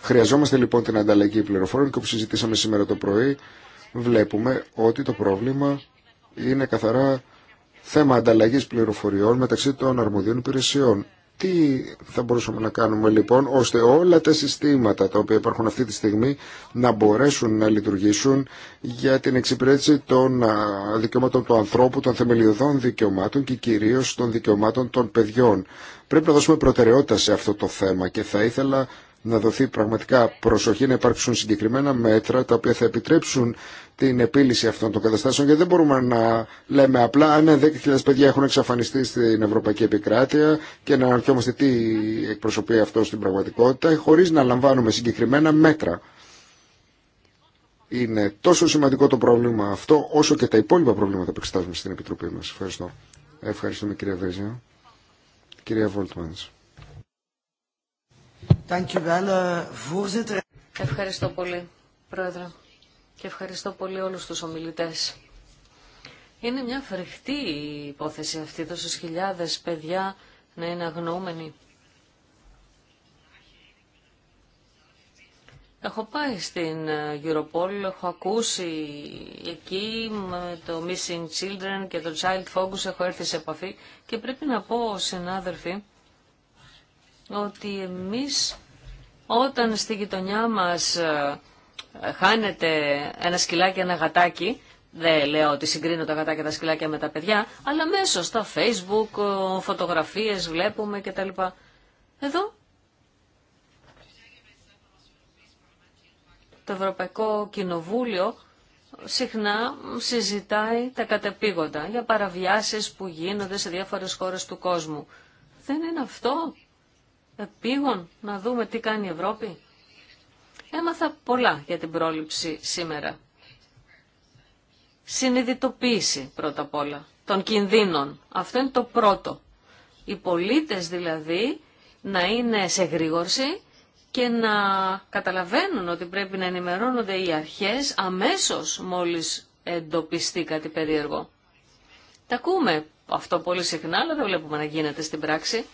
S2: Χρειαζόμαστε λοιπόν την ανταλλαγή πληροφοριών και όπω συζητήσαμε σήμερα το πρωί, βλέπουμε ότι το πρόβλημα είναι καθαρά θέμα ανταλλαγή πληροφοριών μεταξύ των αρμοδίων υπηρεσιών. Τι θα μπορούσαμε να κάνουμε λοιπόν ώστε όλα τα συστήματα τα οποία υπάρχουν αυτή τη στιγμή να μπορέσουν να λειτουργήσουν για την εξυπηρέτηση των δικαιωμάτων του ανθρώπου, των θεμελιωδών δικαιωμάτων και κυρίως των δικαιωμάτων των παιδιών. Πρέπει να δώσουμε προτεραιότητα σε αυτό το θέμα και θα ήθελα να δοθεί πραγματικά προσοχή να υπάρξουν συγκεκριμένα μέτρα τα οποία θα επιτρέψουν την επίλυση αυτών των καταστάσεων γιατί δεν μπορούμε να λέμε απλά αν ναι, 10.000 παιδιά έχουν εξαφανιστεί στην Ευρωπαϊκή Επικράτεια και να αναρωτιόμαστε τι εκπροσωπεί αυτό στην πραγματικότητα χωρίς να λαμβάνουμε συγκεκριμένα μέτρα. Είναι τόσο σημαντικό το πρόβλημα αυτό όσο και τα υπόλοιπα προβλήματα που εξετάζουμε στην Επιτροπή μας. Ευχαριστώ. Ευχαριστούμε κυρία Βέζια. Κυρία Βόλτμανς.
S3: Ευχαριστώ πολύ, Πρόεδρε και ευχαριστώ πολύ όλους τους ομιλητές. Είναι μια φρικτή η υπόθεση αυτή, τόσες χιλιάδες παιδιά να είναι αγνοούμενοι. Έχω πάει στην ε, Europol, έχω ακούσει εκεί το Missing Children και το Child Focus, έχω έρθει σε επαφή και πρέπει να πω, συνάδελφοι, ότι εμείς όταν στη γειτονιά μας ε, χάνεται ένα σκυλάκι, ένα γατάκι, δεν λέω ότι συγκρίνω τα γατάκια τα σκυλάκια με τα παιδιά, αλλά μέσω στα facebook, φωτογραφίες βλέπουμε κτλ. Εδώ το Ευρωπαϊκό Κοινοβούλιο συχνά συζητάει τα κατεπήγοντα για παραβιάσεις που γίνονται σε διάφορες χώρες του κόσμου. Δεν είναι αυτό επίγον να δούμε τι κάνει η Ευρώπη. Έμαθα πολλά για την πρόληψη σήμερα. Συνειδητοποίηση πρώτα απ' όλα των κινδύνων. Αυτό είναι το πρώτο. Οι πολίτες δηλαδή να είναι σε γρήγορση και να καταλαβαίνουν ότι πρέπει να ενημερώνονται οι αρχές αμέσως μόλις εντοπιστεί κάτι περίεργο. Τα ακούμε αυτό πολύ συχνά, αλλά δεν βλέπουμε να γίνεται στην πράξη.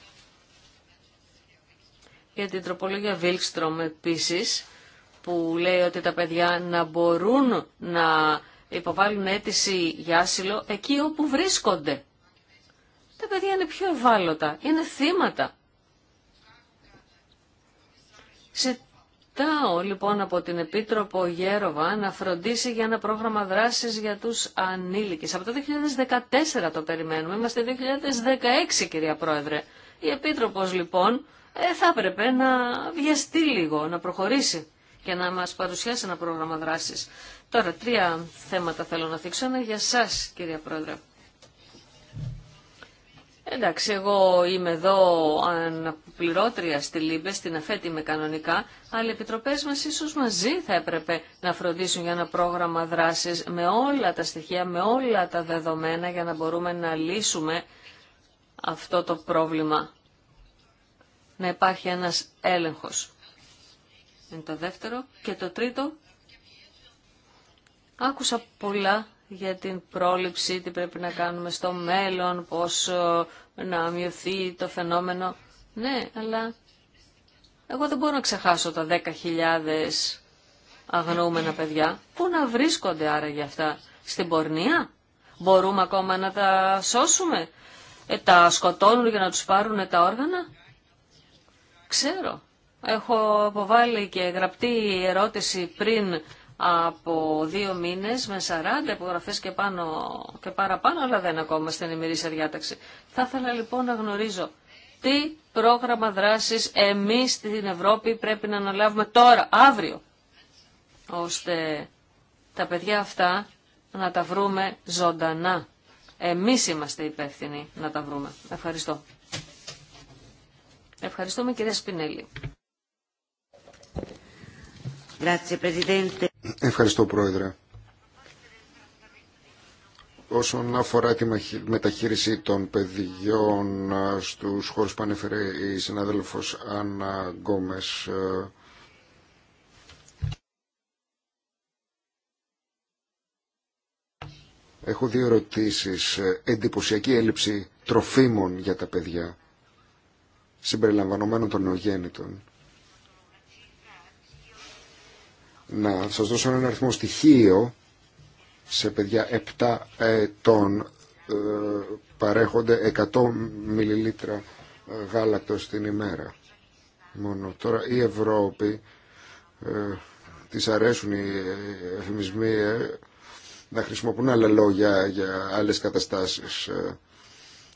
S3: Για την τροπολογία Βίλκστρομ επίσης, που λέει ότι τα παιδιά να μπορούν να υποβάλουν αίτηση για άσυλο εκεί όπου βρίσκονται. Τα παιδιά είναι πιο ευάλωτα, είναι θύματα. Ζητάω λοιπόν από την Επίτροπο Γέροβα να φροντίσει για ένα πρόγραμμα δράσης για τους ανήλικες. Από το 2014 το περιμένουμε, είμαστε 2016 κυρία Πρόεδρε. Η Επίτροπος λοιπόν ε, θα έπρεπε να βιαστεί λίγο, να προχωρήσει και να μας παρουσιάσει ένα πρόγραμμα δράσης. Τώρα, τρία θέματα θέλω να θίξω. Ένα για σας, κυρία Πρόεδρε. Εντάξει, εγώ είμαι εδώ αναπληρώτρια στη Λίμπε, στην ΑΦΕΤ είμαι κανονικά, αλλά οι επιτροπές μας ίσως μαζί θα έπρεπε να φροντίσουν για ένα πρόγραμμα δράσης με όλα τα στοιχεία, με όλα τα δεδομένα για να μπορούμε να λύσουμε αυτό το πρόβλημα. Να υπάρχει ένας έλεγχος είναι το δεύτερο. Και το τρίτο, άκουσα πολλά για την πρόληψη, τι πρέπει να κάνουμε στο μέλλον, πώς να μειωθεί το φαινόμενο. Ναι, αλλά εγώ δεν μπορώ να ξεχάσω τα 10.000 αγνοούμενα παιδιά. Πού να βρίσκονται άραγε αυτά, στην πορνεία. Μπορούμε ακόμα να τα σώσουμε. Ε, τα σκοτώνουν για να τους πάρουν τα όργανα. Ξέρω Έχω αποβάλει και γραπτή ερώτηση πριν από δύο μήνες με 40 υπογραφές και, πάνω, και παραπάνω, αλλά δεν ακόμα στην ημερήσια διάταξη. Θα ήθελα λοιπόν να γνωρίζω τι πρόγραμμα δράσης εμείς στην Ευρώπη πρέπει να αναλάβουμε τώρα, αύριο, ώστε τα παιδιά αυτά να τα βρούμε ζωντανά. Εμείς είμαστε υπεύθυνοι να τα βρούμε. Ευχαριστώ. Ευχαριστούμε κυρία Σπινέλη.
S2: Ευχαριστώ Πρόεδρε. Όσον αφορά τη μεταχείριση των παιδιών στους χώρους που ανέφερε η συνάδελφος Άννα Γκόμες, έχω δύο ερωτήσεις. Ε, εντυπωσιακή έλλειψη τροφίμων για τα παιδιά, συμπεριλαμβανομένων των νεογέννητων. Να σας δώσω έναν αριθμό στοιχείο σε παιδιά 7 ετών ε, παρέχονται 100 μιλιλίτρα ε, γάλακτος την ημέρα μόνο. Τώρα η Ευρώπη ε, της αρέσουν οι εφημισμοί ε, να χρησιμοποιούν άλλα λόγια για άλλες καταστάσεις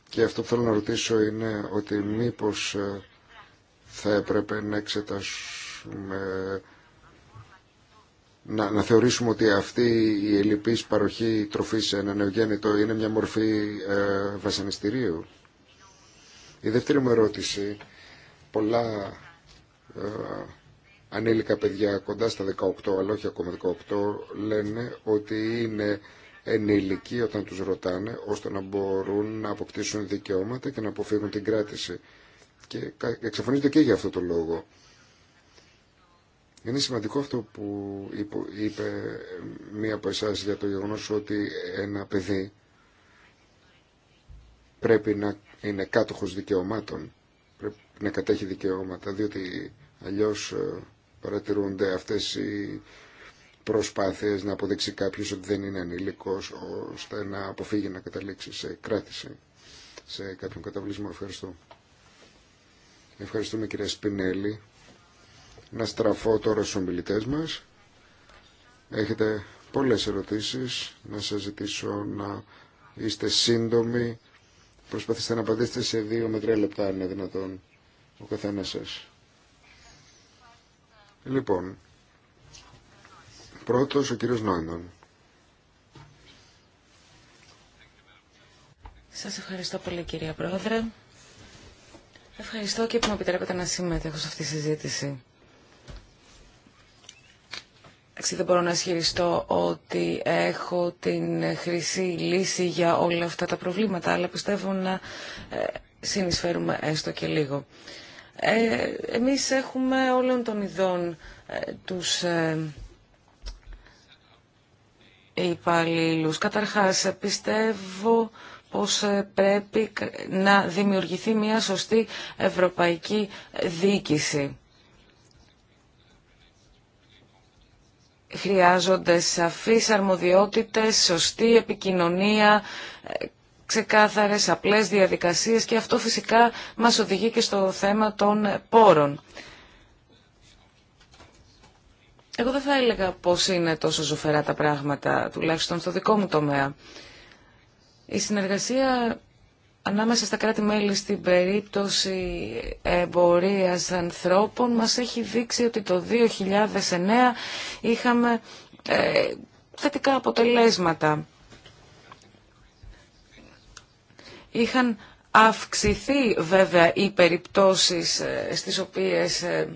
S2: και αυτό που θέλω να ρωτήσω είναι ότι μήπως θα έπρεπε να εξετάσουμε να, να θεωρήσουμε ότι αυτή η ελληπής παροχή τροφής σε ένα νεογέννητο είναι μια μορφή ε, βασανιστηρίου. Η δεύτερη μου ερώτηση, πολλά ε, ανήλικα παιδιά κοντά στα 18 αλλά όχι ακόμα 18 λένε ότι είναι ενήλικοι όταν τους ρωτάνε ώστε να μπορούν να αποκτήσουν δικαιώματα και να αποφύγουν την κράτηση. Και εξαφανίζεται και για αυτό το λόγο. Είναι σημαντικό αυτό που είπε μία από εσάς για το γεγονός ότι ένα παιδί πρέπει να είναι κάτοχος δικαιωμάτων, πρέπει να κατέχει δικαιώματα, διότι αλλιώς ε, παρατηρούνται αυτές οι προσπάθειες να αποδείξει κάποιος ότι δεν είναι ανήλικος ώστε να αποφύγει να καταλήξει σε κράτηση, σε κάποιον καταβλισμό. Ευχαριστώ. Ευχαριστούμε κυρία Σπινέλη. Να στραφώ τώρα στους ομιλητές μας. Έχετε πολλές ερωτήσεις. Να σας ζητήσω να είστε σύντομοι. Προσπαθήστε να απαντήσετε σε δύο με τρία λεπτά, αν είναι δυνατόν, ο καθένας σας. Λοιπόν, πρώτος ο κύριος
S1: Νόιντον. Σας ευχαριστώ πολύ κυρία Πρόεδρε. Ευχαριστώ και που με επιτρέπετε να συμμετέχω σε αυτή τη συζήτηση δεν μπορώ να ισχυριστώ ότι έχω την χρυσή λύση για όλα αυτά τα προβλήματα, αλλά πιστεύω να ε, συνεισφέρουμε έστω και λίγο. Ε, εμείς έχουμε όλων των ειδών ε, τους ε, υπαλλήλους. Καταρχάς, πιστεύω πως ε, πρέπει να δημιουργηθεί μια σωστή ευρωπαϊκή διοίκηση. Χρειάζονται σαφείς αρμοδιότητες, σωστή επικοινωνία, ξεκάθαρες απλές διαδικασίες και αυτό φυσικά μας οδηγεί και στο θέμα των πόρων. Εγώ δεν θα έλεγα πώς είναι τόσο ζωφερά τα πράγματα, τουλάχιστον στο δικό μου τομέα. Η συνεργασία ανάμεσα στα κράτη-μέλη στην περίπτωση εμπορίας ανθρώπων μας έχει δείξει ότι το 2009 είχαμε ε, θετικά αποτελέσματα. Είχαν αυξηθεί βέβαια οι περιπτώσεις ε, στις οποίες ε,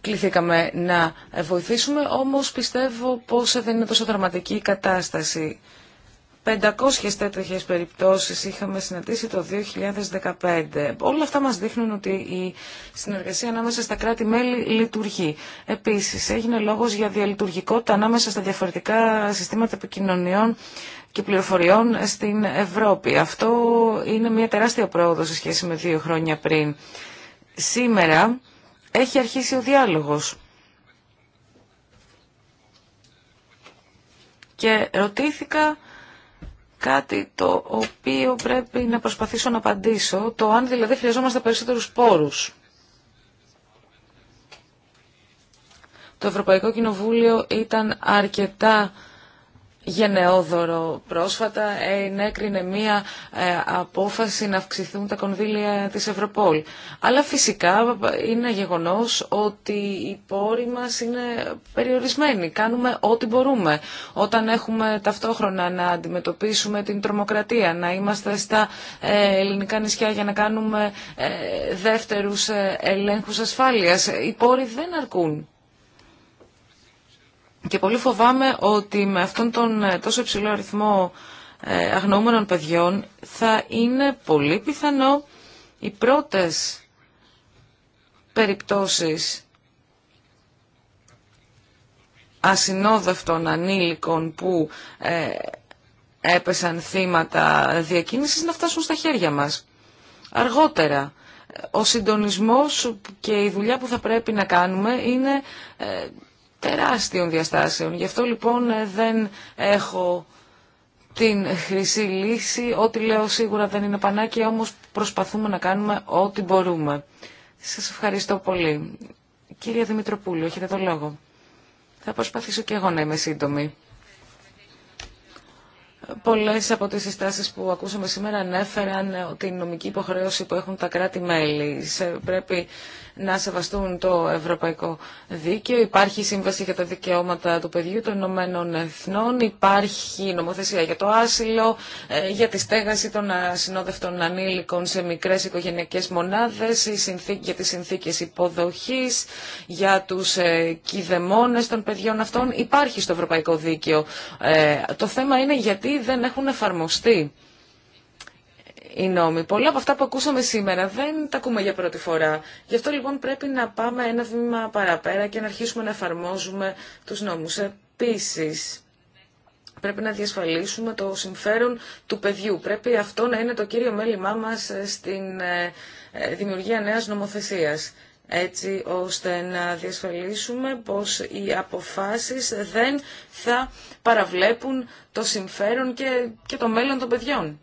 S1: κληθήκαμε να βοηθήσουμε, όμως πιστεύω πως δεν είναι τόσο δραματική η κατάσταση. 500 τέτοιέ περιπτώσεις είχαμε συναντήσει το 2015. Όλα αυτά μας δείχνουν ότι η συνεργασία ανάμεσα στα κράτη-μέλη λειτουργεί. Επίσης, έγινε λόγος για διαλειτουργικότητα ανάμεσα στα διαφορετικά συστήματα επικοινωνιών και πληροφοριών στην Ευρώπη. Αυτό είναι μια τεράστια πρόοδο σε σχέση με δύο χρόνια πριν. Σήμερα έχει αρχίσει ο διάλογος. Και ρωτήθηκα κάτι το οποίο πρέπει να προσπαθήσω να απαντήσω, το αν δηλαδή χρειαζόμαστε περισσότερους πόρους. Το Ευρωπαϊκό Κοινοβούλιο ήταν αρκετά γενναιόδωρο πρόσφατα ενέκρινε μία ε, απόφαση να αυξηθούν τα κονδύλια της Ευρωπόλ. Αλλά φυσικά είναι γεγονός ότι οι πόροι μας είναι περιορισμένοι. Κάνουμε ό,τι μπορούμε. Όταν έχουμε ταυτόχρονα να αντιμετωπίσουμε την τρομοκρατία, να είμαστε στα ε, ελληνικά νησιά για να κάνουμε ε, δεύτερους ελέγχους ασφάλειας, οι πόροι δεν αρκούν. Και πολύ φοβάμαι ότι με αυτόν τον ε, τόσο υψηλό αριθμό ε, αγνοούμενων παιδιών θα είναι πολύ πιθανό οι πρώτες περιπτώσεις ασυνόδευτων ανήλικων που ε, έπεσαν θύματα διακίνησης να φτάσουν στα χέρια μας. Αργότερα, ο συντονισμός και η δουλειά που θα πρέπει να κάνουμε είναι τεράστιων διαστάσεων. Γι' αυτό λοιπόν ε, δεν έχω την χρυσή λύση. Ό,τι λέω σίγουρα δεν είναι πανάκια, όμως προσπαθούμε να κάνουμε ό,τι μπορούμε. Σας ευχαριστώ πολύ. Κύριε Δημητροπούλου, έχετε το λόγο. Θα προσπαθήσω και εγώ να είμαι σύντομη. Πολλέ από τις συστάσεις που ακούσαμε σήμερα ανέφεραν ε, την νομική υποχρέωση που έχουν τα κράτη-μέλη. Πρέπει να σεβαστούν το ευρωπαϊκό δίκαιο. Υπάρχει σύμβαση για τα δικαιώματα του παιδιού των Ηνωμένων Εθνών. Υπάρχει νομοθεσία για το άσυλο, ε, για τη στέγαση των ασυνόδευτων ανήλικων σε μικρέ οικογενειακές μονάδε, για τι συνθήκε υποδοχή για του ε, κυδεμόνε των παιδιών αυτών. Υπάρχει στο ευρωπαϊκό δίκαιο. Το θέμα είναι γιατί δεν έχουν εφαρμοστεί οι νόμοι. Πολλά από αυτά που ακούσαμε σήμερα δεν τα ακούμε για πρώτη φορά. Γι' αυτό λοιπόν πρέπει να πάμε ένα βήμα παραπέρα και να αρχίσουμε να εφαρμόζουμε τους νόμους. Επίσης, πρέπει να διασφαλίσουμε το συμφέρον του παιδιού. Πρέπει αυτό να είναι το κύριο μέλημά μας στην ε, ε, δημιουργία νέας νομοθεσίας έτσι ώστε να διασφαλίσουμε πως οι αποφάσεις δεν θα παραβλέπουν το συμφέρον και, και το μέλλον των παιδιών.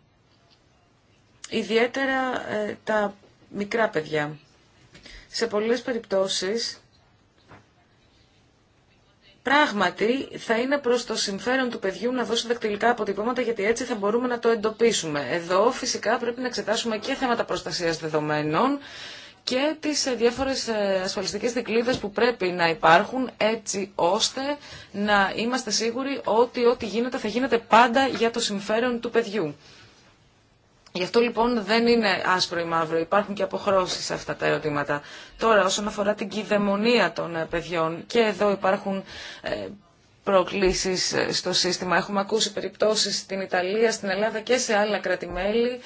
S1: Ιδιαίτερα ε, τα μικρά παιδιά. Σε πολλές περιπτώσεις, πράγματι θα είναι προς το συμφέρον του παιδιού να δώσει δακτυλικά αποτυπώματα γιατί έτσι θα μπορούμε να το εντοπίσουμε. Εδώ φυσικά πρέπει να εξετάσουμε και θέματα προστασίας δεδομένων και τις ε, διάφορες ε, ασφαλιστικές δικλείδες που πρέπει να υπάρχουν έτσι ώστε να είμαστε σίγουροι ότι ό,τι γίνεται θα γίνεται πάντα για το συμφέρον του παιδιού. Γι' αυτό λοιπόν δεν είναι άσπρο ή μαύρο, υπάρχουν και αποχρώσεις σε αυτά τα ερωτήματα. Τώρα όσον αφορά την κυδαιμονία των ε, παιδιών και εδώ υπάρχουν προκλήσεις στο σύστημα. Έχουμε ακούσει περιπτώσεις στην Ιταλία, στην Ελλάδα και σε αλλα κρατημέλη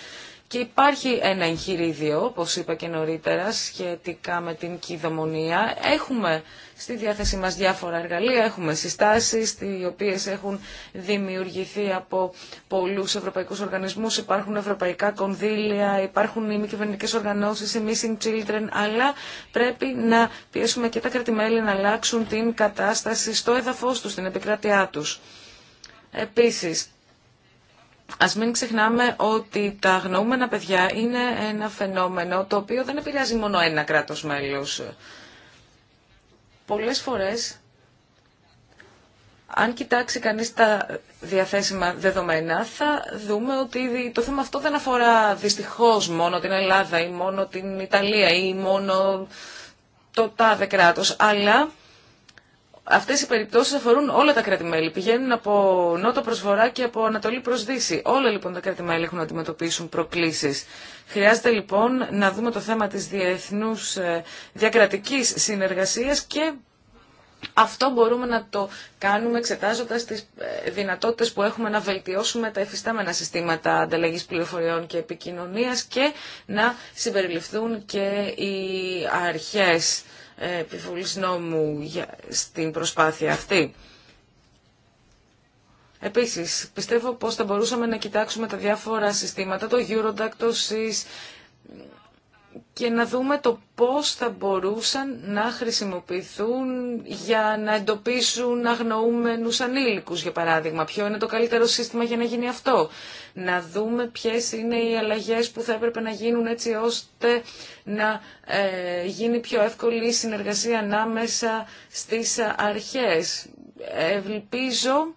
S1: και υπάρχει ένα εγχειρίδιο, όπως είπα και νωρίτερα, σχετικά με την κυδομονία. Έχουμε στη διάθεση μας διάφορα εργαλεία, έχουμε συστάσεις, οι οποίες έχουν δημιουργηθεί από πολλούς ευρωπαϊκούς οργανισμούς, υπάρχουν ευρωπαϊκά κονδύλια, υπάρχουν οι μη κυβερνητικές οργανώσεις, οι Missing Children, αλλά πρέπει να πιέσουμε και τα κρατημέλη να αλλάξουν την κατάσταση στο έδαφος τους, στην επικράτειά τους. Επίσης, Ας μην ξεχνάμε ότι τα αγνοούμενα παιδιά είναι ένα φαινόμενο το οποίο δεν επηρεάζει μόνο ένα κράτος μέλος. Πολλές φορές, αν κοιτάξει κανείς τα διαθέσιμα δεδομένα, θα δούμε ότι το θέμα αυτό δεν αφορά δυστυχώς μόνο την Ελλάδα ή μόνο την Ιταλία ή μόνο το τάδε κράτος, αλλά Αυτέ οι περιπτώσει αφορούν όλα τα κρατη Πηγαίνουν από νότο προς βορρά και από ανατολή προς δύση. Όλα λοιπόν τα κράτη-μέλη έχουν να αντιμετωπίσουν προκλήσει. Χρειάζεται λοιπόν να δούμε το θέμα τη διεθνού ε, διακρατική συνεργασία και αυτό μπορούμε να το κάνουμε εξετάζοντας τις ε, δυνατότητες που έχουμε να βελτιώσουμε τα εφιστάμενα συστήματα ανταλλαγής πληροφοριών και επικοινωνίας και να συμπεριληφθούν και οι αρχές ε, επιβολής νόμου στην προσπάθεια αυτή. Επίσης, πιστεύω πως θα μπορούσαμε να κοιτάξουμε τα διάφορα συστήματα, το Eurodactosis, και να δούμε το πώς θα μπορούσαν να χρησιμοποιηθούν για να εντοπίσουν αγνοούμενους ανήλικους, για παράδειγμα. Ποιο είναι το καλύτερο σύστημα για να γίνει αυτό. Να δούμε ποιες είναι οι αλλαγές που θα έπρεπε να γίνουν έτσι ώστε να ε, γίνει πιο εύκολη η συνεργασία ανάμεσα στις αρχές. Ελπίζω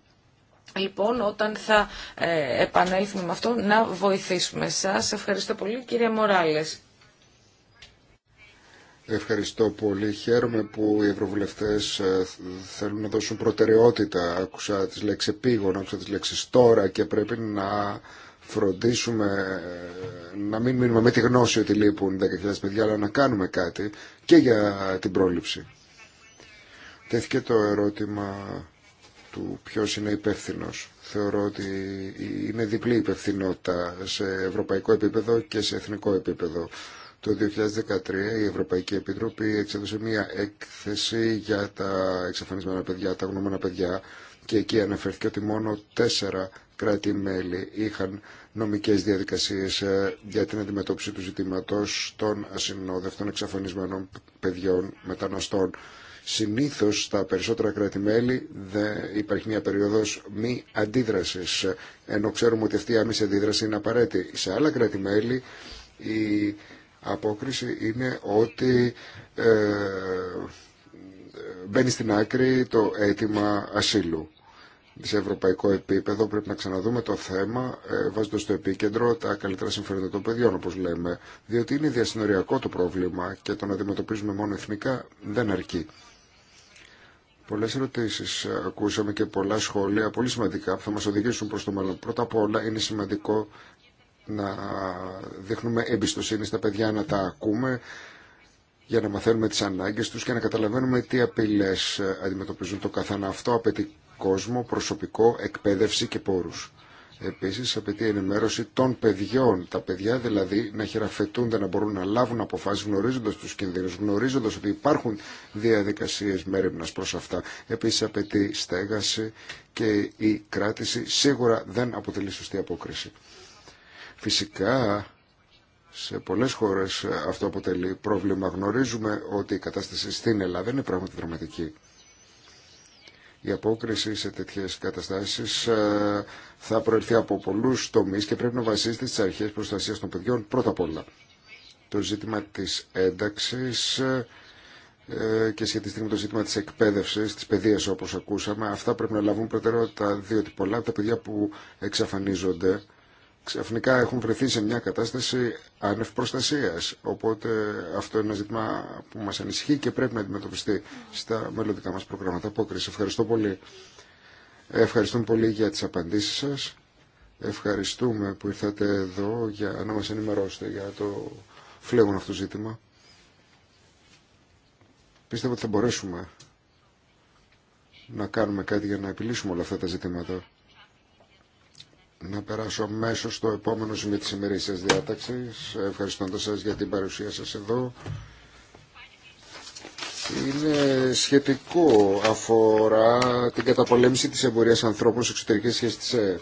S1: Λοιπόν, όταν θα ε, επανέλθουμε με αυτό, να βοηθήσουμε σας. Ευχαριστώ πολύ, κυρία Μοράλες.
S2: Ευχαριστώ πολύ. Χαίρομαι που οι ευρωβουλευτές ε, θέλουν να δώσουν προτεραιότητα. Άκουσα τις λέξεις επίγον, άκουσα τις λέξεις τώρα και πρέπει να φροντίσουμε ε, να μην μείνουμε με τη γνώση ότι λείπουν 10.000 παιδιά, αλλά να κάνουμε κάτι και για την πρόληψη. Τέθηκε το ερώτημα του ποιος είναι υπεύθυνο. Θεωρώ ότι είναι διπλή υπευθυνότητα σε ευρωπαϊκό επίπεδο και σε εθνικό επίπεδο. Το 2013 η Ευρωπαϊκή Επιτροπή εξέδωσε μια έκθεση για τα εξαφανισμένα παιδιά, τα γνώμενα παιδιά και εκεί αναφέρθηκε ότι μόνο τέσσερα κράτη-μέλη είχαν νομικές διαδικασίες ε, για την αντιμετώπιση του ζητήματος των ασυνόδευτων εξαφανισμένων παιδιών μεταναστών. Συνήθως στα περισσότερα κράτη-μέλη υπάρχει μια περίοδος μη αντίδρασης, ενώ ξέρουμε ότι αυτή η άμεση αντίδραση είναι απαραίτητη. Σε άλλα απόκριση είναι ότι ε, μπαίνει στην άκρη το αίτημα ασύλου. Σε ευρωπαϊκό επίπεδο πρέπει να ξαναδούμε το θέμα ε, βάζοντα στο επίκεντρο τα καλύτερα συμφέροντα των παιδιών, όπω λέμε, διότι είναι διασυνοριακό το πρόβλημα και το να αντιμετωπίζουμε μόνο εθνικά δεν αρκεί. Πολλέ ερωτήσει ακούσαμε και πολλά σχόλια πολύ σημαντικά που θα μα οδηγήσουν προ το μέλλον. Πρώτα απ' όλα είναι σημαντικό να δείχνουμε εμπιστοσύνη στα παιδιά, να τα ακούμε για να μαθαίνουμε τις ανάγκες τους και να καταλαβαίνουμε τι απειλές αντιμετωπίζουν το καθένα. Αυτό απαιτεί κόσμο, προσωπικό, εκπαίδευση και πόρους. Επίσης απαιτεί ενημέρωση των παιδιών. Τα παιδιά δηλαδή να χειραφετούνται, να μπορούν να λάβουν αποφάσεις γνωρίζοντας τους κινδύνους, γνωρίζοντας ότι υπάρχουν διαδικασίες μέρημνας προς αυτά. Επίσης απαιτεί στέγαση και η κράτηση σίγουρα δεν αποτελεί σωστή απόκριση. Φυσικά, σε πολλές χώρες αυτό αποτελεί πρόβλημα. Γνωρίζουμε ότι η κατάσταση στην Ελλάδα είναι πράγματι δραματική. Η απόκριση σε τέτοιες καταστάσεις ε, θα προερθεί από πολλούς τομείς και πρέπει να βασίζεται στις αρχές προστασίας των παιδιών πρώτα απ' όλα. Το ζήτημα της ένταξης ε, και σχετιστεί με το ζήτημα της εκπαίδευσης, της παιδείας όπως ακούσαμε, αυτά πρέπει να λάβουν προτεραιότητα, διότι πολλά από τα παιδιά που εξαφανίζονται ξαφνικά έχουν βρεθεί σε μια κατάσταση άνευ Οπότε αυτό είναι ένα ζήτημα που μας ανησυχεί και πρέπει να αντιμετωπιστεί στα μελλοντικά μας προγράμματα απόκριση. Ευχαριστώ πολύ. Ευχαριστούμε πολύ για τις απαντήσεις σας. Ευχαριστούμε που ήρθατε εδώ για να μας ενημερώσετε για το φλέγον αυτό ζήτημα. πιστεύω ότι θα μπορέσουμε να κάνουμε κάτι για να επιλύσουμε όλα αυτά τα ζητήματα. Να περάσω μέσω στο επόμενο σημείο της ημερήσιας διάταξης, ευχαριστώντας σας για την παρουσία σας εδώ. Είναι σχετικό, αφορά την καταπολέμηση της εμπορίας ανθρώπων σε εξωτερικές σχέσεις της ΕΕ.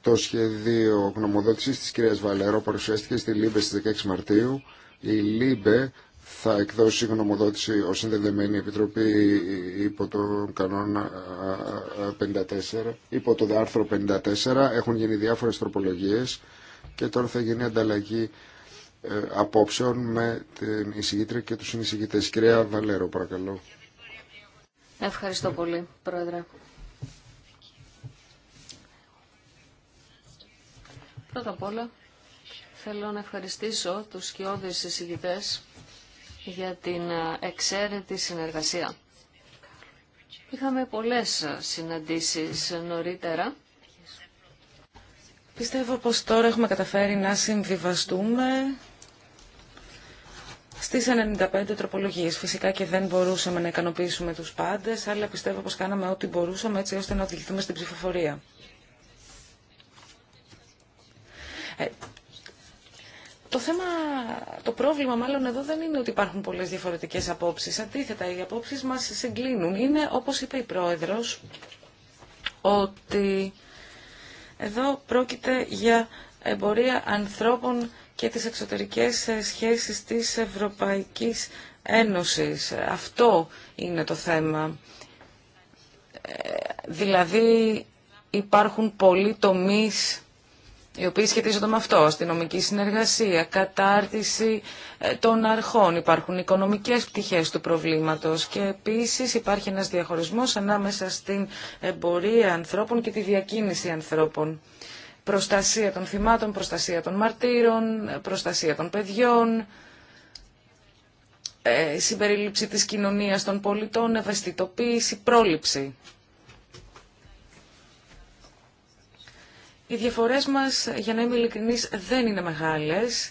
S2: Το σχέδιο γνωμοδότησης της κυρίας Βαλερό παρουσιάστηκε στη ΛΥΜΠΕ στις 16 Μαρτίου. Η ΛΥΜΠΕ θα εκδώσει γνωμοδότηση ω συνδεδεμένη επιτροπή υπό τον κανόνα 54, υπό το άρθρο 54. Έχουν γίνει διάφορες τροπολογίες και τώρα θα γίνει ανταλλαγή ε, απόψεων με την εισηγήτρια και τους συνεισηγητές. Κυρία Βαλέρο, παρακαλώ.
S3: Ευχαριστώ πολύ, Πρόεδρε. Πρώτα απ' όλα, θέλω να ευχαριστήσω τους σκιώδες εισηγητές για την ε, εξαίρετη συνεργασία. Είχαμε πολλές ε, συναντήσεις νωρίτερα.
S1: Πιστεύω πως τώρα έχουμε καταφέρει να συμβιβαστούμε στις 95 τροπολογίες. Φυσικά και δεν μπορούσαμε να ικανοποιήσουμε τους πάντες, αλλά πιστεύω πως κάναμε ό,τι μπορούσαμε έτσι ώστε να οδηγηθούμε στην ψηφοφορία. Ε, το θέμα, το πρόβλημα μάλλον εδώ δεν είναι ότι υπάρχουν πολλές διαφορετικές απόψεις. Αντίθετα, οι απόψεις μας συγκλίνουν. Είναι, όπως είπε η Πρόεδρος, ότι εδώ πρόκειται για εμπορία ανθρώπων και τις εξωτερικές σχέσεις της Ευρωπαϊκής Ένωσης. Αυτό είναι το θέμα. Ε, δηλαδή υπάρχουν πολλοί τομείς οι οποίοι σχετίζονται με αυτό, αστυνομική συνεργασία, κατάρτιση ε, των αρχών, υπάρχουν οικονομικές πτυχές του προβλήματος και επίσης υπάρχει ένας διαχωρισμός ανάμεσα στην εμπορία ανθρώπων και τη διακίνηση ανθρώπων. Προστασία των θυμάτων, προστασία των μαρτύρων, προστασία των παιδιών, ε, συμπερίληψη της κοινωνίας των πολιτών, ευαισθητοποίηση, πρόληψη. Οι διαφορές μας, για να είμαι ειλικρινής, δεν είναι μεγάλες.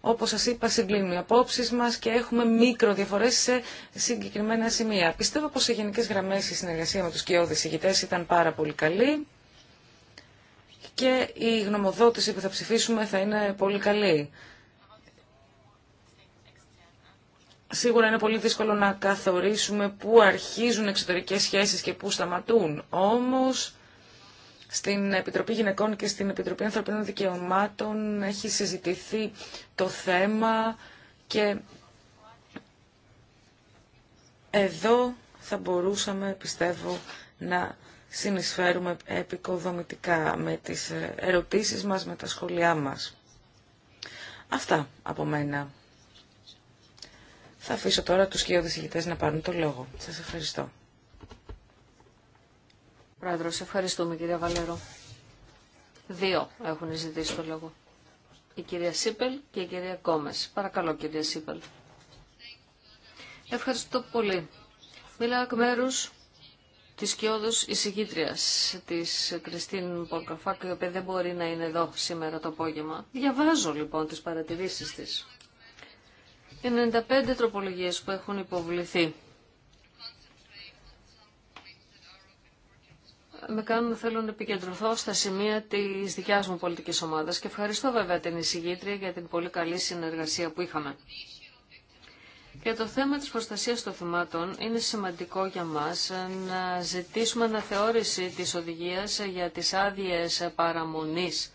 S1: Όπως σας είπα, συγκλίνουν οι απόψεις μας και έχουμε μικροδιαφορές σε συγκεκριμένα σημεία. Πιστεύω πως σε γενικές γραμμές η συνεργασία με τους κοιόδης ηγητές ήταν πάρα πολύ καλή και η γνωμοδότηση που θα ψηφίσουμε θα είναι πολύ καλή. Σίγουρα είναι πολύ δύσκολο να καθορίσουμε πού αρχίζουν εξωτερικές σχέσεις και πού σταματούν. Όμως, στην Επιτροπή Γυναικών και στην Επιτροπή Ανθρωπίνων Δικαιωμάτων έχει συζητηθεί το θέμα και εδώ θα μπορούσαμε, πιστεύω, να συνεισφέρουμε επικοδομητικά με τις ερωτήσεις μας, με τα σχόλιά μας. Αυτά από μένα. Θα αφήσω τώρα τους κοιόδες ηγητές να πάρουν το λόγο. Σας ευχαριστώ.
S3: Πρόεδρος, ευχαριστούμε κυρία Βαλέρο. Δύο έχουν ζητήσει το λόγο. Η κυρία Σίπελ και η κυρία Κόμες. Παρακαλώ κυρία Σίπελ. Ευχαριστώ πολύ. Μιλάω εκ μέρους της Κιόδος εισηγήτριας της Κριστίν Πολκαφάκη, η οποία δεν μπορεί να είναι εδώ σήμερα το απόγευμα. Διαβάζω λοιπόν τις παρατηρήσεις της. 95 τροπολογίες που έχουν υποβληθεί με κάνουν θέλω να επικεντρωθώ στα σημεία της δικιάς μου πολιτικής ομάδας και ευχαριστώ βέβαια την εισηγήτρια για την πολύ καλή συνεργασία που είχαμε. Και το θέμα της προστασίας των θυμάτων είναι σημαντικό για μας να ζητήσουμε αναθεώρηση της οδηγίας για τις άδειες παραμονής.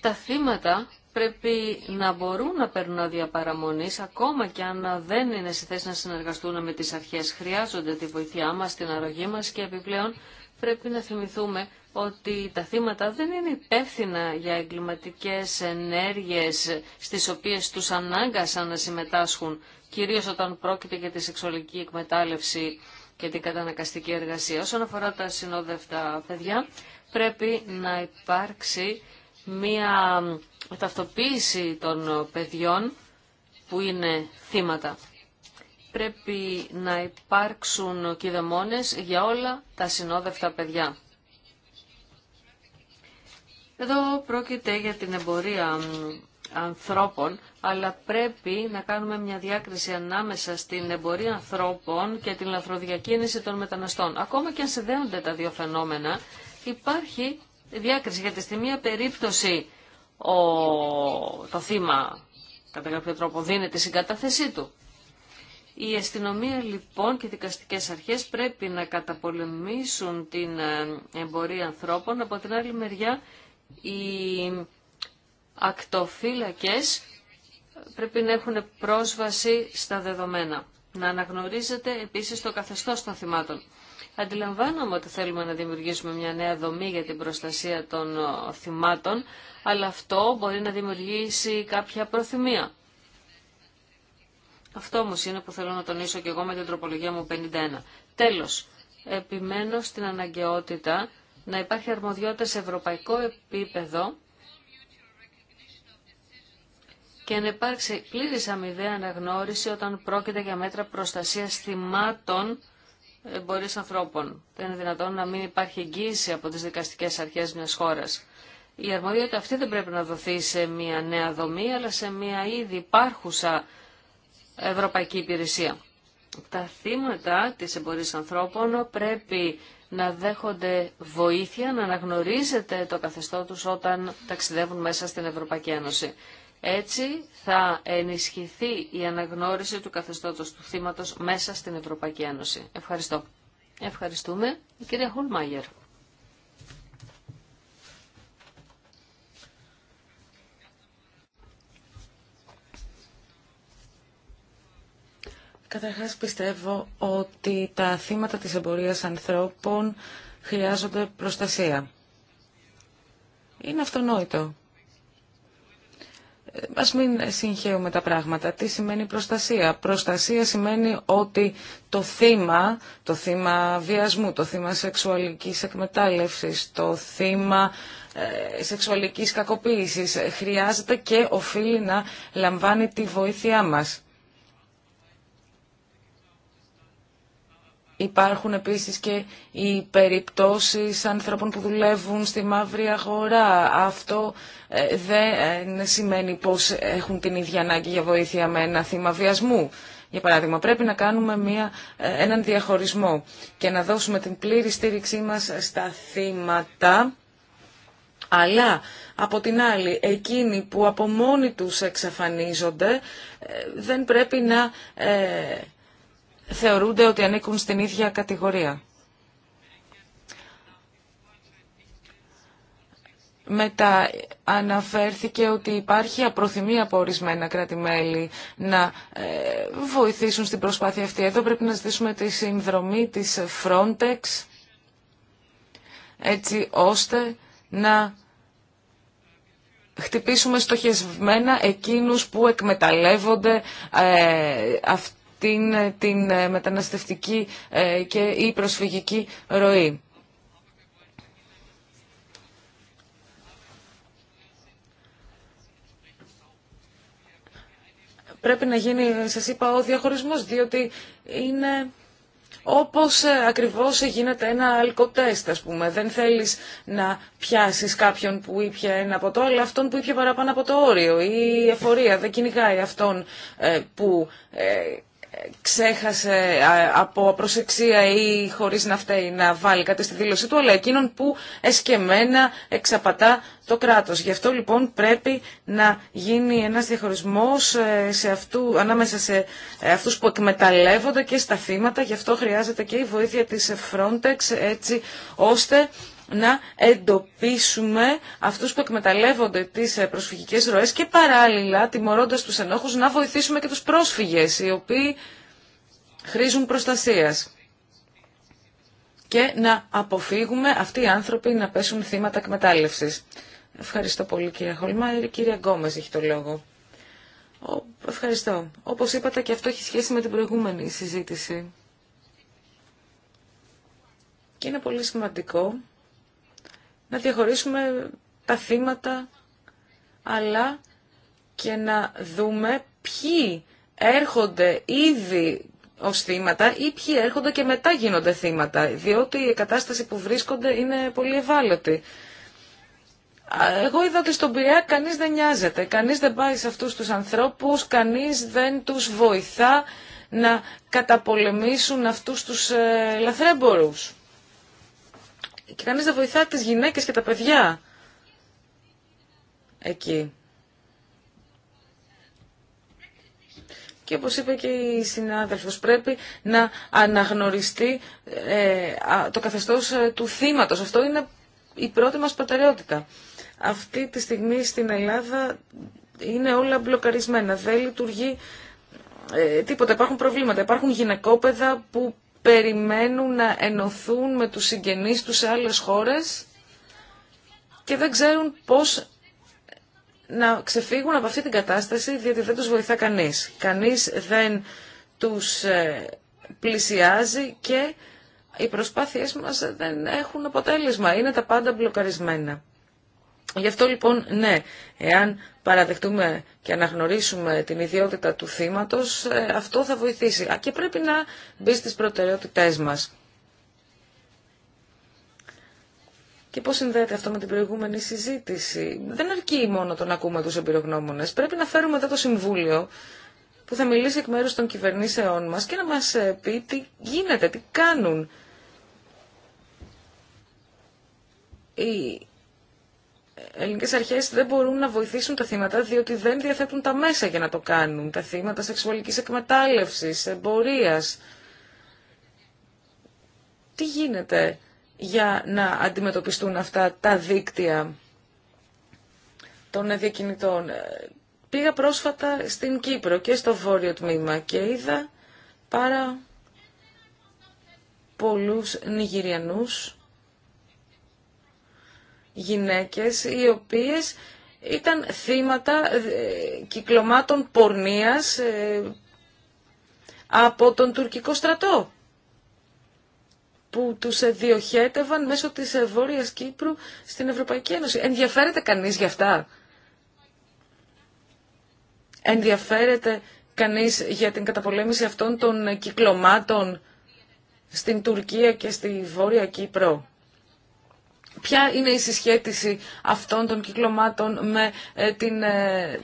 S3: Τα θύματα πρέπει να μπορούν να παίρνουν άδεια παραμονής, ακόμα και αν δεν είναι σε θέση να συνεργαστούν με τις αρχές. Χρειάζονται τη βοήθειά μας, την αρρωγή μας και επιπλέον πρέπει να θυμηθούμε ότι τα θύματα δεν είναι υπεύθυνα για εγκληματικές ενέργειες στις οποίες τους ανάγκασαν να συμμετάσχουν, κυρίως όταν πρόκειται για τη σεξουαλική εκμετάλλευση και την κατανακαστική εργασία. Όσον αφορά τα συνόδευτα παιδιά, πρέπει να υπάρξει μία ταυτοποίηση των παιδιών που είναι θύματα. Πρέπει να υπάρξουν κυδεμόνες για όλα τα συνόδευτα παιδιά. Εδώ πρόκειται για την εμπορία ανθρώπων, αλλά πρέπει να κάνουμε μια διάκριση ανάμεσα στην εμπορία ανθρώπων και την λαθροδιακίνηση των μεταναστών. Ακόμα και αν συνδέονται τα δύο φαινόμενα, υπάρχει διάκριση. Γιατί στη μία περίπτωση το θύμα κατά κάποιο τρόπο δίνει τη συγκατάθεσή του. Η αστυνομία λοιπόν και οι δικαστικές αρχές πρέπει να καταπολεμήσουν την ε, εμπορία ανθρώπων. Από την άλλη μεριά οι ακτοφύλακες πρέπει να έχουν πρόσβαση στα δεδομένα. Να αναγνωρίζεται επίσης το καθεστώς των θυμάτων. Αντιλαμβάνομαι ότι θέλουμε να δημιουργήσουμε μια νέα δομή για την προστασία των ε, θυμάτων, αλλά αυτό μπορεί να δημιουργήσει κάποια προθυμία. Αυτό όμω είναι που θέλω να τονίσω και εγώ με την τροπολογία μου 51. Τέλος, επιμένω στην αναγκαιότητα να υπάρχει αρμοδιότητα σε ευρωπαϊκό επίπεδο και να υπάρξει πλήρης αμοιβαία αναγνώριση όταν πρόκειται για μέτρα προστασίας θυμάτων εμπορίες ανθρώπων. Δεν είναι δυνατόν να μην υπάρχει εγγύηση από τις δικαστικές αρχές μιας χώρας. Η αρμοδιότητα αυτή δεν πρέπει να δοθεί σε μια νέα δομή, αλλά σε μια ήδη υπάρχουσα ευρωπαϊκή υπηρεσία. Τα θύματα της εμπορίας ανθρώπων πρέπει να δέχονται βοήθεια, να αναγνωρίζεται το καθεστώ τους όταν ταξιδεύουν μέσα στην Ευρωπαϊκή Ένωση. Έτσι θα ενισχυθεί η αναγνώριση του καθεστώτος του θύματος μέσα στην Ευρωπαϊκή Ένωση. Ευχαριστώ. Ευχαριστούμε. Η κυρία Χουλμάγερ.
S1: Καταρχάς πιστεύω ότι τα θύματα της εμπορίας ανθρώπων χρειάζονται προστασία. Είναι αυτονόητο. Ε, Α μην συγχαίουμε τα πράγματα. Τι σημαίνει προστασία. Προστασία σημαίνει ότι το θύμα, το θύμα βιασμού, το θύμα σεξουαλικής εκμετάλλευσης, το θύμα ε, σεξουαλικής κακοποίησης ε, χρειάζεται και οφείλει να λαμβάνει τη βοήθειά μας. Υπάρχουν επίσης και οι περιπτώσεις ανθρώπων που δουλεύουν στη μαύρη αγορά. Αυτό ε, δεν ε, σημαίνει πως έχουν την ίδια ανάγκη για βοήθεια με ένα θύμα βιασμού. Για παράδειγμα, πρέπει να κάνουμε μια, ε, έναν διαχωρισμό και να δώσουμε την πλήρη στήριξή μας στα θύματα, αλλά από την άλλη, εκείνοι που από μόνοι τους εξαφανίζονται, δεν πρέπει να θεωρούνται ότι ανήκουν στην ίδια κατηγορία. Μετά αναφέρθηκε ότι υπάρχει απροθυμία από ορισμένα κράτη-μέλη να ε, βοηθήσουν στην προσπάθεια αυτή. Εδώ πρέπει να ζητήσουμε τη συνδρομή της Frontex έτσι ώστε να χτυπήσουμε στοχευμένα εκείνους που εκμεταλλεύονται ε, την, την ε, μεταναστευτική ε, και η προσφυγική ροή. Πρέπει να γίνει, σας είπα, ο διαχωρισμός, διότι είναι όπως ε, ακριβώς γίνεται ένα αλκοτέστ, ας πούμε. Δεν θέλεις να πιάσεις κάποιον που ήπια ένα από το, αλλά αυτόν που ήπια παραπάνω από το όριο. Η εφορία δεν κυνηγάει αυτόν που ξέχασε από προσεξία ή χωρίς να φταίει να βάλει κάτι στη δήλωσή του, αλλά εκείνον που εσκεμμένα εξαπατά το κράτος. Γι' αυτό λοιπόν πρέπει να γίνει ένας διαχωρισμός ε, σε αυτού, ανάμεσα σε ε, αυτούς που εκμεταλλεύονται και στα θύματα. Γι' αυτό χρειάζεται και η βοήθεια της Frontex έτσι ώστε να εντοπίσουμε αυτούς που εκμεταλλεύονται τις ε, προσφυγικές ροές και παράλληλα, τιμωρώντας τους ενόχους, να βοηθήσουμε και τους πρόσφυγες, οι οποίοι χρήζουν προστασίας. Και να αποφύγουμε αυτοί οι άνθρωποι να πέσουν θύματα εκμετάλλευσης. Ευχαριστώ πολύ κύριε Χολμάιρ. Η κυρία Γκόμες έχει το λόγο. Ευχαριστώ. Όπως είπατε και αυτό έχει σχέση με την προηγούμενη συζήτηση. Και είναι πολύ σημαντικό να διαχωρίσουμε τα θύματα, αλλά και να δούμε ποιοι έρχονται ήδη ω θύματα ή ποιοι έρχονται και μετά γίνονται θύματα, διότι η κατάσταση που βρίσκονται είναι πολύ ευάλωτη. Εγώ είδα ότι στον Πειραιά κανείς δεν νοιάζεται, κανείς δεν πάει σε αυτούς τους ανθρώπους, κανείς δεν τους βοηθά να καταπολεμήσουν αυτούς τους ε, λαθρέμπορους και κανείς δεν βοηθά τις γυναίκες και τα παιδιά εκεί. Και όπως είπε και η συνάδελφος, πρέπει να αναγνωριστεί ε, το καθεστώς ε, του θύματος. Αυτό είναι η πρώτη μας προτεραιότητα. Αυτή τη στιγμή στην Ελλάδα είναι όλα μπλοκαρισμένα. Δεν λειτουργεί ε, τίποτα. Υπάρχουν προβλήματα. Υπάρχουν γυναικόπαιδα που περιμένουν να ενωθούν με τους συγγενείς τους σε άλλες χώρες και δεν ξέρουν πώς να ξεφύγουν από αυτή την κατάσταση, διότι δεν τους βοηθά κανείς. Κανείς δεν τους ε, πλησιάζει και οι προσπάθειές μας δεν έχουν αποτέλεσμα. Είναι τα πάντα μπλοκαρισμένα. Γι' αυτό λοιπόν, ναι, εάν παραδεχτούμε και αναγνωρίσουμε την ιδιότητα του θύματος, ε, αυτό θα βοηθήσει. Α, και πρέπει να μπει στις προτεραιότητές μας. Και πώς συνδέεται αυτό με την προηγούμενη συζήτηση. Δεν αρκεί μόνο το να ακούμε τους εμπειρογνώμονες. Πρέπει να φέρουμε εδώ το Συμβούλιο που θα μιλήσει εκ μέρους των κυβερνήσεών μας και να μας ε, πει τι γίνεται, τι κάνουν. Ελληνικέ αρχές δεν μπορούν να βοηθήσουν τα θύματα διότι δεν διαθέτουν τα μέσα για να το κάνουν. Τα θύματα σεξουαλικής εκμετάλλευση, εμπορία. Τι γίνεται για να αντιμετωπιστούν αυτά τα δίκτυα των διακινητών. Ε, πήγα πρόσφατα στην Κύπρο και στο βόρειο τμήμα και είδα πάρα πολλούς Νιγηριανούς γυναίκες οι οποίες ήταν θύματα ε, κυκλωμάτων πορνείας ε, από τον τουρκικό στρατό που τους διοχέτευαν μέσω της ε, Βόρειας Κύπρου στην Ευρωπαϊκή Ένωση. Ενδιαφέρεται κανείς για αυτά. Ενδιαφέρεται κανείς για την καταπολέμηση αυτών των κυκλωμάτων στην Τουρκία και στη Βόρεια Κύπρο ποια είναι η συσχέτιση αυτών των κυκλωμάτων με ε, την ε,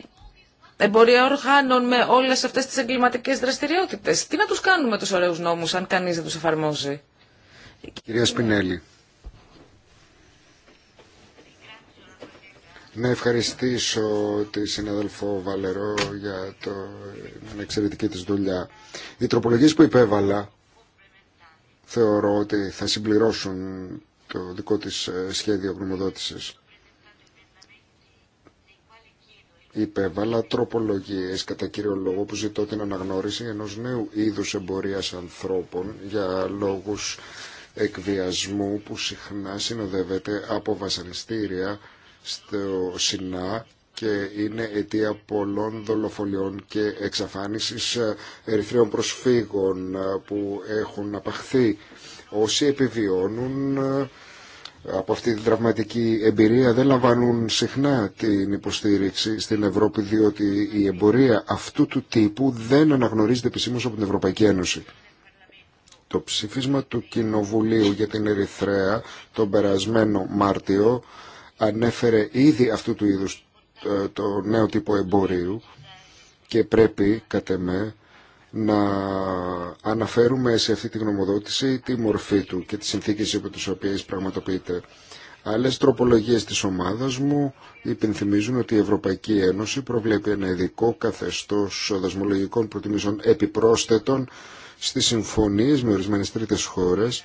S1: εμπορία οργάνων, με όλες αυτές τις εγκληματικές δραστηριότητες. Τι να τους κάνουμε τους ωραίους νόμους αν κανείς δεν τους εφαρμόζει.
S2: Κυρία Σπινέλη. Να ευχαριστήσω τη συναδελφό Βαλερό για το, την εξαιρετική της δουλειά. Οι τροπολογίες που υπέβαλα θεωρώ ότι θα συμπληρώσουν το δικό της ε, σχέδιο γνωμοδότησης. Υπέβαλα τροπολογίες κατά κύριο λόγο που ζητώ την αναγνώριση ενός νέου είδους εμπορίας ανθρώπων για λόγους εκβιασμού που συχνά συνοδεύεται από βασανιστήρια στο ΣΥΝΑ και είναι αιτία πολλών δολοφολιών και εξαφάνισης ε, ερυθρέων προσφύγων ε, που έχουν απαχθεί. Όσοι επιβιώνουν από αυτή την τραυματική εμπειρία δεν λαμβάνουν συχνά την υποστήριξη στην Ευρώπη διότι η εμπορία αυτού του τύπου δεν αναγνωρίζεται επισήμως από την Ευρωπαϊκή Ένωση. Το ψήφισμα του Κοινοβουλίου για την Ερυθρέα τον περασμένο Μάρτιο ανέφερε ήδη αυτού του είδους ε, το νέο τύπο εμπορίου και πρέπει, κατά να αναφέρουμε σε αυτή τη γνωμοδότηση τη μορφή του και τις συνθήκες υπό τις οποίες πραγματοποιείται. Άλλες τροπολογίες της ομάδας μου υπενθυμίζουν ότι η Ευρωπαϊκή Ένωση προβλέπει ένα ειδικό καθεστώς δασμολογικών προτιμήσεων επιπρόσθετων στις συμφωνίες με ορισμένες τρίτες χώρες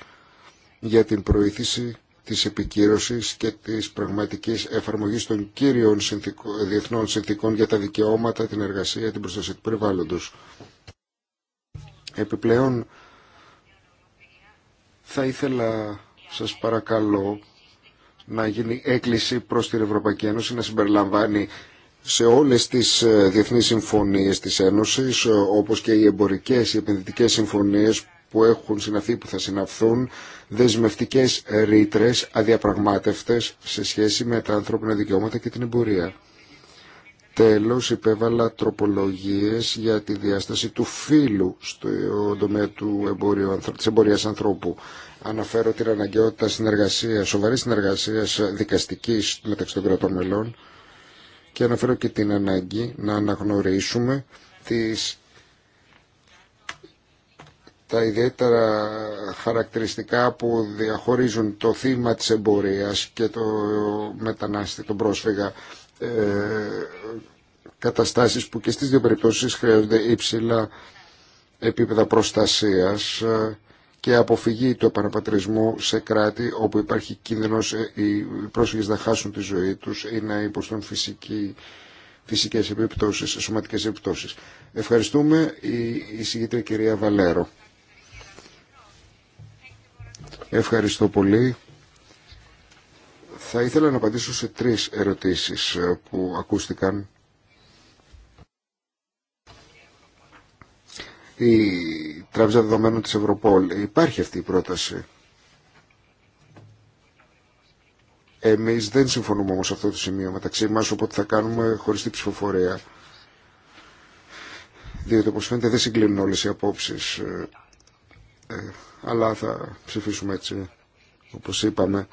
S2: για την προήθηση της επικύρωσης και της πραγματικής εφαρμογής των κύριων διεθνών συνθήκων για τα δικαιώματα, την εργασία, την προστασία του περιβάλλοντο. Επιπλέον, θα ήθελα, σας παρακαλώ, να γίνει έκκληση προς την Ευρωπαϊκή Ένωση να συμπεριλαμβάνει σε όλες τις ε, διεθνείς συμφωνίες της Ένωσης, ε, όπως και οι εμπορικές, οι επενδυτικές συμφωνίες που έχουν συναυθεί, που θα συναυθούν, δεσμευτικές ρήτρε αδιαπραγμάτευτες σε σχέση με τα ανθρώπινα δικαιώματα και την εμπορία. Τέλος, υπέβαλα τροπολογίες για τη διάσταση του φύλου στο τομέα του εμπορίου, της εμπορίας ανθρώπου. Αναφέρω την αναγκαιότητα συνεργασίας, σοβαρής συνεργασίας δικαστικής μεταξύ των κρατών μελών και αναφέρω και την ανάγκη να αναγνωρίσουμε τις, τα ιδιαίτερα χαρακτηριστικά που διαχωρίζουν το θύμα της εμπορίας και το μετανάστη, τον πρόσφυγα ε, καταστάσεις που και στις δύο περιπτώσεις χρειάζονται υψηλά επίπεδα προστασίας και αποφυγή του επαναπατρισμού σε κράτη όπου υπάρχει κίνδυνος ε, οι πρόσφυγες να χάσουν τη ζωή τους ή να υποστούν φυσική, φυσικές επιπτώσεις, σωματικές επιπτώσεις. Ευχαριστούμε η εισηγήτρια κυρία Βαλέρο. Ευχαριστώ πολύ. Θα ήθελα να απαντήσω σε τρεις ερωτήσεις που ακούστηκαν η Τράπεζα Δεδομένων της Ευρωπόλ. Υπάρχει αυτή η πρόταση. Εμείς δεν συμφωνούμε όμως σε αυτό το σημείο μεταξύ μας, οπότε θα κάνουμε χωριστή ψηφοφορία. Διότι όπως φαίνεται δεν συγκλίνουν όλες οι απόψεις. Ε, ε, αλλά θα ψηφίσουμε έτσι, όπως είπαμε.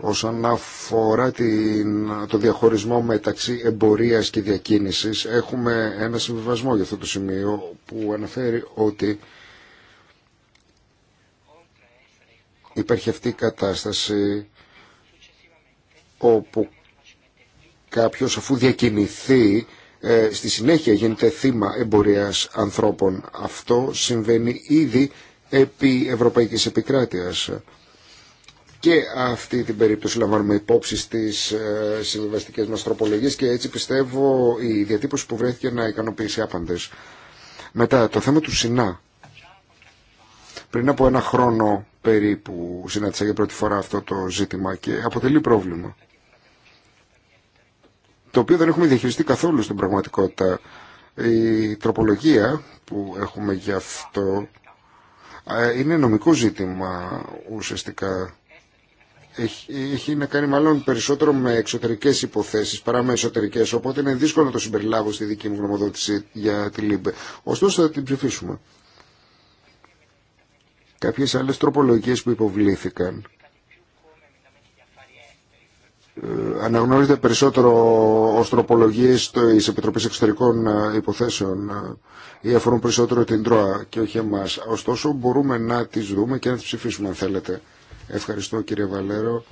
S2: Όσον αφορά την, το διαχωρισμό μεταξύ εμπορίας και διακίνησης, έχουμε ένα συμβιβασμό για αυτό το σημείο που αναφέρει ότι υπάρχει αυτή η κατάσταση όπου κάποιος αφού διακινηθεί ε, στη συνέχεια γίνεται θύμα εμπορίας ανθρώπων. Αυτό συμβαίνει ήδη επί ευρωπαϊκής επικράτειας και αυτή την περίπτωση λαμβάνουμε υπόψη στις ε, συμβιβαστικές μας τροπολογίες και έτσι πιστεύω η διατύπωση που βρέθηκε να ικανοποιήσει άπαντες. Μετά το θέμα του ΣΥΝΑ. Πριν από ένα χρόνο περίπου συνάντησα για πρώτη φορά αυτό το ζήτημα και αποτελεί πρόβλημα. Το οποίο δεν έχουμε διαχειριστεί καθόλου στην πραγματικότητα. Η τροπολογία που έχουμε γι' αυτό ε, είναι νομικό ζήτημα ουσιαστικά έχει, να κάνει μάλλον περισσότερο με εξωτερικέ υποθέσεις παρά με εσωτερικέ. οπότε είναι δύσκολο να το συμπεριλάβω στη δική μου γνωμοδότηση για τη ΛΥΜΠΕ. Ωστόσο θα την ψηφίσουμε. κάποιε άλλε τροπολογίες που υποβλήθηκαν ε, αναγνωρίζεται περισσότερο ω τροπολογίε τη Επιτροπή Εξωτερικών ε, Υποθέσεων ε, ή αφορούν περισσότερο την ΤΡΟΑ και όχι εμά. Ωστόσο, μπορούμε να τι δούμε και να τι ψηφίσουμε, αν θέλετε. Ευχαριστώ κύριε Βαλέρο.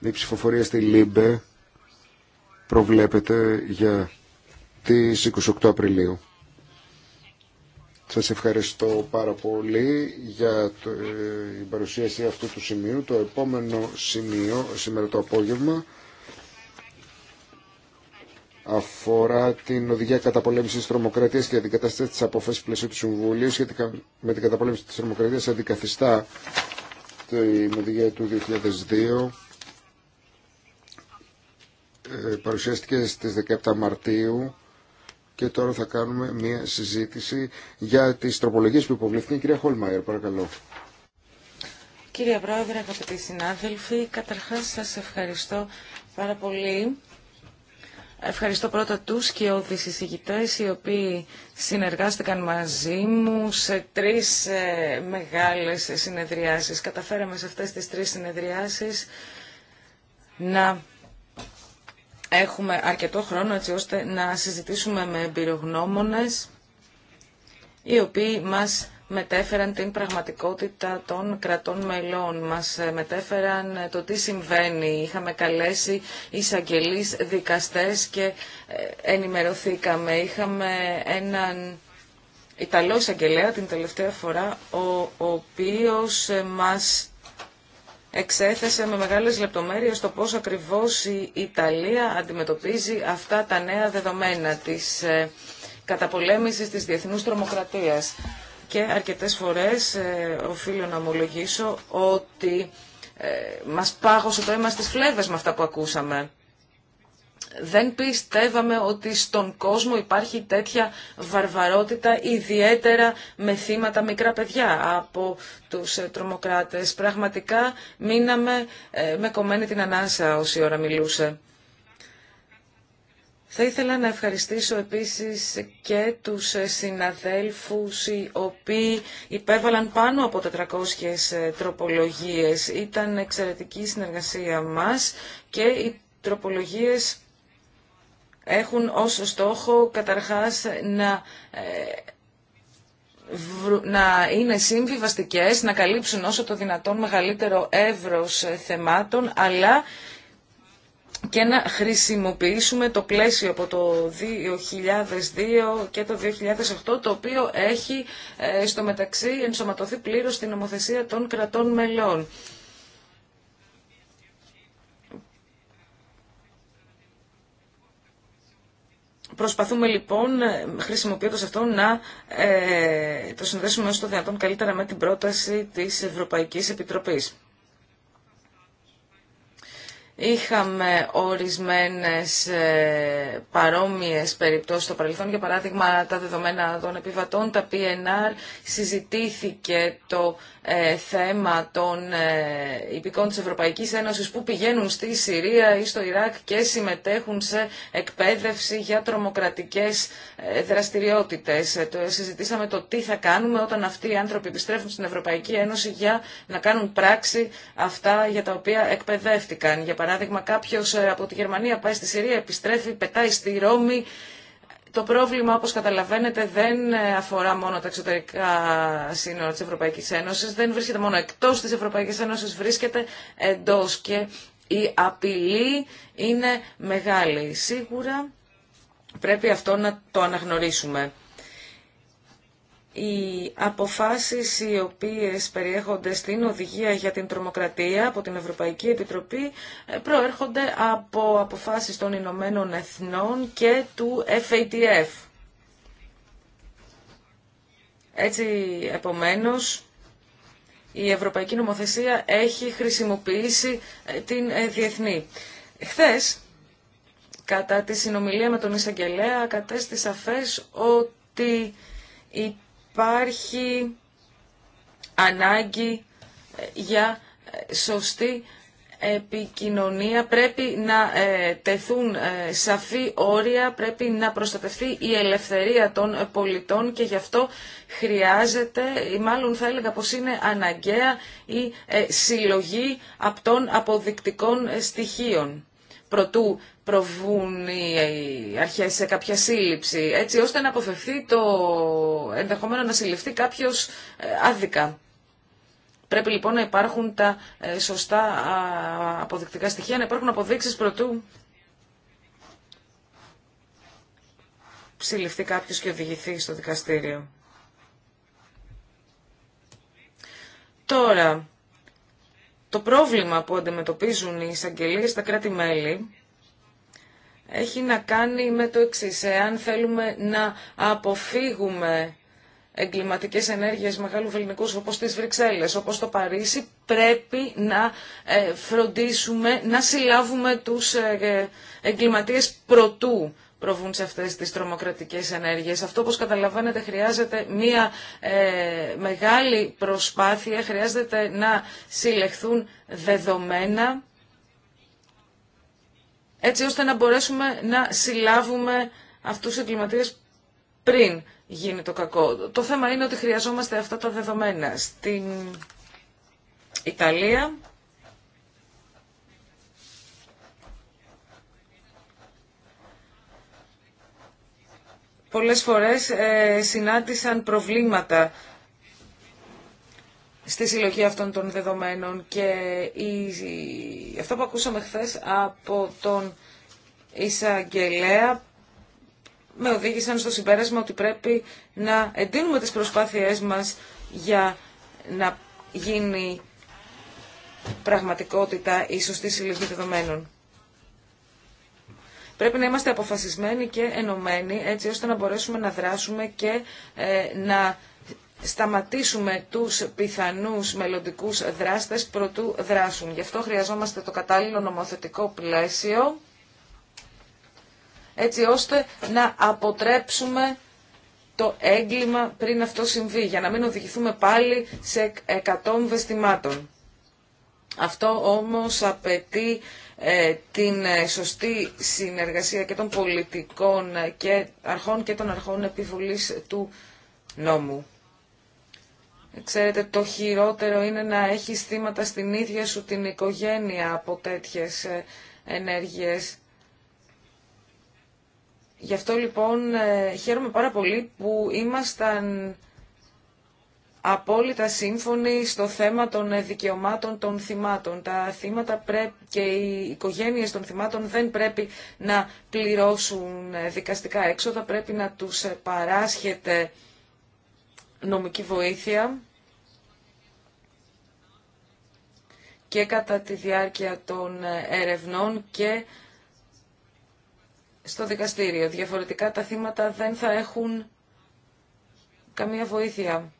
S2: Η ψηφοφορία στη ΛΥΜΠΕ προβλέπεται για τις 28 Απριλίου. Σας ευχαριστώ πάρα πολύ για την ε, παρουσίαση αυτού του σημείου. Το επόμενο σημείο σήμερα το απόγευμα αφορά την οδηγία καταπολέμησης τη τρομοκρατία και αντικατάσταση τη απόφαση πλαισίου του Συμβουλίου σχετικά με την καταπολέμηση τη τρομοκρατία αντικαθιστά η οδηγία του 2002 ε, παρουσιάστηκε στις 17 Μαρτίου και τώρα θα κάνουμε μια συζήτηση για τις τροπολογίες που υποβληθούν. Κυρία Χολμάιερ, παρακαλώ.
S1: Κύριε Πρόεδρε, αγαπητοί συνάδελφοι, καταρχάς σας ευχαριστώ πάρα πολύ Ευχαριστώ πρώτα τους και όλους συζητητές οι οποίοι συνεργάστηκαν μαζί μου σε τρεις ε, μεγάλες συνεδριάσεις. Καταφέραμε σε αυτές τις τρεις συνεδριάσεις να έχουμε αρκετό χρόνο έτσι ώστε να συζητήσουμε με εμπειρογνώμονες οι οποίοι μας μετέφεραν την πραγματικότητα των κρατών μελών, μας μετέφεραν το τι συμβαίνει. Είχαμε καλέσει εισαγγελείς, δικαστές και ε, ενημερωθήκαμε. Είχαμε έναν Ιταλό εισαγγελέα την τελευταία φορά, ο οποίος ε, μας εξέθεσε με μεγάλες λεπτομέρειες το πώς ακριβώς η Ιταλία αντιμετωπίζει αυτά τα νέα δεδομένα της ε, καταπολέμησης της διεθνούς τρομοκρατίας και αρκετές φορές ε, οφείλω να ομολογήσω ότι ε, μας πάγωσε το αίμα στις φλέβες με αυτά που ακούσαμε. Δεν πιστεύαμε ότι στον κόσμο υπάρχει τέτοια βαρβαρότητα, ιδιαίτερα με θύματα μικρά παιδιά από τους ε, τρομοκράτες. Πραγματικά μείναμε με κομμένη την ανάσα όση ώρα μιλούσε. Θα ήθελα να ευχαριστήσω επίσης και τους συναδέλφους οι οποίοι υπέβαλαν πάνω από 400 ε, τροπολογίες. Ήταν εξαιρετική συνεργασία μας και οι τροπολογίες έχουν ως στόχο καταρχάς να, ε, να είναι συμβιβαστικές, να καλύψουν όσο το δυνατόν μεγαλύτερο εύρος ε, θεμάτων, αλλά και να χρησιμοποιήσουμε το πλαίσιο από το 2002 και το 2008, το οποίο έχει ε, στο μεταξύ ενσωματωθεί πλήρως στην νομοθεσία των κρατών μελών. Προσπαθούμε λοιπόν, ε, χρησιμοποιώντας αυτό, να ε, το συνδέσουμε όσο το δυνατόν καλύτερα με την πρόταση της Ευρωπαϊκής Επιτροπής. Είχαμε ορισμένες ε, παρόμοιες περιπτώσεις στο παρελθόν, για παράδειγμα τα δεδομένα των επιβατών, τα PNR, συζητήθηκε το ε, θέμα των ε, υπηκών της Ευρωπαϊκής Ένωσης που πηγαίνουν στη Συρία ή στο Ιράκ και συμμετέχουν σε εκπαίδευση για τρομοκρατικές ε, δραστηριότητες. Το συζητήσαμε το τι θα κάνουμε όταν αυτοί οι άνθρωποι επιστρέφουν στην Ευρωπαϊκή Ένωση για να κάνουν πράξη αυτά για τα οποία εκπαιδεύτηκαν. Για παράδειγμα κάποιος από τη Γερμανία πάει στη Συρία, επιστρέφει, πετάει στη Ρώμη το πρόβλημα, όπως καταλαβαίνετε, δεν αφορά μόνο τα εξωτερικά σύνορα της Ευρωπαϊκής Ένωσης, δεν βρίσκεται μόνο εκτός της Ευρωπαϊκής Ένωσης, βρίσκεται εντός και η απειλή είναι μεγάλη. Σίγουρα πρέπει αυτό να το αναγνωρίσουμε οι αποφάσεις οι οποίες περιέχονται στην Οδηγία για την Τρομοκρατία από την Ευρωπαϊκή Επιτροπή ε, προέρχονται από αποφάσεις των Ηνωμένων Εθνών και του FATF. Έτσι, επομένως, η Ευρωπαϊκή Νομοθεσία έχει χρησιμοποιήσει ε, την ε, διεθνή. Χθες, κατά τη συνομιλία με τον Ισαγγελέα, κατέστη σαφές ότι η υπάρχει ανάγκη για σωστή επικοινωνία, πρέπει να ε, τεθούν ε, σαφή όρια, πρέπει να προστατευτεί η ελευθερία των πολιτών και γι' αυτό χρειάζεται, ή μάλλον θα έλεγα πως είναι αναγκαία η ε, συλλογή αυτών αποδεικτικών των αποδεικτικων Προτού προβούν οι αρχές σε κάποια σύλληψη, έτσι ώστε να αποφευθεί το ενδεχόμενο να συλληφθεί κάποιος ε, άδικα. Πρέπει λοιπόν να υπάρχουν τα ε, σωστά αποδεικτικά στοιχεία, να υπάρχουν αποδείξεις προτού συλληφθεί κάποιος και οδηγηθεί στο δικαστήριο. Τώρα, το πρόβλημα που αντιμετωπίζουν οι εισαγγελίε στα κράτη-μέλη έχει να κάνει με το εξή. Εάν θέλουμε να αποφύγουμε εγκληματικές ενέργειες μεγάλου βεληνικούς όπως τις Βρυξέλλες, όπως το Παρίσι, πρέπει να ε, φροντίσουμε, να συλλάβουμε τους ε, εγκληματίες προτού προβούν σε αυτές τις τρομοκρατικές ενέργειες. Αυτό, όπως καταλαβαίνετε, χρειάζεται μία ε, μεγάλη προσπάθεια, χρειάζεται να συλλεχθούν δεδομένα έτσι ώστε να μπορέσουμε να συλλάβουμε αυτούς τους εγκληματίες πριν γίνει το κακό. Το θέμα είναι ότι χρειαζόμαστε αυτά τα δεδομένα. Στην Ιταλία πολλές φορές ε, συνάντησαν προβλήματα στη συλλογή αυτών των δεδομένων και η... αυτό που ακούσαμε χθες από τον εισαγγελέα με οδήγησαν στο συμπέρασμα ότι πρέπει να εντείνουμε τις προσπάθειές μας για να γίνει πραγματικότητα η σωστή συλλογή δεδομένων. Πρέπει να είμαστε αποφασισμένοι και ενωμένοι έτσι ώστε να μπορέσουμε να δράσουμε και ε, να σταματήσουμε τους πιθανούς μελλοντικούς δράστες προτού δράσουν. Γι' αυτό χρειαζόμαστε το κατάλληλο νομοθετικό πλαίσιο, έτσι ώστε να αποτρέψουμε το έγκλημα πριν αυτό συμβεί, για να μην οδηγηθούμε πάλι σε εκατόμβες βεστημάτων. Αυτό όμως απαιτεί ε, την ε, σωστή συνεργασία και των πολιτικών και αρχών και των αρχών επιβολής του νόμου. Ξέρετε, το χειρότερο είναι να έχει θύματα στην ίδια σου την οικογένεια από τέτοιες ε, ενέργειες. Γι' αυτό λοιπόν ε, χαίρομαι πάρα πολύ που ήμασταν απόλυτα σύμφωνοι στο θέμα των ε, δικαιωμάτων των θυμάτων. Τα θύματα πρέπει και οι οικογένειες των θυμάτων δεν πρέπει να πληρώσουν δικαστικά έξοδα, πρέπει να τους παράσχεται νομική βοήθεια και κατά τη διάρκεια των ερευνών και στο δικαστήριο. Διαφορετικά τα θύματα δεν θα έχουν καμία βοήθεια.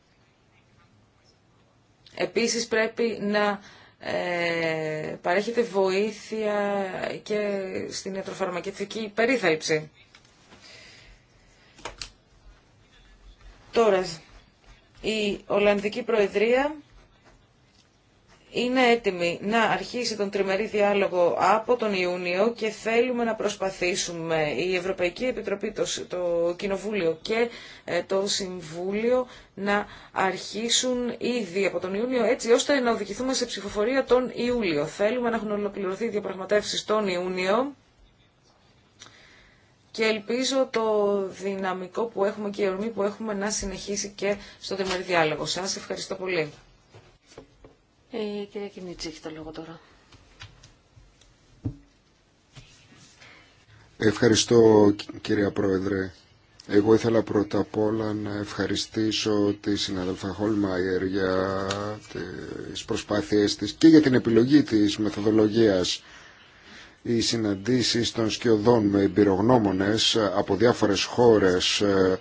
S1: Επίσης πρέπει να ε, παρέχεται βοήθεια και στην ιατροφαρμακευτική περίθαλψη. Τώρα, η Ολλανδική Προεδρία είναι έτοιμη να αρχίσει τον τριμερή διάλογο από τον Ιούνιο και θέλουμε να προσπαθήσουμε η Ευρωπαϊκή Επιτροπή, το, το Κοινοβούλιο και ε, το Συμβούλιο να αρχίσουν ήδη από τον Ιούνιο έτσι ώστε να οδηγηθούμε σε ψηφοφορία τον Ιούλιο. Θέλουμε να έχουν ολοκληρωθεί οι διαπραγματεύσεις τον Ιούνιο και ελπίζω το δυναμικό που έχουμε και η ορμή που έχουμε να συνεχίσει και στο τεμερή διάλογο. Σας ευχαριστώ πολύ.
S3: Ε, κυρία το
S2: Ευχαριστώ κυρία Πρόεδρε. Εγώ ήθελα πρώτα απ' όλα να ευχαριστήσω τη συναδελφα Χολμάιερ για τις προσπάθειές της και για την επιλογή της μεθοδολογίας οι συναντήσεις των σκιωδών με εμπειρογνώμονες από διάφορες χώρες ε,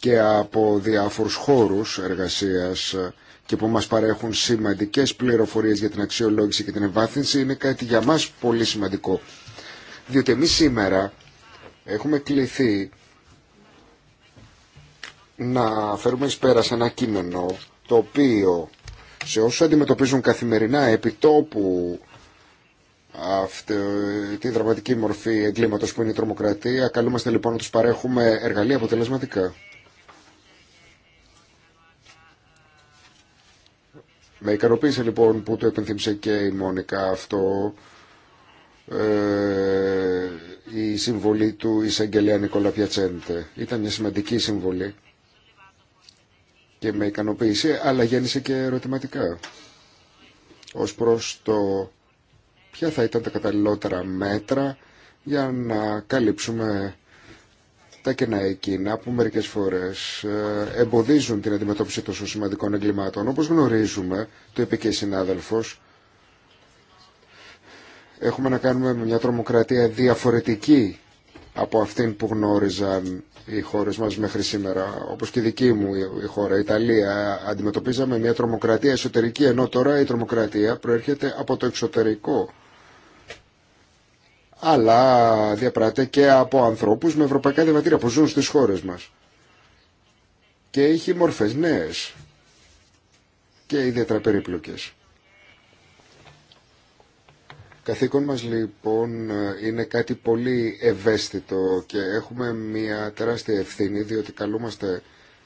S2: και από διάφορους χώρους εργασίας ε, και που μας παρέχουν σημαντικές πληροφορίες για την αξιολόγηση και την εμβάθυνση είναι κάτι για μας πολύ σημαντικό. Διότι εμείς σήμερα έχουμε κληθεί να φέρουμε εις πέρα σε ένα κείμενο το οποίο σε όσους αντιμετωπίζουν καθημερινά επιτόπου αυτή τη δραματική μορφή εγκλήματος που είναι η τρομοκρατία. Καλούμαστε λοιπόν να τους παρέχουμε εργαλεία αποτελεσματικά. Με ικανοποίησε λοιπόν που το επενθύμισε και η Μόνικα αυτό ε, η συμβολή του εισαγγελέα Νικόλα Πιατσέντε. Ήταν μια σημαντική συμβολή και με ικανοποίησε αλλά γέννησε και ερωτηματικά ως προς το ποια θα ήταν τα καταλληλότερα μέτρα για να καλύψουμε τα κενά εκείνα που μερικές φορές ε, εμποδίζουν την αντιμετώπιση τόσο σημαντικών εγκλημάτων. Όπως γνωρίζουμε, το είπε και η συνάδελφος, έχουμε να κάνουμε μια τρομοκρατία διαφορετική από αυτήν που γνώριζαν οι χώρες μας μέχρι σήμερα, όπως και η δική μου η χώρα, η Ιταλία, αντιμετωπίζαμε μια τρομοκρατία εσωτερική, ενώ τώρα η τρομοκρατία προέρχεται από το εξωτερικό. Αλλά διαπράττει και από ανθρώπους με ευρωπαϊκά διαβατήρια που ζουν στις χώρες μας. Και έχει μορφές νέες και ιδιαίτερα περίπλοκες. Καθήκον μας λοιπόν ε, είναι κάτι πολύ ευαίσθητο και έχουμε μια τεράστια ευθύνη διότι καλούμαστε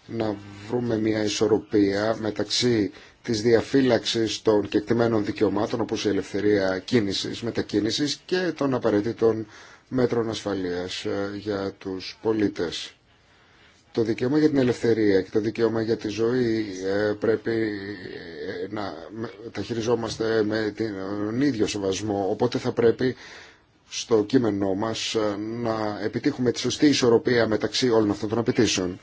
S2: να βρούμε μια ισορροπία μεταξύ της διαφύλαξης των κεκτημένων δικαιωμάτων όπως η ελευθερία κίνησης, μετακίνησης και των απαραίτητων μέτρων ασφαλείας ε, για τους πολίτες το δικαίωμα για την ελευθερία και το δικαίωμα για τη ζωή ε, πρέπει ε, να τα χειριζόμαστε με τον ίδιο σεβασμό. Οπότε θα πρέπει στο κείμενό μας ε, να επιτύχουμε τη σωστή ισορροπία μεταξύ όλων αυτών των απαιτήσεων.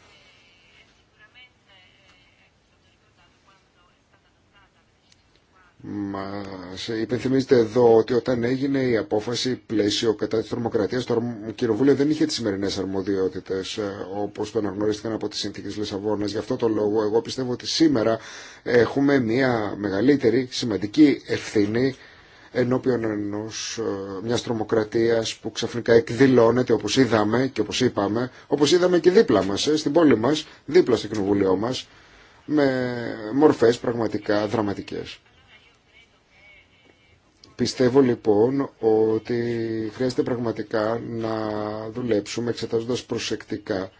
S2: Μα υπενθυμίζετε εδώ ότι όταν έγινε η απόφαση πλαίσιο κατά τη τρομοκρατία, το Κοινοβούλιο δεν είχε τι σημερινέ αρμοδιότητε ε, όπω το αναγνωρίστηκαν από τι συνθήκε Λισαβόνα. Γι' αυτό το λόγο, εγώ πιστεύω ότι σήμερα έχουμε μια μεγαλύτερη σημαντική ευθύνη ενώπιον ενός, ε, μια τρομοκρατία που ξαφνικά εκδηλώνεται όπω είδαμε και όπω είπαμε, όπω είδαμε και δίπλα μα ε, στην πόλη μα, δίπλα στο κοινοβουλίο μα, με μορφέ, πραγματικά δραματικέ. Πιστεύω λοιπόν ότι χρειάζεται πραγματικά να δουλέψουμε εξετάζοντας προσεκτικά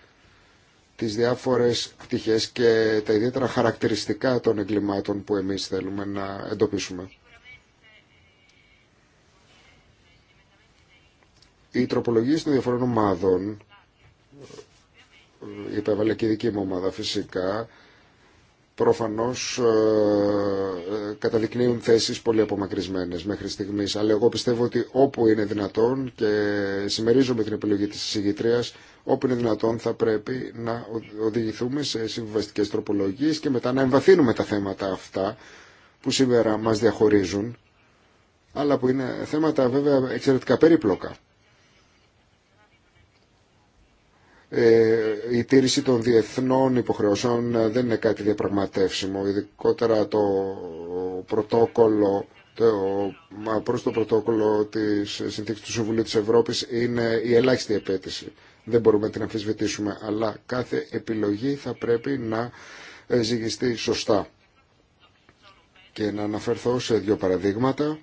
S2: τις διάφορες πτυχές και τα ιδιαίτερα χαρακτηριστικά των εγκλημάτων που εμείς θέλουμε να εντοπίσουμε. Οι τροπολογία των διαφορών ομάδων, ε, υπέβαλε και η δική μου ομάδα φυσικά, προφανώς ε, ε, καταδεικνύουν θέσεις πολύ απομακρυσμένες μέχρι στιγμής. Αλλά εγώ πιστεύω ότι όπου είναι δυνατόν και συμμερίζομαι την επιλογή της εισηγητρίας, όπου είναι δυνατόν θα πρέπει να οδηγηθούμε σε συμβιβαστικές τροπολογίες και μετά να εμβαθύνουμε τα θέματα αυτά που σήμερα μας διαχωρίζουν, αλλά που είναι θέματα βέβαια εξαιρετικά περίπλοκα. Ε, η τήρηση των διεθνών υποχρεώσεων ε, δεν είναι κάτι διαπραγματεύσιμο, ειδικότερα το πρωτόκολλο το, προς το πρωτόκολλο της συνθήκης του Συμβουλίου της Ευρώπης είναι η ελάχιστη επέτηση. Δεν μπορούμε να την αμφισβητήσουμε, αλλά κάθε επιλογή θα πρέπει να ζυγιστεί σωστά. Και να αναφερθώ σε δύο παραδείγματα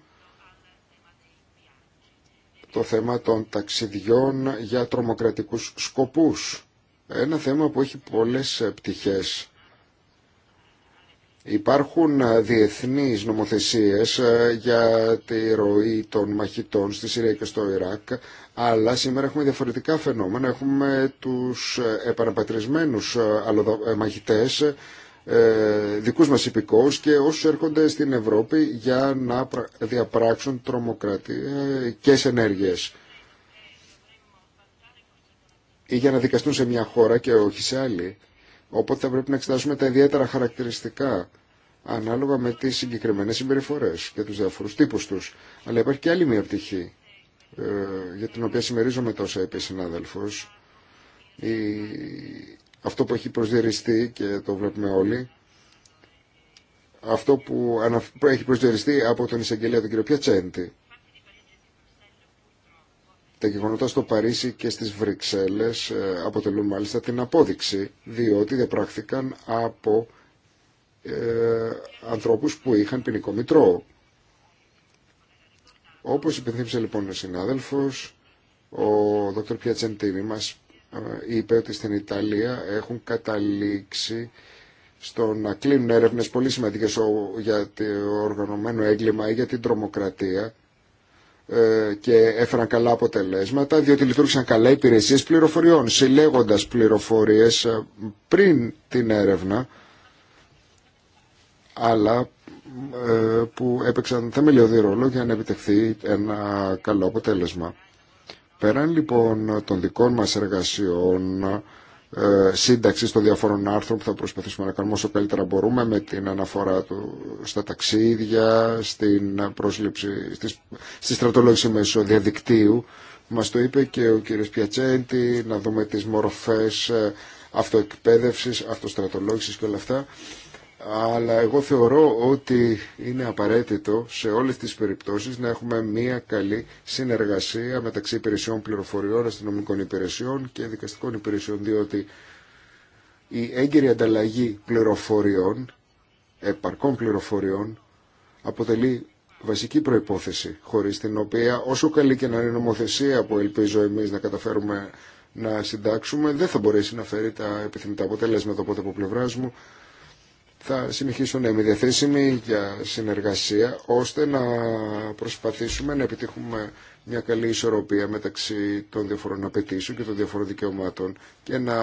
S2: το θέμα των ταξιδιών για τρομοκρατικούς σκοπούς. Ένα θέμα που έχει πολλές πτυχές. Υπάρχουν διεθνείς νομοθεσίες ε, για τη ροή των μαχητών στη Συρία και στο Ιράκ, αλλά σήμερα έχουμε διαφορετικά φαινόμενα. Έχουμε τους ε, επαναπατρισμένους ε, μαχητές ε, δικούς μας υπηκόους και όσους έρχονται στην Ευρώπη για να διαπράξουν τρομοκρατικές ε, ενέργειες ή για να δικαστούν σε μια χώρα και όχι σε άλλη. Οπότε θα πρέπει να εξετάσουμε τα ιδιαίτερα χαρακτηριστικά ανάλογα με τις συγκεκριμένες συμπεριφορές και τους διάφορους τύπους τους. Αλλά υπάρχει και άλλη μια πτυχή ε, για την οποία συμμερίζομαι τόσα είπε συνάδελφος. Η αυτό που έχει προσδιοριστεί και το βλέπουμε όλοι, αυτό που έχει προσδιοριστεί από τον εισαγγελέα τον κ. Πιατσέντη. Τα γεγονότα στο Παρίσι και στις Βρυξέλλες ε, αποτελούν μάλιστα την απόδειξη, διότι διαπράχθηκαν από ε, ανθρώπους που είχαν ποινικό μητρό. Όπως υπενθύμισε λοιπόν ο συνάδελφος, ο Δ. Πιατσέντινη μας ε, είπε ότι στην Ιταλία έχουν καταλήξει στο να κλείνουν έρευνες πολύ σημαντικέ για το οργανωμένο έγκλημα ή για την τρομοκρατία ε, και έφεραν καλά αποτελέσματα διότι λειτουργήσαν καλά υπηρεσίε πληροφοριών συλλέγοντας πληροφορίες ε, πριν την έρευνα αλλά που έπαιξαν θεμελιωδή ρόλο για να επιτευχθεί ένα καλό αποτέλεσμα. Πέραν λοιπόν των δικών μας εργασιών ε, σύνταξη των διαφορών άρθρων που θα προσπαθήσουμε να κάνουμε όσο καλύτερα μπορούμε με την αναφορά του στα ταξίδια, στην πρόσληψη, στις, στη στρατολόγηση μέσω διαδικτύου. Μας το είπε και ο κύριος Πιατσέντη, να δούμε τις μορφές ε, αυτοεκπαίδευσης, αυτοστρατολόγησης και όλα αυτά αλλά εγώ θεωρώ ότι είναι απαραίτητο σε όλες τις περιπτώσεις να έχουμε μια καλή συνεργασία μεταξύ υπηρεσιών πληροφοριών, αστυνομικών υπηρεσιών και δικαστικών υπηρεσιών, διότι η έγκυρη ανταλλαγή πληροφοριών, επαρκών πληροφοριών, αποτελεί βασική προϋπόθεση, χωρίς την οποία όσο καλή και να είναι η νομοθεσία που ελπίζω εμείς να καταφέρουμε να συντάξουμε, δεν θα μπορέσει να φέρει τα επιθυμητά αποτελέσματα. Οπότε από πλευρά μου θα συνεχίσουν να είμαι διαθέσιμη για συνεργασία ώστε να προσπαθήσουμε να επιτύχουμε μια καλή ισορροπία μεταξύ των διαφορών απαιτήσεων και των διαφορών δικαιωμάτων και να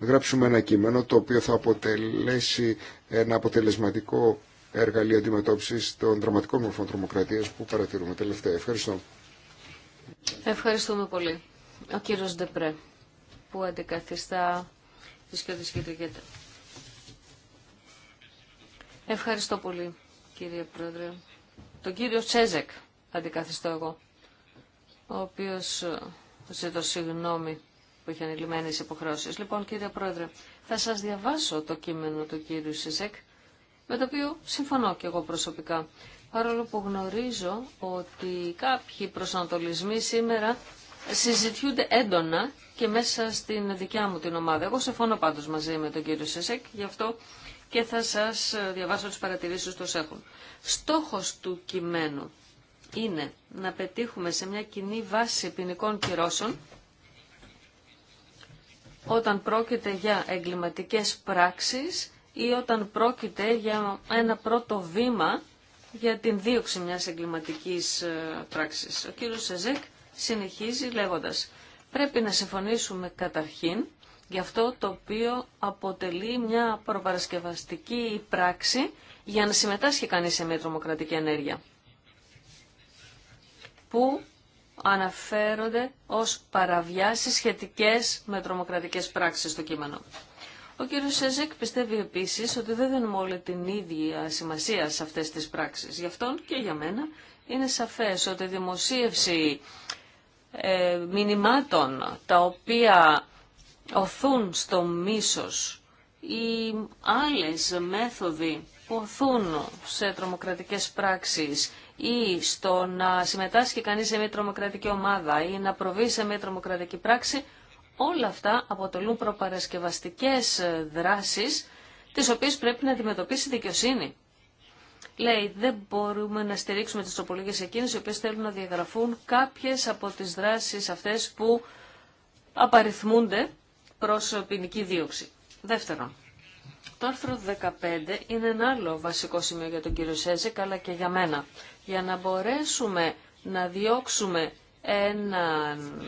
S2: γράψουμε ένα κείμενο το οποίο θα αποτελέσει ένα αποτελεσματικό εργαλείο αντιμετώπισης των δραματικών μορφών τρομοκρατίας που παρατηρούμε τελευταία. Ευχαριστώ.
S3: Ευχαριστούμε πολύ. Ο κύριος Ντεπρέ που αντικαθιστά τη και Ευχαριστώ πολύ, κύριε Πρόεδρε. Τον κύριο Τσέζεκ αντικαθιστώ εγώ, ο οποίος ε, ζητώ συγγνώμη που είχε ανελημμένες υποχρεώσεις. Λοιπόν, κύριε Πρόεδρε, θα σας διαβάσω το κείμενο του κύριου Τσέζεκ, με το οποίο συμφωνώ και εγώ προσωπικά. Παρόλο που γνωρίζω ότι κάποιοι προσανατολισμοί σήμερα συζητιούνται έντονα και μέσα στην δικιά μου την ομάδα. Εγώ συμφωνώ πάντως μαζί με τον κύριο Τσέζεκ, γι' αυτό και θα σας ε, διαβάσω τις παρατηρήσεις τους έχουν. Στόχος του κειμένου είναι να πετύχουμε σε μια κοινή βάση ποινικών κυρώσεων όταν πρόκειται για εγκληματικές πράξεις ή όταν πρόκειται για ένα πρώτο βήμα για την δίωξη μιας εγκληματικής ε, πράξης. Ο κύριος Σεζέκ συνεχίζει λέγοντας «Πρέπει να συμφωνήσουμε καταρχήν για αυτό το οποίο αποτελεί μια προπαρασκευαστική πράξη για να συμμετάσχει κανείς σε μια τρομοκρατική ενέργεια που αναφέρονται ως παραβιάσεις σχετικές με τρομοκρατικές πράξεις στο κείμενο. Ο κύριος Σεζέκ πιστεύει επίσης ότι δεν δίνουμε όλη την ίδια σημασία σε αυτές τις πράξεις. Γι' αυτό και για μένα είναι σαφές ότι η δημοσίευση ε, μηνυμάτων τα οποία οθούν στο μίσος ή άλλες μέθοδοι που οθούν σε τρομοκρατικές πράξεις ή στο να συμμετάσχει κανείς σε μια τρομοκρατική ομάδα ή να προβεί σε μια τρομοκρατική πράξη, όλα αυτά αποτελούν προπαρασκευαστικές δράσεις τις οποίες πρέπει να αντιμετωπίσει η δικαιοσύνη. Λέει, δεν μπορούμε να στηρίξουμε τις τροπολογίες εκείνες οι οποίες θέλουν να διαγραφούν κάποιες από τις δράσεις αυτές που απαριθμούνται προς ποινική δίωξη. Δεύτερον, το άρθρο 15 είναι ένα άλλο βασικό σημείο για τον κύριο Σέζεκ αλλά και για μένα. Για να μπορέσουμε να διώξουμε έναν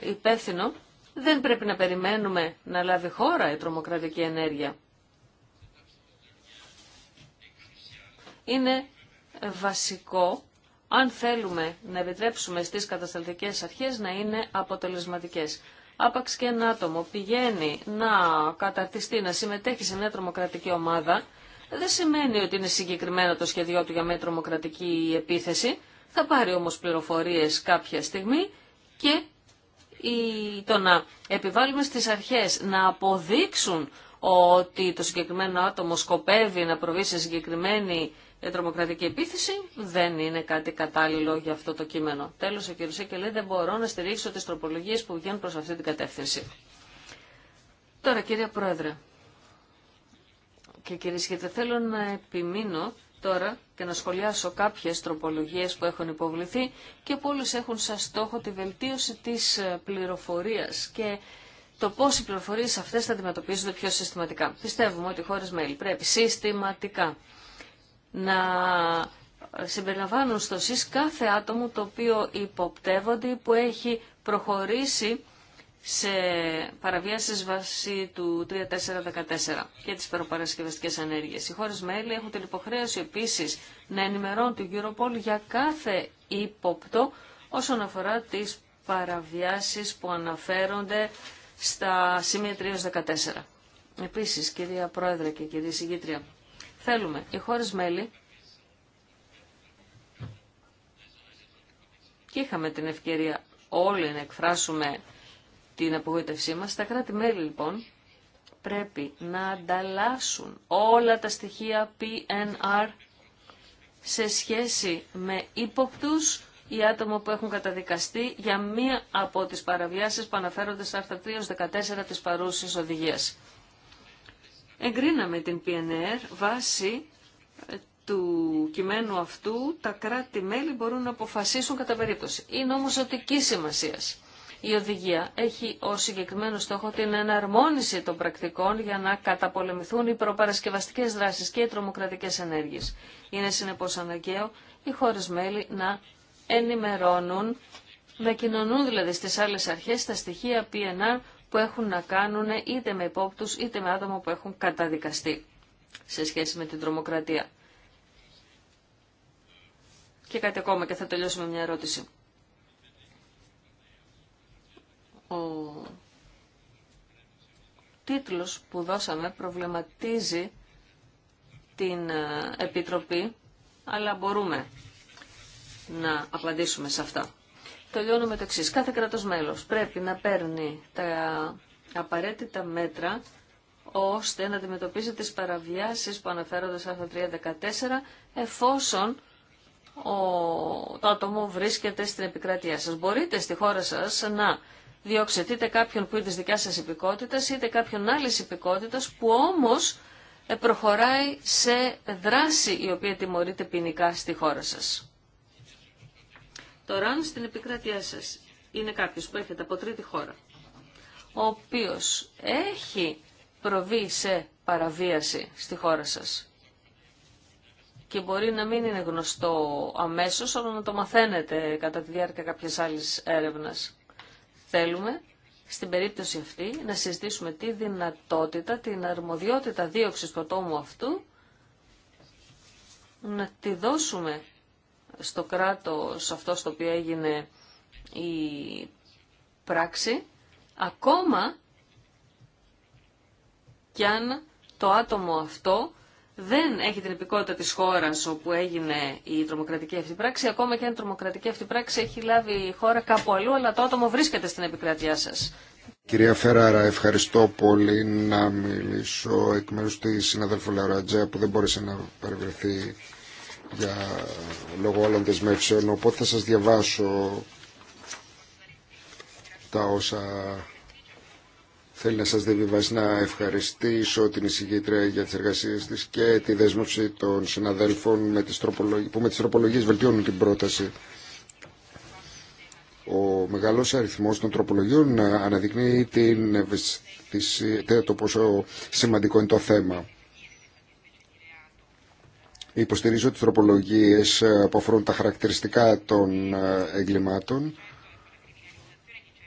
S3: ε, υπεύθυνο, δεν πρέπει να περιμένουμε να λάβει χώρα η τρομοκρατική ενέργεια. Είναι βασικό, αν θέλουμε να επιτρέψουμε στις κατασταλτικές αρχές, να είναι αποτελεσματικές. Άπαξ και ένα άτομο πηγαίνει να καταρτιστεί, να συμμετέχει σε μια τρομοκρατική ομάδα, δεν σημαίνει ότι είναι συγκεκριμένο το σχέδιό του για μια τρομοκρατική επίθεση. Θα πάρει όμως πληροφορίες κάποια στιγμή και το να επιβάλλουμε στις αρχές να αποδείξουν ότι το συγκεκριμένο άτομο σκοπεύει να προβεί σε συγκεκριμένη ε, τρομοκρατική επίθεση δεν είναι κάτι κατάλληλο για αυτό το κείμενο. Τέλο ο κ. Σίκε λέει δεν μπορώ να στηρίξω τι τροπολογίε που βγαίνουν προ αυτή την κατεύθυνση. Τώρα, κύριε Πρόεδρε και κύριε Σχέτε, θέλω να επιμείνω τώρα και να σχολιάσω κάποιε τροπολογίε που έχουν υποβληθεί και που όλε έχουν σαν στόχο τη βελτίωση τη ε, πληροφορία και το πώ οι πληροφορίε αυτέ θα αντιμετωπίζονται πιο συστηματικά. Πιστεύουμε ότι οι χώρε μέλη πρέπει συστηματικά να συμπεριλαμβάνουν στο ΣΥΣ κάθε άτομο το οποίο υποπτεύονται που έχει προχωρήσει σε παραβιάσεις βάση του 3414 και τις περοπαρασκευαστικές ανέργειες. Οι χώρες μέλη έχουν την υποχρέωση επίσης να ενημερώνουν την Europol για κάθε ύποπτο όσον αφορά τις παραβιάσεις που αναφέρονται στα σημεία 314. Επίσης, κυρία Πρόεδρε και κυρία Συγγήτρια, Θέλουμε οι χώρες μέλη και είχαμε την ευκαιρία όλοι να εκφράσουμε την απογοήτευσή μας. Τα κράτη-μέλη λοιπόν πρέπει να ανταλλάσσουν όλα τα στοιχεία PNR σε σχέση με ύποπτους ή άτομα που έχουν καταδικαστεί για μία από τις παραβιάσεις που αναφέρονται στα άρθρα 3-14 της παρούσης οδηγίας. Εγκρίναμε την PNR βάσει ε, του κειμένου αυτού τα κράτη-μέλη μπορούν να αποφασίσουν κατά περίπτωση. Είναι όμως οτική σημασία. Η οδηγία έχει ως συγκεκριμένο στόχο την εναρμόνιση των πρακτικών για να καταπολεμηθούν οι προπαρασκευαστικές δράσεις και οι τρομοκρατικές ενέργειες. Είναι συνεπώς αναγκαίο οι χώρες μέλη να ενημερώνουν, να κοινωνούν δηλαδή στις άλλες αρχές τα στοιχεία PNR που έχουν να κάνουν είτε με υπόπτους είτε με άτομα που έχουν καταδικαστεί σε σχέση με την τρομοκρατία. Και κάτι ακόμα και θα τελειώσω με μια ερώτηση. Ο τίτλος που δώσαμε προβληματίζει την ε, Επιτροπή, αλλά μπορούμε να απαντήσουμε σε αυτά τελειώνω με το εξή. Κάθε κράτο μέλο πρέπει να παίρνει τα απαραίτητα μέτρα ώστε να αντιμετωπίζει τις παραβιάσεις που αναφέρονται σε άρθρο 314 εφόσον ο, το άτομο βρίσκεται στην επικράτειά σας. Μπορείτε στη χώρα σας να διώξετε κάποιον που είναι της δικιάς σας υπηκότητας είτε κάποιον άλλης υπηκότητας που όμως ε, προχωράει σε δράση η οποία τιμωρείται ποινικά στη χώρα σας. Τώρα, αν στην επικράτειά σας είναι κάποιο που έρχεται από τρίτη χώρα, ο οποίο έχει προβεί σε παραβίαση στη χώρα σας και μπορεί να μην είναι γνωστό αμέσως, αλλά να το μαθαίνετε κατά τη διάρκεια κάποιας άλλης έρευνας. Θέλουμε στην περίπτωση αυτή να συζητήσουμε τη δυνατότητα, την αρμοδιότητα δίωξης του ατόμου αυτού να τη δώσουμε στο κράτος αυτό στο οποίο έγινε η πράξη, ακόμα κι αν το άτομο αυτό δεν έχει την επικότητα της χώρας όπου έγινε η τρομοκρατική αυτή πράξη, ακόμα και αν η τρομοκρατική αυτή πράξη έχει λάβει η χώρα κάπου αλλού, αλλά το άτομο βρίσκεται στην επικράτειά σας.
S2: Κυρία Φεράρα, ευχαριστώ πολύ να μιλήσω εκ μέρους της συναδέλφου Λαρατζέα που δεν μπόρεσε να παρευρεθεί για λόγω άλλων δεσμεύσεων, οπότε θα σας διαβάσω τα όσα θέλει να σας διαβιβάσει να ευχαριστήσω την εισηγήτρια για τις εργασίες της και τη δέσμευση των συναδέλφων με τις που με τις τροπολογίες βελτιώνουν την πρόταση. Ο μεγάλος αριθμός των τροπολογιών αναδεικνύει την το πόσο σημαντικό είναι το θέμα. Υποστηρίζω τις τροπολογίες ε, που αφορούν τα χαρακτηριστικά των ε, εγκλημάτων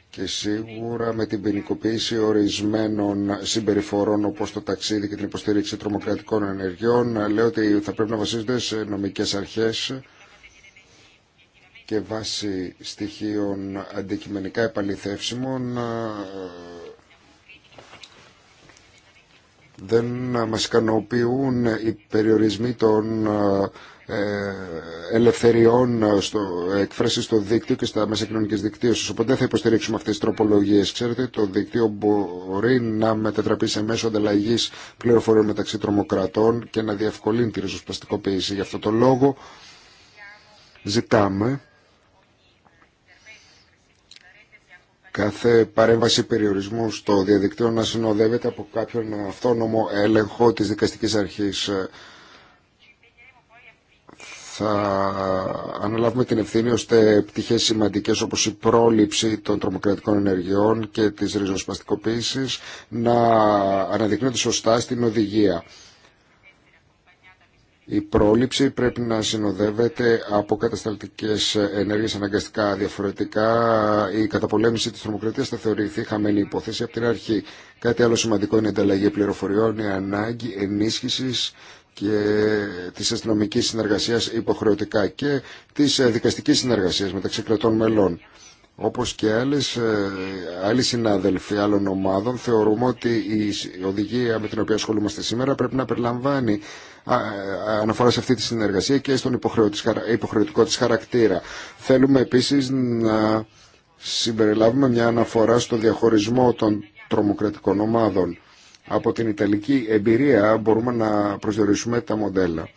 S2: και σίγουρα με την ποινικοποίηση ορισμένων συμπεριφορών όπως το ταξίδι και την υποστήριξη τρομοκρατικών ενεργειών λέω ότι θα πρέπει να βασίζονται σε νομικές αρχές και βάσει στοιχείων αντικειμενικά επαληθεύσιμων ε, δεν μας ικανοποιούν οι περιορισμοί των ε, ελευθεριών ε, στο, έκφραση στο δίκτυο και στα μέσα κοινωνικής δικτύωσης. Οπότε δεν θα υποστηρίξουμε αυτές τις τροπολογίες. Ξέρετε, το δίκτυο μπορεί να μετατραπεί σε μέσο ανταλλαγή πληροφοριών μεταξύ τρομοκρατών και να διευκολύνει τη ριζοσπαστικοποίηση. Γι' αυτό το λόγο ζητάμε Κάθε παρέμβαση περιορισμού στο διαδικτύο να συνοδεύεται από κάποιον αυτόνομο έλεγχο της δικαστικής αρχής. Θα αναλάβουμε την ευθύνη ώστε πτυχές σημαντικές όπως η πρόληψη των τρομοκρατικών ενεργειών και της ριζοσπαστικοποίησης να αναδεικνύονται σωστά στην οδηγία. Η πρόληψη πρέπει να συνοδεύεται από κατασταλτικές ενέργειες αναγκαστικά διαφορετικά. Η καταπολέμηση της τρομοκρατίας θα θεωρηθεί χαμένη υπόθεση από την αρχή. Κάτι άλλο σημαντικό είναι η ανταλλαγή πληροφοριών, η ανάγκη ενίσχυσης και της αστυνομική συνεργασίας υποχρεωτικά και της δικαστικής συνεργασίας μεταξύ κρατών μελών. Όπως και άλλες, ε, άλλοι συνάδελφοι άλλων ομάδων θεωρούμε ότι η οδηγία με την οποία ασχολούμαστε σήμερα πρέπει να περιλαμβάνει ε, αναφορά σε αυτή τη συνεργασία και στον υποχρεωτικό της χαρακτήρα. Θέλουμε επίσης να συμπεριλάβουμε μια αναφορά στο διαχωρισμό των τρομοκρατικών ομάδων. Από την Ιταλική εμπειρία μπορούμε να προσδιορίσουμε τα μοντέλα.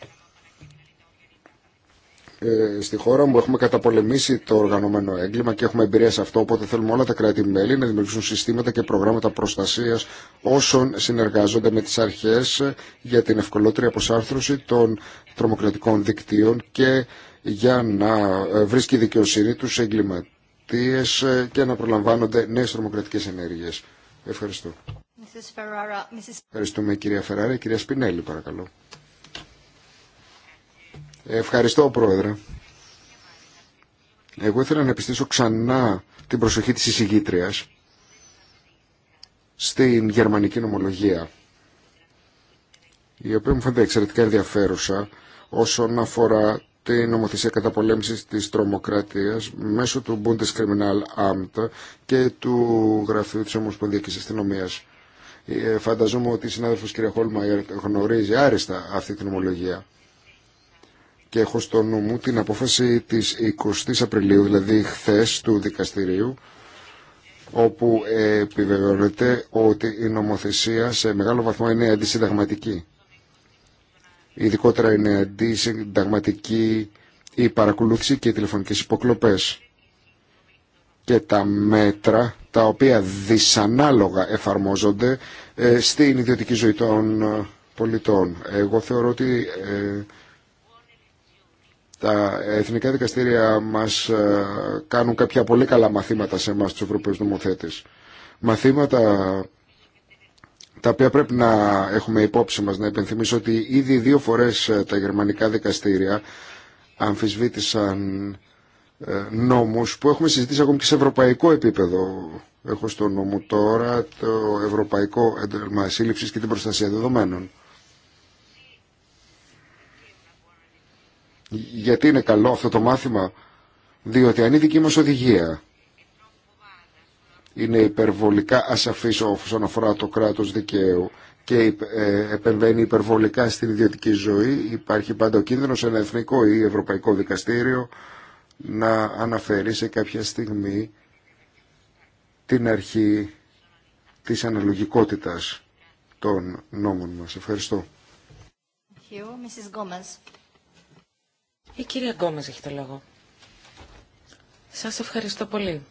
S2: Ε, στη χώρα μου έχουμε καταπολεμήσει το οργανωμένο έγκλημα και έχουμε εμπειρία σε αυτό, οπότε θέλουμε όλα τα κράτη-μέλη να δημιουργήσουν συστήματα και προγράμματα προστασίας όσων συνεργάζονται με τις αρχές για την ευκολότερη αποσάρθρωση των τρομοκρατικών δικτύων και για να ε, βρίσκει δικαιοσύνη τους εγκληματίες ε, και να προλαμβάνονται νέες τρομοκρατικές ενέργειες. Ευχαριστώ. Ευχαριστούμε κυρία Φεράρα. Κυρία Σπινέλη παρακαλώ. Ευχαριστώ, Πρόεδρε. Εγώ ήθελα να επιστήσω ξανά την προσοχή της εισηγήτριας στην γερμανική νομολογία, η οποία μου φαίνεται εξαιρετικά ενδιαφέρουσα όσον αφορά την νομοθεσία καταπολέμησης της τρομοκρατίας μέσω του Bundeskriminalamt και του Γραφείου της Ομοσπονδιακής Αστυνομίας. Ε, φανταζόμαι ότι η συνάδελφος κ. Χόλμα γνωρίζει άριστα αυτή την ομολογία και έχω στο νου μου την απόφαση της 20 Απριλίου, δηλαδή χθες του δικαστηρίου, όπου επιβεβαιώνεται ότι η νομοθεσία σε μεγάλο βαθμό είναι αντισυνταγματική. Ειδικότερα είναι αντισυνταγματική η παρακολούθηση και οι τηλεφωνικές υποκλοπές και τα μέτρα τα οποία δυσανάλογα εφαρμόζονται ε, στην ιδιωτική ζωή των ε, πολιτών. Εγώ θεωρώ ότι ε, τα εθνικά δικαστήρια μας ε, κάνουν κάποια πολύ καλά μαθήματα σε εμάς τους Ευρωπαίους νομοθέτες. Μαθήματα τα οποία πρέπει να έχουμε υπόψη μας, να υπενθυμίσω ότι ήδη δύο φορές ε, τα γερμανικά δικαστήρια αμφισβήτησαν ε, νόμους που έχουμε συζητήσει ακόμη και σε ευρωπαϊκό επίπεδο. Έχω στο νόμο τώρα το Ευρωπαϊκό Έντελμα Σύλληψης και την Προστασία Δεδομένων. Γιατί είναι καλό αυτό το μάθημα, διότι αν η δική μας οδηγία είναι υπερβολικά ασαφής όσον αφορά το κράτος δικαίου και ε, επεμβαίνει υπερβολικά στην ιδιωτική ζωή, υπάρχει πάντα ο κίνδυνος ένα εθνικό ή ευρωπαϊκό δικαστήριο να αναφέρει σε κάποια στιγμή την αρχή της αναλογικότητας των νόμων μας. Ευχαριστώ.
S1: Thank η κυρία Γκόμες έχει το λόγο. Σας ευχαριστώ πολύ.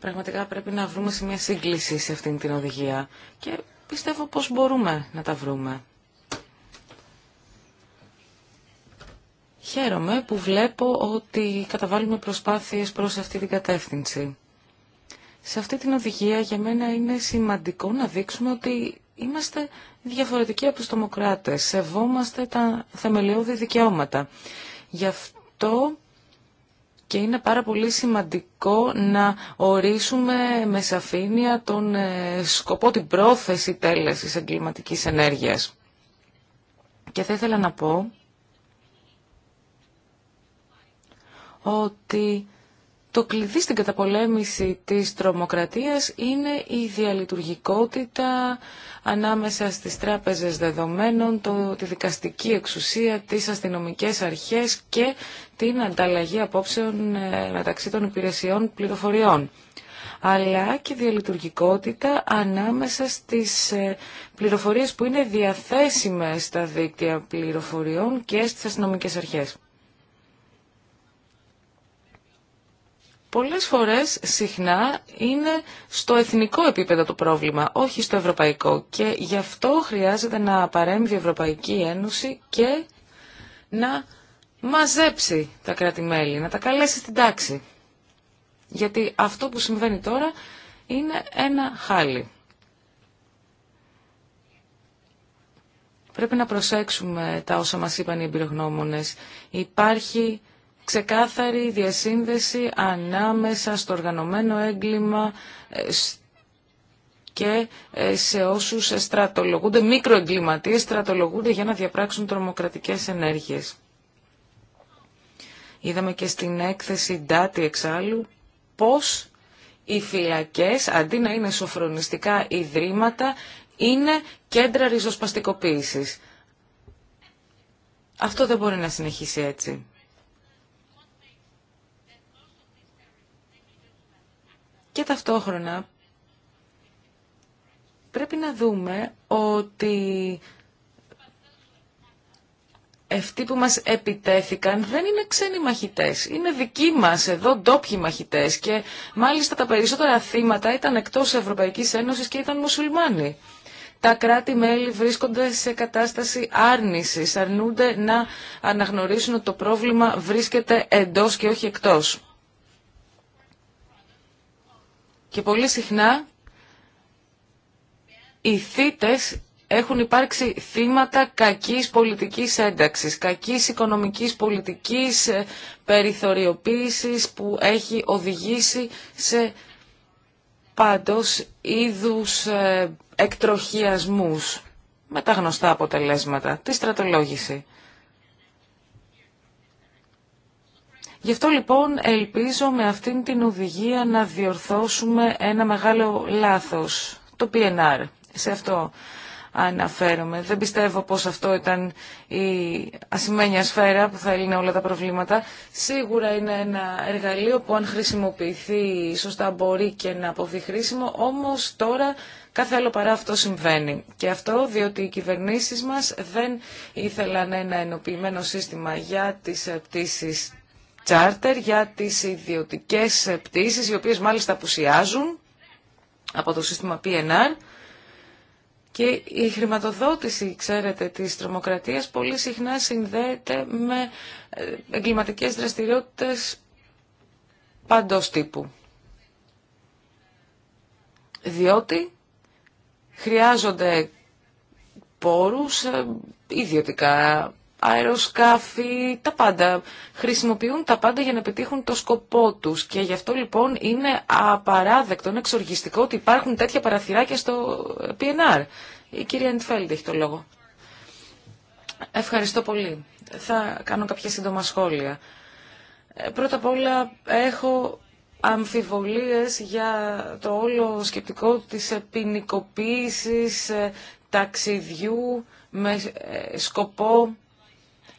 S1: Πραγματικά πρέπει να βρούμε σε μια σύγκληση σε αυτήν την οδηγία και πιστεύω πως μπορούμε να τα βρούμε. Χαίρομαι που βλέπω ότι καταβάλουμε προσπάθειες προς αυτή την κατεύθυνση. Σε αυτή την οδηγία για μένα είναι σημαντικό να δείξουμε ότι Είμαστε διαφορετικοί από τους τομοκράτες. Σεβόμαστε τα θεμελιώδη δικαιώματα. Γι' αυτό και είναι πάρα πολύ σημαντικό να ορίσουμε με σαφήνεια τον ε, σκοπό, την πρόθεση τέλεσης εγκληματικής ενέργειας. Και θα ήθελα να πω ότι το κλειδί στην καταπολέμηση της τρομοκρατίας είναι η διαλειτουργικότητα ανάμεσα στις τράπεζες δεδομένων, το, τη δικαστική εξουσία, τις αστυνομικές αρχές και την ανταλλαγή απόψεων ε, μεταξύ των υπηρεσιών πληροφοριών. Αλλά και διαλειτουργικότητα ανάμεσα στις ε, πληροφορίες που είναι διαθέσιμες στα δίκτυα πληροφοριών και στις αστυνομικές αρχές. πολλές φορές συχνά είναι στο εθνικό επίπεδο το πρόβλημα, όχι στο ευρωπαϊκό. Και γι' αυτό χρειάζεται να παρέμβει η Ευρωπαϊκή Ένωση και να μαζέψει τα κράτη-μέλη, να τα καλέσει στην τάξη. Γιατί αυτό που συμβαίνει τώρα είναι ένα χάλι. Πρέπει να προσέξουμε τα όσα μας είπαν οι εμπειρογνώμονες. Υπάρχει ξεκάθαρη διασύνδεση ανάμεσα στο οργανωμένο έγκλημα ε, και ε, σε όσους στρατολογούνται, μικροεγκληματίες στρατολογούνται για να διαπράξουν τρομοκρατικές ενέργειες. Είδαμε και στην έκθεση Ντάτη εξάλλου πώς οι φυλακές, αντί να είναι σοφρονιστικά ιδρύματα, είναι κέντρα ριζοσπαστικοποίησης. Αυτό δεν μπορεί να συνεχίσει έτσι. Και ταυτόχρονα πρέπει να δούμε ότι αυτοί που μας επιτέθηκαν δεν είναι ξένοι μαχητές. Είναι δικοί μας εδώ ντόπιοι μαχητές και μάλιστα τα περισσότερα θύματα ήταν εκτός Ευρωπαϊκής Ένωσης και ήταν μουσουλμάνοι. Τα κράτη-μέλη βρίσκονται σε κατάσταση άρνησης, αρνούνται να αναγνωρίσουν ότι το πρόβλημα βρίσκεται εντός και όχι εκτός. Και πολύ συχνά οι θήτες έχουν υπάρξει θύματα κακής πολιτικής ένταξης, κακής οικονομικής πολιτικής ε, περιθωριοποίησης που έχει οδηγήσει σε πάντως είδους ε, εκτροχιασμούς με τα γνωστά αποτελέσματα, τη στρατολόγηση. Γι' αυτό λοιπόν ελπίζω με αυτήν την οδηγία να διορθώσουμε ένα μεγάλο λάθος, το PNR. Σε αυτό αναφέρομαι. Δεν πιστεύω πως αυτό ήταν η ασημένια σφαίρα που θα έλυνε όλα τα προβλήματα. Σίγουρα είναι ένα εργαλείο που αν χρησιμοποιηθεί σωστά μπορεί και να αποβεί χρήσιμο, όμως τώρα κάθε άλλο παρά αυτό συμβαίνει. Και αυτό διότι οι κυβερνήσεις μας δεν ήθελαν ένα ενοποιημένο σύστημα για τις πτήσεις τσάρτερ για τις ιδιωτικές πτήσεις, οι οποίες μάλιστα απουσιάζουν από το σύστημα PNR. Και η χρηματοδότηση, ξέρετε, της τρομοκρατίας πολύ συχνά συνδέεται με ε, εγκληματικές δραστηριότητες παντός τύπου. Διότι χρειάζονται πόρους ε, ιδιωτικά αεροσκάφη, τα πάντα. Χρησιμοποιούν τα πάντα για να πετύχουν το σκοπό τους και γι' αυτό λοιπόν είναι απαράδεκτο, είναι εξοργιστικό ότι υπάρχουν τέτοια παραθυράκια στο PNR. Η κυρία Εντφέλντ έχει το λόγο. Ευχαριστώ πολύ. Θα κάνω κάποια σύντομα σχόλια. Ε, πρώτα απ' όλα έχω αμφιβολίες για το όλο σκεπτικό της ποινικοποίηση ε, ταξιδιού με ε, σκοπό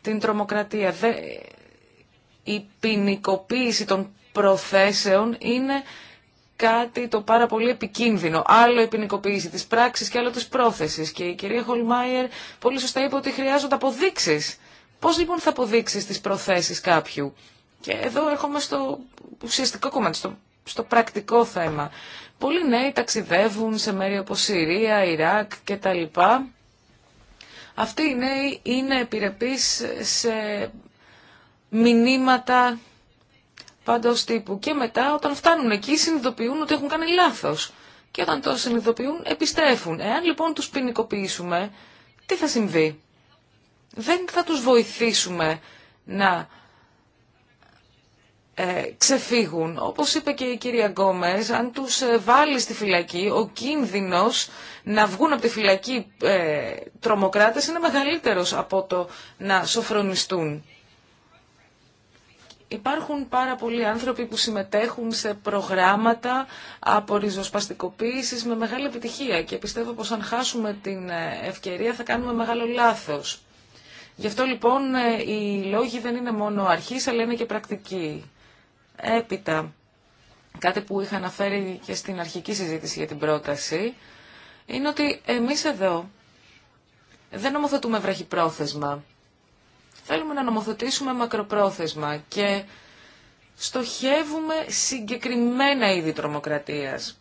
S1: την τρομοκρατία. Η ποινικοποίηση των προθέσεων είναι κάτι το πάρα πολύ επικίνδυνο. Άλλο η ποινικοποίηση της πράξης και άλλο της πρόθεσης. Και η κυρία Χολμάιερ πολύ σωστά είπε ότι χρειάζονται αποδείξεις. Πώς λοιπόν θα αποδείξεις τις προθέσεις κάποιου. Και εδώ έρχομαι στο ουσιαστικό κομμάτι, στο, στο πρακτικό θέμα. Πολλοί νέοι ταξιδεύουν σε μέρη όπως Συρία, Ιράκ κτλ αυτοί οι νέοι είναι επιρρεπείς σε μηνύματα πάντως τύπου. Και μετά όταν φτάνουν εκεί συνειδητοποιούν ότι έχουν κάνει λάθος. Και όταν το συνειδητοποιούν επιστρέφουν. Εάν λοιπόν τους ποινικοποιήσουμε, τι θα συμβεί. Δεν θα τους βοηθήσουμε να ε, ξεφύγουν. Όπως είπε και η κυρία Γκόμες, αν τους ε, βάλει στη φυλακή, ο κίνδυνος να βγουν από τη φυλακή ε, τρομοκράτες είναι μεγαλύτερος από το να σοφρονιστούν. Υπάρχουν πάρα πολλοί άνθρωποι που συμμετέχουν σε προγράμματα από με μεγάλη επιτυχία και πιστεύω πως αν χάσουμε την ε, ευκαιρία θα κάνουμε μεγάλο λάθος. Γι' αυτό λοιπόν οι λόγοι δεν είναι μόνο αρχής αλλά είναι και πρακτικοί. Έπειτα, κάτι που είχα αναφέρει και στην αρχική συζήτηση για την πρόταση, είναι ότι εμείς εδώ δεν νομοθετούμε βραχυπρόθεσμα. Θέλουμε να νομοθετήσουμε μακροπρόθεσμα και στοχεύουμε συγκεκριμένα είδη τρομοκρατίας.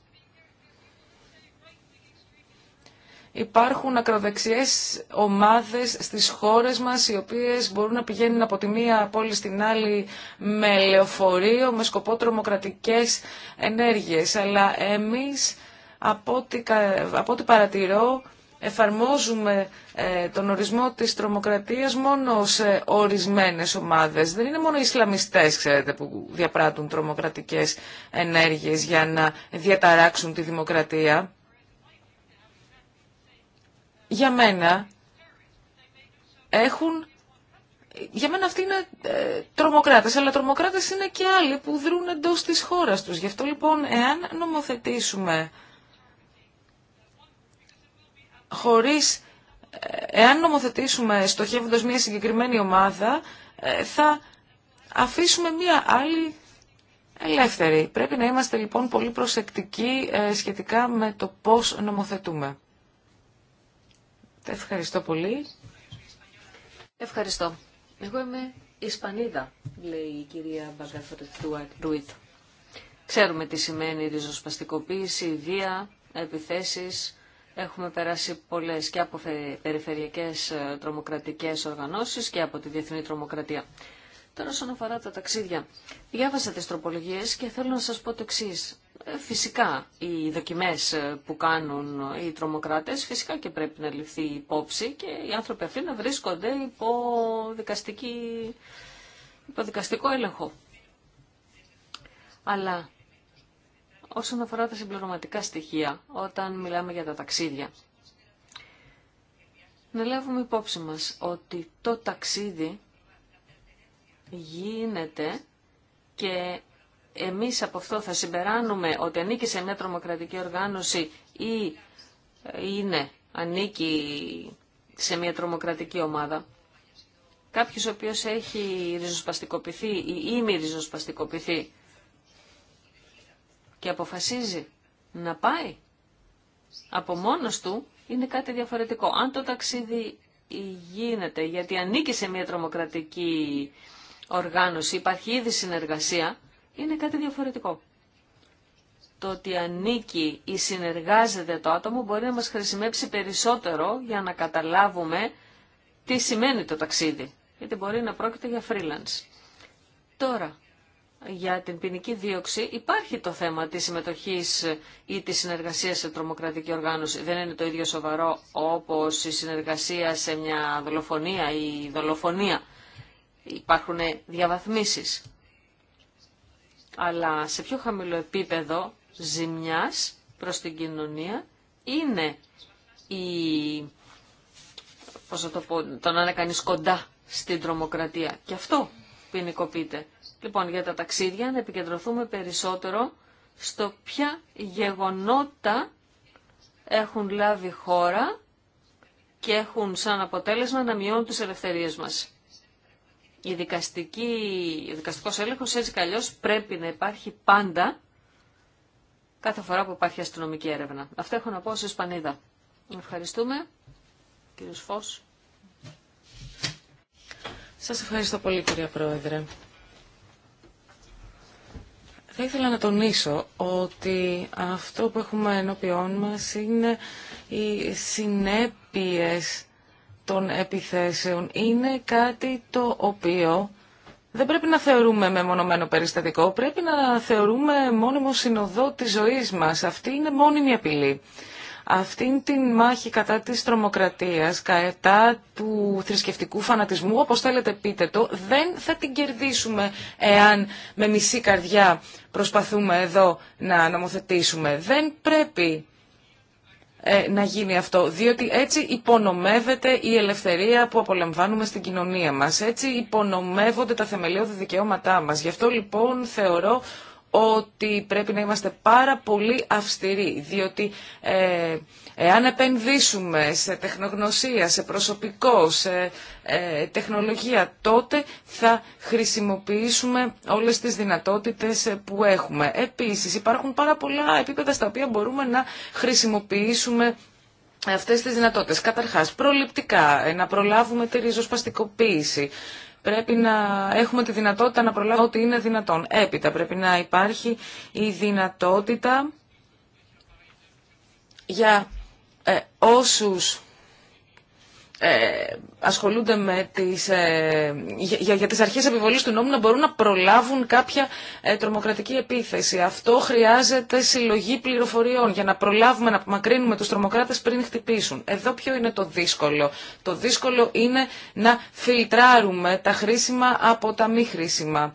S1: υπάρχουν ακροδεξιές ομάδες στις χώρες μας οι οποίες μπορούν να πηγαίνουν από τη μία πόλη στην άλλη με λεωφορείο, με σκοπό τρομοκρατικές ενέργειες. Αλλά εμείς από ό,τι, παρατηρώ εφαρμόζουμε ε, τον ορισμό της τρομοκρατίας μόνο σε ορισμένες ομάδες. Δεν είναι μόνο οι Ισλαμιστές, ξέρετε, που διαπράττουν τρομοκρατικές ενέργειες για να διαταράξουν τη δημοκρατία για μένα έχουν... Για μένα αυτοί είναι ε, τρομοκράτες, αλλά τρομοκράτες είναι και άλλοι που δρούν εντός της χώρας τους. Γι' αυτό λοιπόν, εάν νομοθετήσουμε χωρίς... Ε, εάν νομοθετήσουμε στοχεύοντας μια συγκεκριμένη ομάδα, ε, θα αφήσουμε μια άλλη ελεύθερη. Πρέπει να είμαστε λοιπόν πολύ προσεκτικοί ε, σχετικά με το πώς νομοθετούμε. Ευχαριστώ πολύ.
S3: Ευχαριστώ. Εγώ είμαι Ισπανίδα, λέει η κυρία Μπαγκαρφατουάτ Ρουίτ. Ξέρουμε τι σημαίνει ριζοσπαστικοποίηση, βία, επιθέσεις. Έχουμε περάσει πολλές και από περιφερειακές ε, τρομοκρατικές οργανώσεις και από τη διεθνή τρομοκρατία. Τώρα, όσον αφορά τα ταξίδια, διάβασα τις τροπολογίες και θέλω να σας πω το εξή. Ε, φυσικά, οι δοκιμές ε, που κάνουν οι τρομοκράτες φυσικά και πρέπει να ληφθεί υπόψη και οι άνθρωποι αυτοί να βρίσκονται υπό, δικαστική, υπό δικαστικό έλεγχο. Αλλά όσον αφορά τα συμπληρωματικά στοιχεία, όταν μιλάμε για τα ταξίδια, να λάβουμε υπόψη μας ότι το ταξίδι γίνεται και εμείς από αυτό θα συμπεράνουμε ότι ανήκει σε μια τρομοκρατική οργάνωση ή ε, είναι, ανήκει σε μια τρομοκρατική ομάδα. Κάποιος ο οποίος έχει ριζοσπαστικοποιηθεί ή ήμι ριζοσπαστικοποιηθεί και αποφασίζει να πάει από μόνος του είναι κάτι διαφορετικό. Αν το ταξίδι γίνεται γιατί ανήκει σε μια τρομοκρατική οργάνωση, υπάρχει ήδη συνεργασία, είναι κάτι διαφορετικό. Το ότι ανήκει ή συνεργάζεται το άτομο μπορεί να μας χρησιμεύσει περισσότερο για να καταλάβουμε τι σημαίνει το ταξίδι. Γιατί μπορεί να πρόκειται για freelance. Τώρα, για την ποινική δίωξη υπάρχει το θέμα της συμμετοχής ή της συνεργασίας σε τρομοκρατική οργάνωση. Δεν είναι το ίδιο σοβαρό όπως η συνεργασία σε μια δολοφονία ή δολοφονία. Υπάρχουν διαβαθμίσεις αλλά σε πιο χαμηλό επίπεδο ζημιάς προς την κοινωνία είναι η, πώς το, πω, το να είναι κανείς κοντά στην τρομοκρατία. Και αυτό ποινικοποιείται. Λοιπόν, για τα ταξίδια να επικεντρωθούμε περισσότερο στο ποια γεγονότα έχουν λάβει χώρα και έχουν σαν αποτέλεσμα να μειώνουν τις ελευθερίες μας η δικαστική, ο δικαστικός έλεγχος έτσι καλλιώς πρέπει να υπάρχει πάντα κάθε φορά που υπάρχει αστυνομική έρευνα. Αυτό έχω να πω σε Ισπανίδα. Ευχαριστούμε. Κύριος Φως.
S1: Σας ευχαριστώ πολύ κυρία Πρόεδρε. Θα ήθελα να τονίσω ότι αυτό που έχουμε ενώπιόν μας είναι οι συνέπειες των επιθέσεων είναι κάτι το οποίο δεν πρέπει να θεωρούμε μεμονωμένο περιστατικό, πρέπει να θεωρούμε μόνιμο συνοδό της ζωής μας. Αυτή είναι μόνιμη απειλή. Αυτήν την μάχη κατά της τρομοκρατίας, κατά του θρησκευτικού φανατισμού, όπως θέλετε πείτε το, δεν θα την κερδίσουμε εάν με μισή καρδιά προσπαθούμε εδώ να νομοθετήσουμε. Δεν πρέπει ε, να γίνει αυτό, διότι έτσι υπονομεύεται η ελευθερία που απολαμβάνουμε στην κοινωνία μας, έτσι υπονομεύονται τα θεμελιώδη δικαιώματά μας. Γι' αυτό λοιπόν θεωρώ ότι πρέπει να είμαστε πάρα πολύ αυστηροί, διότι ε, εάν επενδύσουμε σε τεχνογνωσία, σε προσωπικό, σε ε, τεχνολογία, τότε θα χρησιμοποιήσουμε όλες τις δυνατότητες που έχουμε. Επίσης υπάρχουν πάρα πολλά επίπεδα στα οποία μπορούμε να χρησιμοποιήσουμε αυτές τις δυνατότητες. Καταρχάς, προληπτικά, ε, να προλάβουμε τη ριζοσπαστικοποίηση, πρέπει να έχουμε τη δυνατότητα να προλάβουμε ό,τι είναι δυνατόν. Έπειτα πρέπει να υπάρχει η δυνατότητα για ε, όσους ε, ασχολούνται με τις, ε, για, τις αρχές επιβολής του νόμου να μπορούν να προλάβουν κάποια ε, τρομοκρατική επίθεση. Αυτό χρειάζεται συλλογή πληροφοριών για να προλάβουμε να απομακρύνουμε τους τρομοκράτες πριν χτυπήσουν. Εδώ ποιο είναι το δύσκολο. Το δύσκολο είναι να φιλτράρουμε τα χρήσιμα από τα μη χρήσιμα.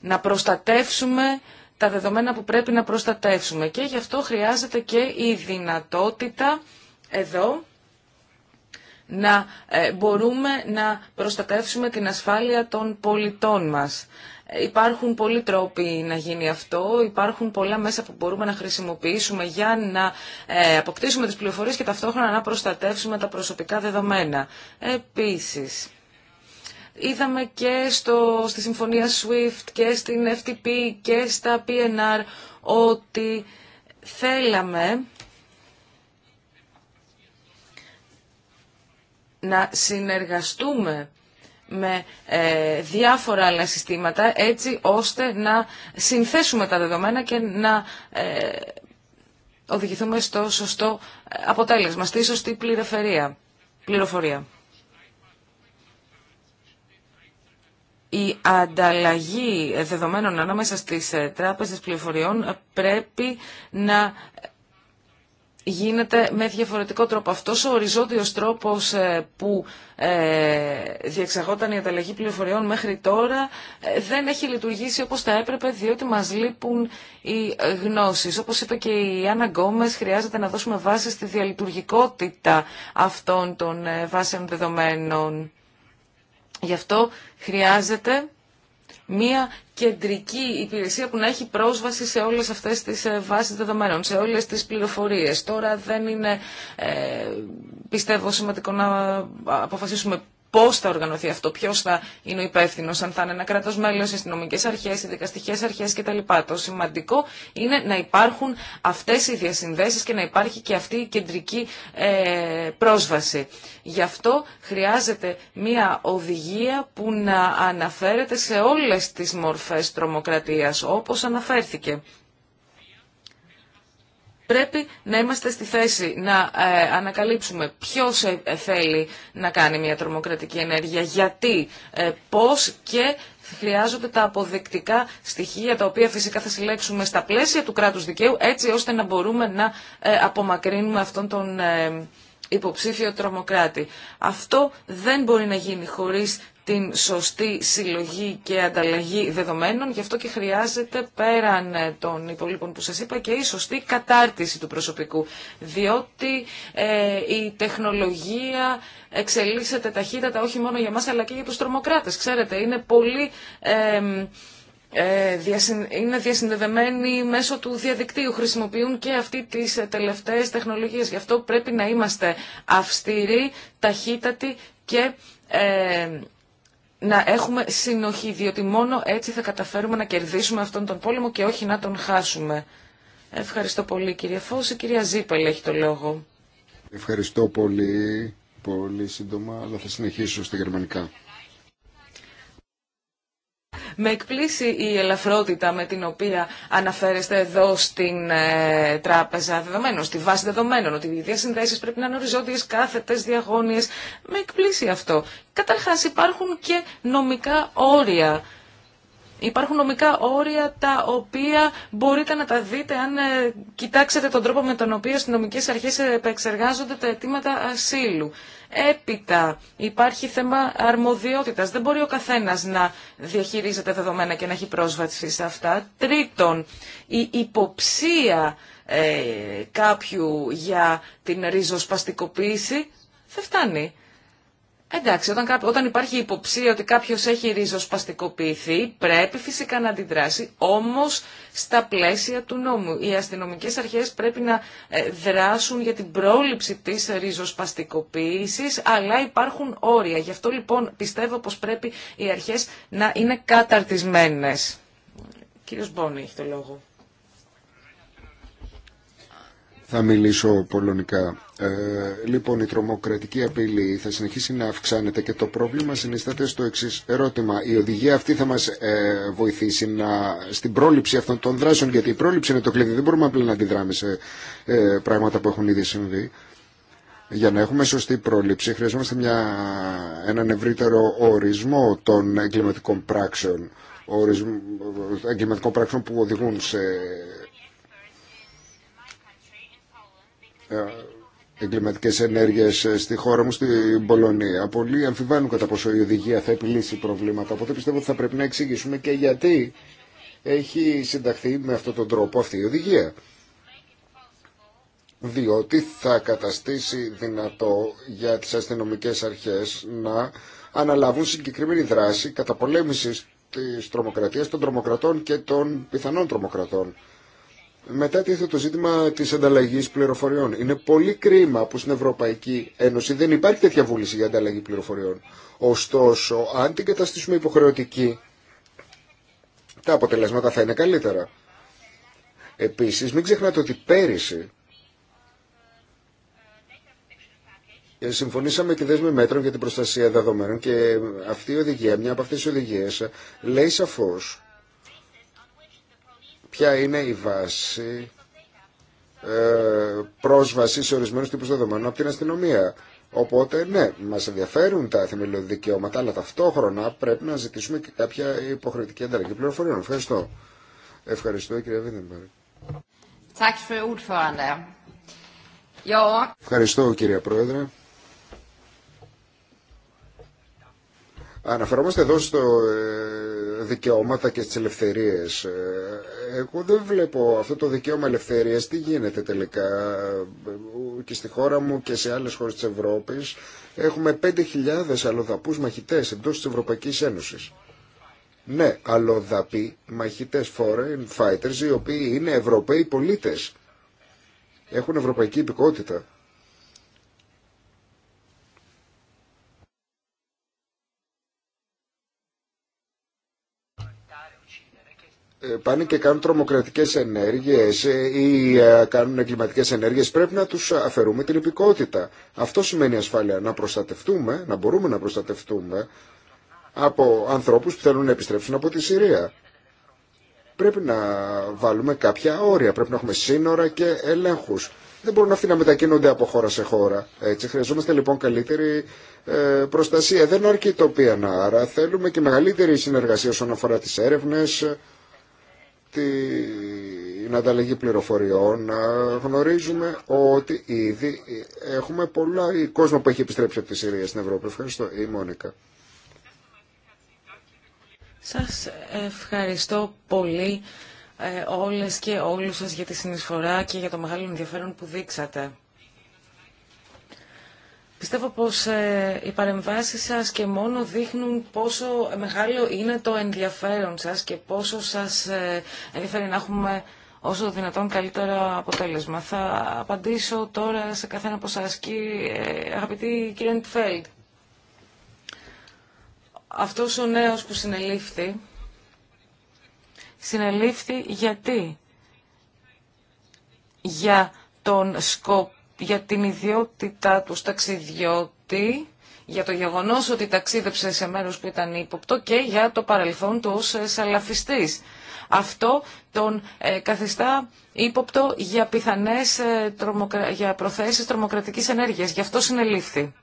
S1: Να προστατεύσουμε τα δεδομένα που πρέπει να προστατεύσουμε. Και γι' αυτό χρειάζεται και η δυνατότητα εδώ να ε, μπορούμε να προστατεύσουμε την ασφάλεια των πολιτών μας. Ε, υπάρχουν πολλοί τρόποι να γίνει αυτό, υπάρχουν πολλά μέσα που μπορούμε να χρησιμοποιήσουμε για να ε, αποκτήσουμε τις πληροφορίες και ταυτόχρονα να προστατεύσουμε τα προσωπικά δεδομένα. Επίσης, είδαμε και στο, στη Συμφωνία SWIFT και στην FTP και στα PNR ότι θέλαμε να συνεργαστούμε με ε, διάφορα άλλα συστήματα έτσι ώστε να συνθέσουμε τα δεδομένα και να ε, οδηγηθούμε στο σωστό ε, αποτέλεσμα, στη σωστή πληροφορία. Η ανταλλαγή δεδομένων ανάμεσα στις τράπεζες πληροφοριών πρέπει να γίνεται με διαφορετικό τρόπο. Αυτός ο οριζόντιος τρόπος ε, που ε, διεξαγόταν η ανταλλαγή πληροφοριών μέχρι τώρα ε, δεν έχει λειτουργήσει όπως θα έπρεπε διότι μας λείπουν οι γνώσεις. Όπως είπε και η Άννα Γκόμες, χρειάζεται να δώσουμε βάση στη διαλειτουργικότητα αυτών των βάσεων δεδομένων. Γι' αυτό χρειάζεται μία κεντρική υπηρεσία που να έχει πρόσβαση σε όλες αυτές τις ε, βάσεις δεδομένων, σε όλες τις πληροφορίες. Τώρα δεν είναι, ε, πιστεύω, σημαντικό να αποφασίσουμε Πώ θα οργανωθεί αυτό, ποιο θα είναι ο υπεύθυνο αν θα είναι ένα κρατό μέλο οι αστυνομικές αρχές, οι δικαστικές αρχές κτλ. Το σημαντικό είναι να υπάρχουν αυτές οι διασυνδέσεις και να υπάρχει και αυτή η κεντρική ε, πρόσβαση. Γι' αυτό χρειάζεται μια οδηγία που να αναφέρεται σε όλες τις μορφές τρομοκρατίας, όπως αναφέρθηκε. Πρέπει να είμαστε στη θέση να ε, ανακαλύψουμε ποιος ε, ε, θέλει να κάνει μια τρομοκρατική ενέργεια, γιατί, πώς και χρειάζονται τα αποδεκτικά στοιχεία, τα οποία φυσικά θα συλλέξουμε στα πλαίσια του κράτους δικαίου, έτσι ώστε να μπορούμε να απομακρύνουμε αυτόν τον υποψήφιο τρομοκράτη. Αυτό δεν μπορεί να γίνει χωρίς την σωστή συλλογή και ανταλλαγή δεδομένων, γι' αυτό και χρειάζεται πέραν ε, των υπολείπων που σας είπα και η σωστή κατάρτιση του προσωπικού, διότι ε, η τεχνολογία εξελίσσεται ταχύτατα όχι μόνο για μας αλλά και για τους τρομοκράτες. Ξέρετε, είναι πολύ... Ε, ε, είναι διασυνδεδεμένοι μέσω του διαδικτύου. Χρησιμοποιούν και αυτή τις τελευταίες τεχνολογίες. Γι' αυτό πρέπει να είμαστε αυστηροί, ταχύτατοι και ε, να έχουμε συνοχή, διότι μόνο έτσι θα καταφέρουμε να κερδίσουμε αυτόν τον πόλεμο και όχι να τον χάσουμε. Ευχαριστώ πολύ κυρία Φώση. Κυρία Ζήπελ έχει το λόγο.
S2: Ευχαριστώ πολύ. Πολύ σύντομα, αλλά θα συνεχίσω στα γερμανικά.
S1: Με εκπλήσει η ελαφρότητα με την οποία αναφέρεστε εδώ στην ε, τράπεζα δεδομένων, στη βάση δεδομένων, ότι οι διασυνδέσεις πρέπει να είναι οριζόντιες, κάθετες, διαγώνιες. Με εκπλήσει αυτό. Καταρχάς υπάρχουν και νομικά όρια. Υπάρχουν νομικά όρια τα οποία μπορείτε να τα δείτε αν ε, κοιτάξετε τον τρόπο με τον οποίο στις νομικές αρχές επεξεργάζονται τα αιτήματα ασύλου. Έπειτα υπάρχει θέμα αρμοδιότητας. Δεν μπορεί ο καθένας να διαχειρίζεται δεδομένα και να έχει πρόσβαση σε αυτά. Τρίτον, η υποψία ε, κάποιου για την ριζοσπαστικοποίηση δεν φτάνει. Εντάξει, όταν, όταν υπάρχει υποψία ότι κάποιο έχει ριζοσπαστικοποιηθεί, πρέπει φυσικά να αντιδράσει, όμως στα πλαίσια του νόμου. Οι αστυνομικές αρχές πρέπει να ε, δράσουν για την πρόληψη της ρίζοσπαστικοποίηση, αλλά υπάρχουν όρια. Γι' αυτό λοιπόν πιστεύω πως πρέπει οι αρχές να είναι καταρτισμένες. Κύριος Μπόνι έχει το λόγο.
S2: Θα μιλήσω πολωνικά. Ε, λοιπόν, η τρομοκρατική απειλή θα συνεχίσει να αυξάνεται και το πρόβλημα συνιστάται στο εξή ερώτημα. Η οδηγία αυτή θα μα ε, βοηθήσει να, στην πρόληψη αυτών των δράσεων, γιατί η πρόληψη είναι το κλειδί. Δεν μπορούμε απλά να αντιδράμε σε πράγματα που έχουν ήδη συμβεί. Για να έχουμε σωστή πρόληψη χρειαζόμαστε έναν ευρύτερο ορισμό των εγκληματικών πράξεων, εγκληματικών πράξεων που οδηγούν σε ε, εγκληματικέ ενέργειες ε, στη χώρα μου, στην Πολωνία. Πολλοί αμφιβάλλουν κατά πόσο η οδηγία θα επιλύσει προβλήματα, οπότε πιστεύω ότι θα πρέπει να εξηγήσουμε και γιατί έχει συνταχθεί με αυτόν τον τρόπο αυτή η οδηγία. Διότι θα καταστήσει δυνατό για τις αστυνομικέ αρχές να αναλάβουν συγκεκριμένη δράση πολέμηση τη τρομοκρατία των τρομοκρατών και των πιθανών τρομοκρατών. Μετά τίθεται το ζήτημα της ανταλλαγής πληροφοριών. Είναι πολύ κρίμα που στην Ευρωπαϊκή Ένωση δεν υπάρχει τέτοια βούληση για ανταλλαγή πληροφοριών. Ωστόσο, αν την καταστήσουμε υποχρεωτική, τα αποτελέσματα θα είναι καλύτερα. Επίσης, μην ξεχνάτε ότι πέρυσι ε, συμφωνήσαμε τη δέσμη μέτρων για την προστασία δεδομένων και αυτή η οδηγία, μια από αυτές τις οδηγίες, λέει σαφώς ποια είναι η βάση ε, πρόσβαση σε ορισμένου τύπου δεδομένων από την αστυνομία. Οπότε, ναι, μα ενδιαφέρουν τα θεμελιώδη δικαιώματα, αλλά ταυτόχρονα πρέπει να ζητήσουμε και κάποια υποχρεωτική ανταλλαγή πληροφοριών. Ευχαριστώ. Ευχαριστώ, κυρία Βίδεμπερ. Ευχαριστώ, κύριε Πρόεδρε. Αναφερόμαστε εδώ στο ε, δικαιώματα και στις ελευθερίες. Ε, εγώ δεν βλέπω αυτό το δικαίωμα ελευθερίας τι γίνεται τελικά ε, και στη χώρα μου και σε άλλες χώρες της Ευρώπης. Έχουμε 5.000 αλλοδαπούς μαχητές εντός της Ευρωπαϊκής Ένωσης. Ναι, αλλοδαποί μαχητές foreign fighters οι οποίοι είναι Ευρωπαίοι πολίτες. Έχουν ευρωπαϊκή υπηκότητα. Ε, πάνε και κάνουν τρομοκρατικές ενέργειες ε, ή ε, κάνουν εγκληματικές ενέργειες, πρέπει να τους αφαιρούμε την υπηκότητα. Αυτό σημαίνει ασφάλεια, να προστατευτούμε, να μπορούμε να προστατευτούμε από ανθρώπους που θέλουν να επιστρέψουν από τη Συρία. Πρέπει να βάλουμε κάποια όρια, πρέπει να έχουμε σύνορα και ελέγχους. Δεν μπορούν αυτοί να μετακινούνται από χώρα σε χώρα. Έτσι. Χρειαζόμαστε λοιπόν καλύτερη προστασία. Δεν αρκεί το να άρα θέλουμε και μεγαλύτερη συνεργασία όσον αφορά τι έρευνες, την ανταλλαγή πληροφοριών γνωρίζουμε ότι ήδη έχουμε πολλά η κόσμο που έχει επιστρέψει από τη Συρία στην Ευρώπη. Ευχαριστώ. Η Μόνικα.
S1: Σας ευχαριστώ πολύ ε, όλες και όλους σας για τη συνεισφορά και για το μεγάλο ενδιαφέρον που δείξατε. Πιστεύω πως ε, οι παρεμβάσεις σας και μόνο δείχνουν πόσο μεγάλο είναι το ενδιαφέρον σας και πόσο σας ε, ενδιαφέρει να έχουμε όσο δυνατόν καλύτερο αποτέλεσμα. Θα απαντήσω τώρα σε καθένα από σας, ε, αγαπητή κύριε Ντφέλντ. Αυτός ο νέος που συνελήφθη, συνελήφθη γιατί. Για τον σκοπό για την ιδιότητά του ταξιδιώτη, για το γεγονός ότι ταξίδεψε σε μέρος που ήταν ύποπτο και για το παρελθόν του ως Αυτό τον ε, καθιστά ύποπτο για πιθανές ε, για προθέσεις τρομοκρατικής ενέργειας. Γι' αυτό συνελήφθη.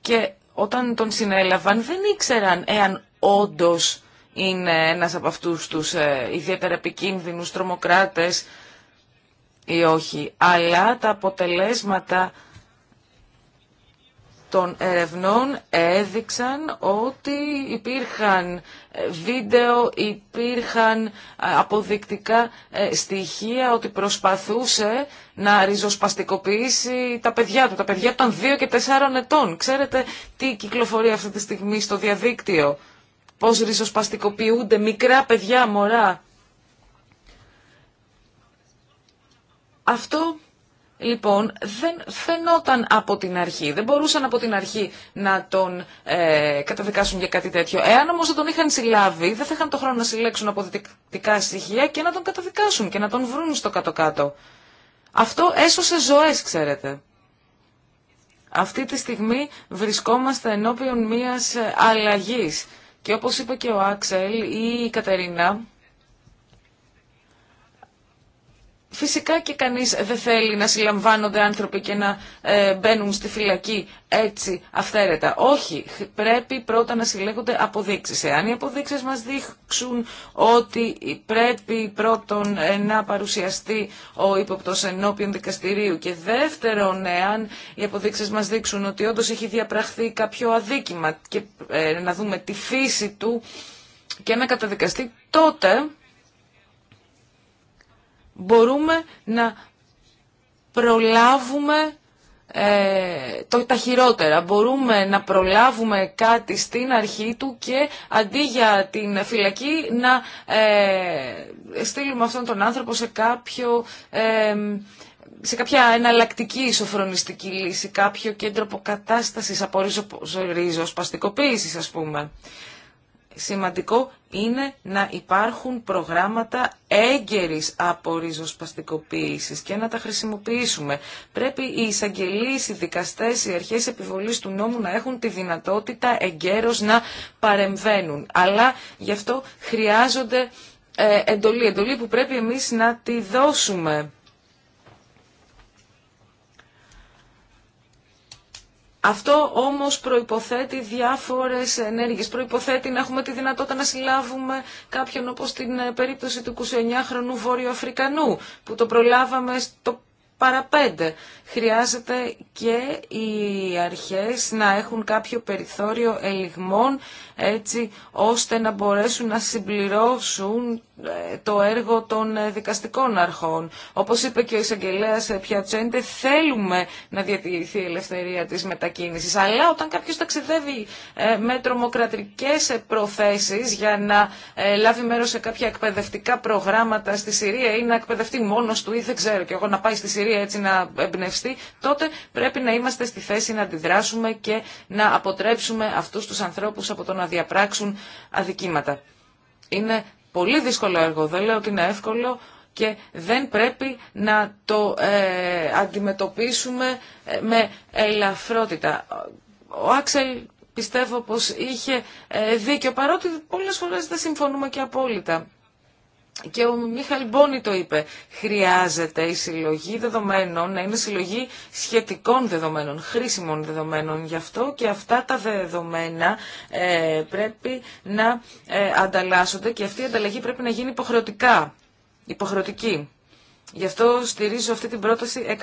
S1: Και όταν τον συνέλαβαν δεν ήξεραν εάν όντως είναι ένας από αυτούς τους ε, ιδιαίτερα επικίνδυνους τρομοκράτες ή όχι, αλλά τα αποτελέσματα των ερευνών έδειξαν ότι υπήρχαν ε, βίντεο, υπήρχαν ε, αποδεικτικά ε, στοιχεία ότι προσπαθούσε να ριζοσπαστικοποιήσει τα παιδιά του. Τα παιδιά των ήταν 2 και 4 ετών. Ξέρετε τι κυκλοφορεί αυτή τη στιγμή στο διαδίκτυο. Πώς ριζοσπαστικοποιούνται μικρά παιδιά, μωρά. Αυτό Λοιπόν, δεν φαινόταν από την αρχή. Δεν μπορούσαν από την αρχή να τον ε, καταδικάσουν για κάτι τέτοιο. Εάν όμως δεν τον είχαν συλλάβει, δεν θα είχαν το χρόνο να συλλέξουν αποδεικτικά στοιχεία και να τον καταδικάσουν και να τον βρουν στο κάτω-κάτω. Αυτό έσωσε ζωές, ξέρετε. Αυτή τη στιγμή βρισκόμαστε ενώπιον μιας ε, αλλαγής. Και όπως είπε και ο Άξελ ή η Κατερίνα, Φυσικά και κανείς δεν θέλει να συλλαμβάνονται άνθρωποι και να ε, μπαίνουν στη φυλακή έτσι αυθαίρετα. Όχι, πρέπει πρώτα να συλλέγονται αποδείξεις. Εάν οι αποδείξεις μας δείξουν ότι πρέπει πρώτον ε, να παρουσιαστεί ο ύποπτος ενώπιον δικαστηρίου και δεύτερον εάν οι αποδείξεις μας δείξουν ότι όντως έχει διαπραχθεί κάποιο αδίκημα και ε, να δούμε τη φύση του και να καταδικαστεί τότε μπορούμε να προλάβουμε ε, το, τα χειρότερα. Μπορούμε να προλάβουμε κάτι στην αρχή του και αντί για την φυλακή να ε, στείλουμε αυτόν τον άνθρωπο σε κάποιο... Ε, σε κάποια εναλλακτική ισοφρονιστική λύση, κάποιο κέντρο αποκατάστασης από ριζοσπαστικοποίησης ας πούμε σημαντικό είναι να υπάρχουν προγράμματα έγκαιρης απορριζοσπαστικοποίησης και να τα χρησιμοποιήσουμε. Πρέπει οι εισαγγελείς, οι δικαστές, οι αρχές επιβολής του νόμου να έχουν τη δυνατότητα εγκαίρως να παρεμβαίνουν. Αλλά γι' αυτό χρειάζονται ε, εντολή, εντολή που πρέπει εμείς να τη δώσουμε Αυτό όμως προϋποθέτει διάφορες ενέργειες. Προϋποθέτει να έχουμε τη δυνατότητα να συλλάβουμε κάποιον όπως την ε, περίπτωση του 29χρονου Βόρειο Αφρικανού που το προλάβαμε στο παραπέντε. Χρειάζεται και οι αρχές να έχουν κάποιο περιθώριο ελιγμών έτσι ώστε να μπορέσουν να συμπληρώσουν ε, το έργο των ε, δικαστικών αρχών. Όπως είπε και ο εισαγγελέα ε, Πιατσέντε, θέλουμε να διατηρηθεί η ελευθερία της μετακίνησης. Αλλά όταν κάποιος ταξιδεύει με τρομοκρατικές προθέσεις για να λάβει μέρος σε κάποια εκπαιδευτικά προγράμματα στη Συρία ή να εκπαιδευτεί μόνος του ή δεν ξέρω και εγώ να πάει στη Συρία έτσι να εμπνευστεί, τότε πρέπει να είμαστε στη θέση να αντιδράσουμε και να αποτρέψουμε αυτούς τους ανθρώπους από το να διαπράξουν αδικήματα. Είναι πολύ δύσκολο έργο, δεν λέω ότι είναι εύκολο και δεν πρέπει να το ε, αντιμετωπίσουμε ε, με ελαφρότητα. Ο Άξελ πιστεύω πως είχε ε, δίκιο, παρότι πολλές φορές δεν συμφωνούμε και απόλυτα και ο Μίχαλ Μπόνι το είπε, χρειάζεται η συλλογή δεδομένων να είναι συλλογή σχετικών δεδομένων, χρήσιμων δεδομένων. Γι' αυτό και αυτά τα δεδομένα ε, πρέπει να ε, ανταλλάσσονται και αυτή η ανταλλαγή πρέπει να γίνει υποχρεωτικά, υποχρεωτική. Γι' αυτό στηρίζω αυτή την πρόταση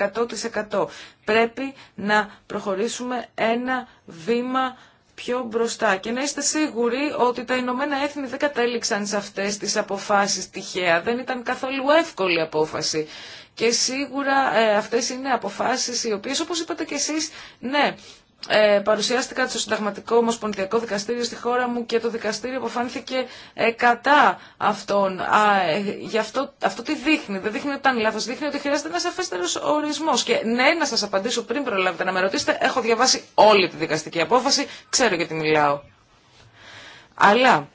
S1: 100%. Πρέπει να προχωρήσουμε ένα βήμα πιο μπροστά και να είστε σίγουροι ότι τα Ηνωμένα Έθνη δεν κατέληξαν σε αυτές τις αποφάσεις τυχαία. Δεν ήταν καθόλου εύκολη απόφαση. Και σίγουρα ε, αυτές είναι αποφάσεις οι οποίες, όπως είπατε και εσείς, ναι, ε, παρουσιάστηκα στο Συνταγματικό Ομοσπονδιακό Δικαστήριο στη χώρα μου και το δικαστήριο αποφάνθηκε ε, κατά αυτόν. Α, ε, γι αυτό, αυτό τι δείχνει. Δεν δείχνει ότι ήταν λάθο. Δείχνει ότι χρειάζεται ένα σαφέστερο ορισμό. Και ναι, να σα απαντήσω πριν προλάβετε να με ρωτήσετε, έχω διαβάσει όλη τη δικαστική απόφαση, ξέρω γιατί μιλάω. Αλλά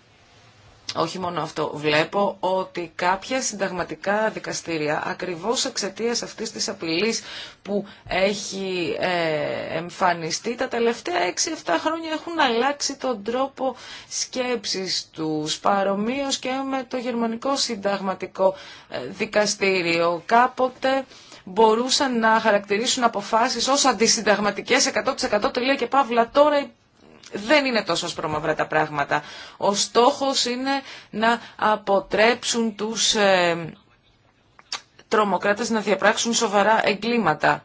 S1: όχι μόνο αυτό, βλέπω ότι κάποια συνταγματικά δικαστήρια ακριβώς εξαιτίας αυτής της απειλής που έχει ε, εμφανιστεί τα τελευταία 6-7 χρόνια έχουν αλλάξει τον τρόπο σκέψης τους παρομοίως και με το γερμανικό συνταγματικό ε, δικαστήριο κάποτε μπορούσαν να χαρακτηρίσουν αποφάσεις ως αντισυνταγματικές 100% τελεία και παύλα τώρα δεν είναι τόσο σπρώμαυρα τα πράγματα. Ο στόχος είναι να αποτρέψουν τους ε, τρομοκράτες να διαπράξουν σοβαρά εγκλήματα.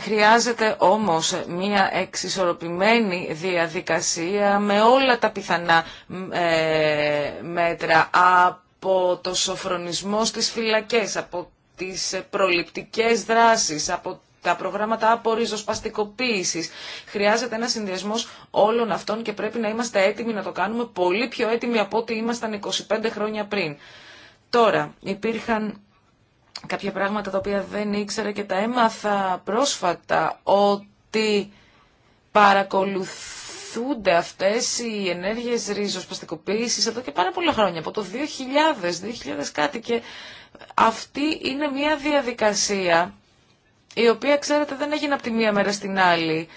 S1: Χρειάζεται όμως μια εξισορροπημένη διαδικασία με όλα τα πιθανά ε, μέτρα από το σοφρονισμό στις φυλακές, από τις προληπτικές δράσεις, από τα προγράμματα απορριζοσπαστικοποίηση. Χρειάζεται ένα συνδυασμό όλων αυτών και πρέπει να είμαστε έτοιμοι να το κάνουμε πολύ πιο έτοιμοι από ό,τι ήμασταν 25 χρόνια πριν. Τώρα, υπήρχαν κάποια πράγματα τα οποία δεν ήξερα και τα έμαθα πρόσφατα ότι παρακολουθούνται αυτές οι ενέργειες ριζοσπαστικοποίησης εδώ και πάρα πολλά χρόνια, από το 2000, 2000 κάτι και αυτή είναι μια διαδικασία η οποία ξέρετε δεν έγινε από τη μία μέρα στην άλλη.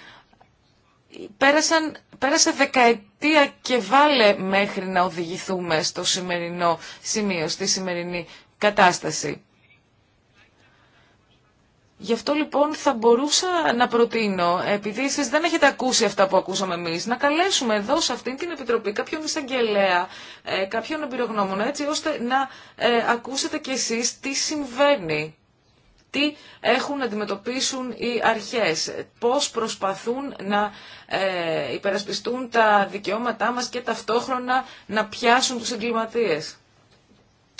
S1: Πέρασαν, πέρασε δεκαετία και βάλε μέχρι να οδηγηθούμε στο σημερινό σημείο, στη σημερινή κατάσταση. Γι' αυτό λοιπόν θα μπορούσα να προτείνω, επειδή εσείς δεν έχετε ακούσει αυτά που ακούσαμε εμείς, να καλέσουμε εδώ σε αυτήν την Επιτροπή κάποιον εισαγγελέα, ε, κάποιον εμπειρογνώμονα, έτσι ώστε να ε, ακούσετε κι εσείς τι συμβαίνει τι έχουν να αντιμετωπίσουν οι αρχές, πώς προσπαθούν να ε, υπερασπιστούν τα δικαιώματά μας και ταυτόχρονα να πιάσουν τους εγκληματίες.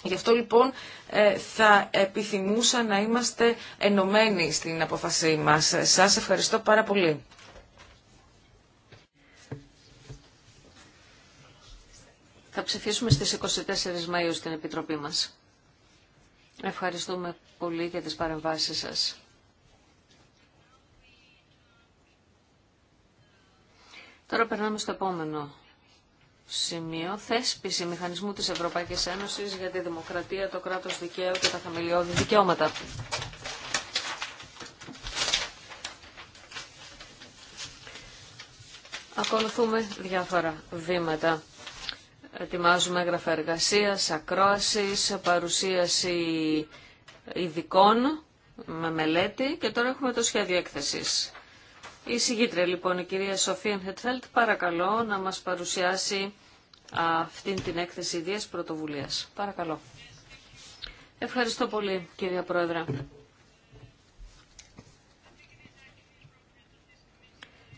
S1: Γι' αυτό λοιπόν ε, θα επιθυμούσα να είμαστε ενωμένοι στην αποφασή μας. Σας ευχαριστώ πάρα πολύ. Θα ψηφίσουμε στις 24
S3: Μαΐου στην Επιτροπή μας. Ευχαριστούμε πολύ για τις παρεμβάσεις σας. Τώρα περνάμε στο επόμενο σημείο. Θέσπιση μηχανισμού της Ευρωπαϊκής Ένωσης για τη δημοκρατία, το κράτος δικαίου και τα θεμελιώδη δικαιώματα. Ακολουθούμε διάφορα βήματα. Ετοιμάζουμε έγγραφα εργασία, ακρόασης, παρουσίαση ειδικών με μελέτη και τώρα έχουμε το σχέδιο έκθεσης. Η συγγήτρια λοιπόν η κυρία Σοφία Χετφέλτ παρακαλώ να μας παρουσιάσει αυτήν την έκθεση ιδίας πρωτοβουλίας. Παρακαλώ. Ευχαριστώ πολύ κυρία Πρόεδρε.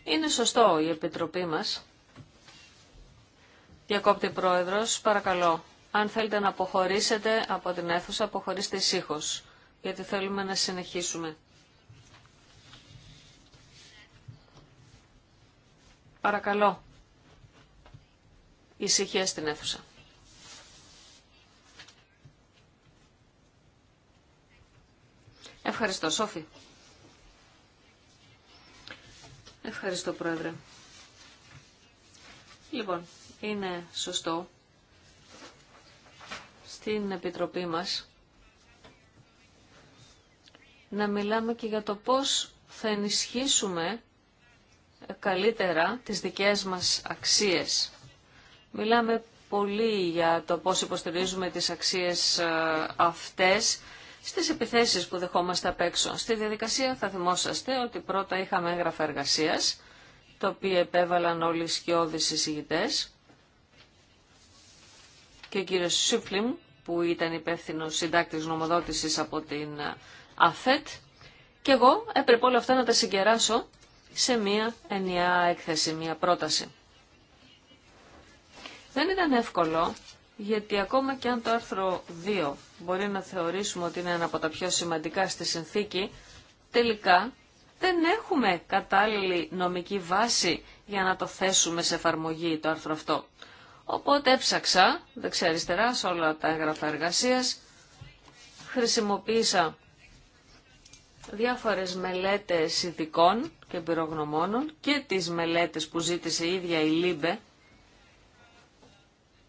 S3: Είναι σωστό η Επιτροπή μας Διακόπτη Πρόεδρος, παρακαλώ. Αν θέλετε να αποχωρήσετε από την αίθουσα, αποχωρήστε ησύχως, γιατί θέλουμε να συνεχίσουμε. Παρακαλώ, ησυχία στην αίθουσα. Ευχαριστώ, Σόφη. Ευχαριστώ, Πρόεδρε. Λοιπόν, είναι σωστό στην Επιτροπή μας να μιλάμε και για το πώς θα ενισχύσουμε καλύτερα τις δικές μας αξίες. Μιλάμε πολύ για το πώς υποστηρίζουμε τις αξίες ε, αυτές στις επιθέσεις που δεχόμαστε απ' έξω. Στη διαδικασία θα θυμόσαστε ότι πρώτα είχαμε έγγραφα εργασίας, το οποίο επέβαλαν όλοι οι σκιώδεις εισηγητές και ο κύριος Σούφλιμ που ήταν υπεύθυνο συντάκτης νομοδότησης από την ΑΦΕΤ και εγώ έπρεπε όλα αυτά να τα συγκεράσω σε μία ενιαία έκθεση, μία πρόταση. Δεν ήταν εύκολο γιατί ακόμα και αν το άρθρο 2 μπορεί να θεωρήσουμε ότι είναι ένα από τα πιο σημαντικά στη συνθήκη, τελικά δεν έχουμε κατάλληλη νομική βάση για να το θέσουμε σε εφαρμογή το άρθρο αυτό. Οπότε έψαξα δεξιά-αριστερά σε όλα τα έγγραφα εργασίας. Χρησιμοποίησα διάφορες μελέτες ειδικών και πυρογνωμόνων και τις μελέτες που ζήτησε η ίδια η Λίμπε,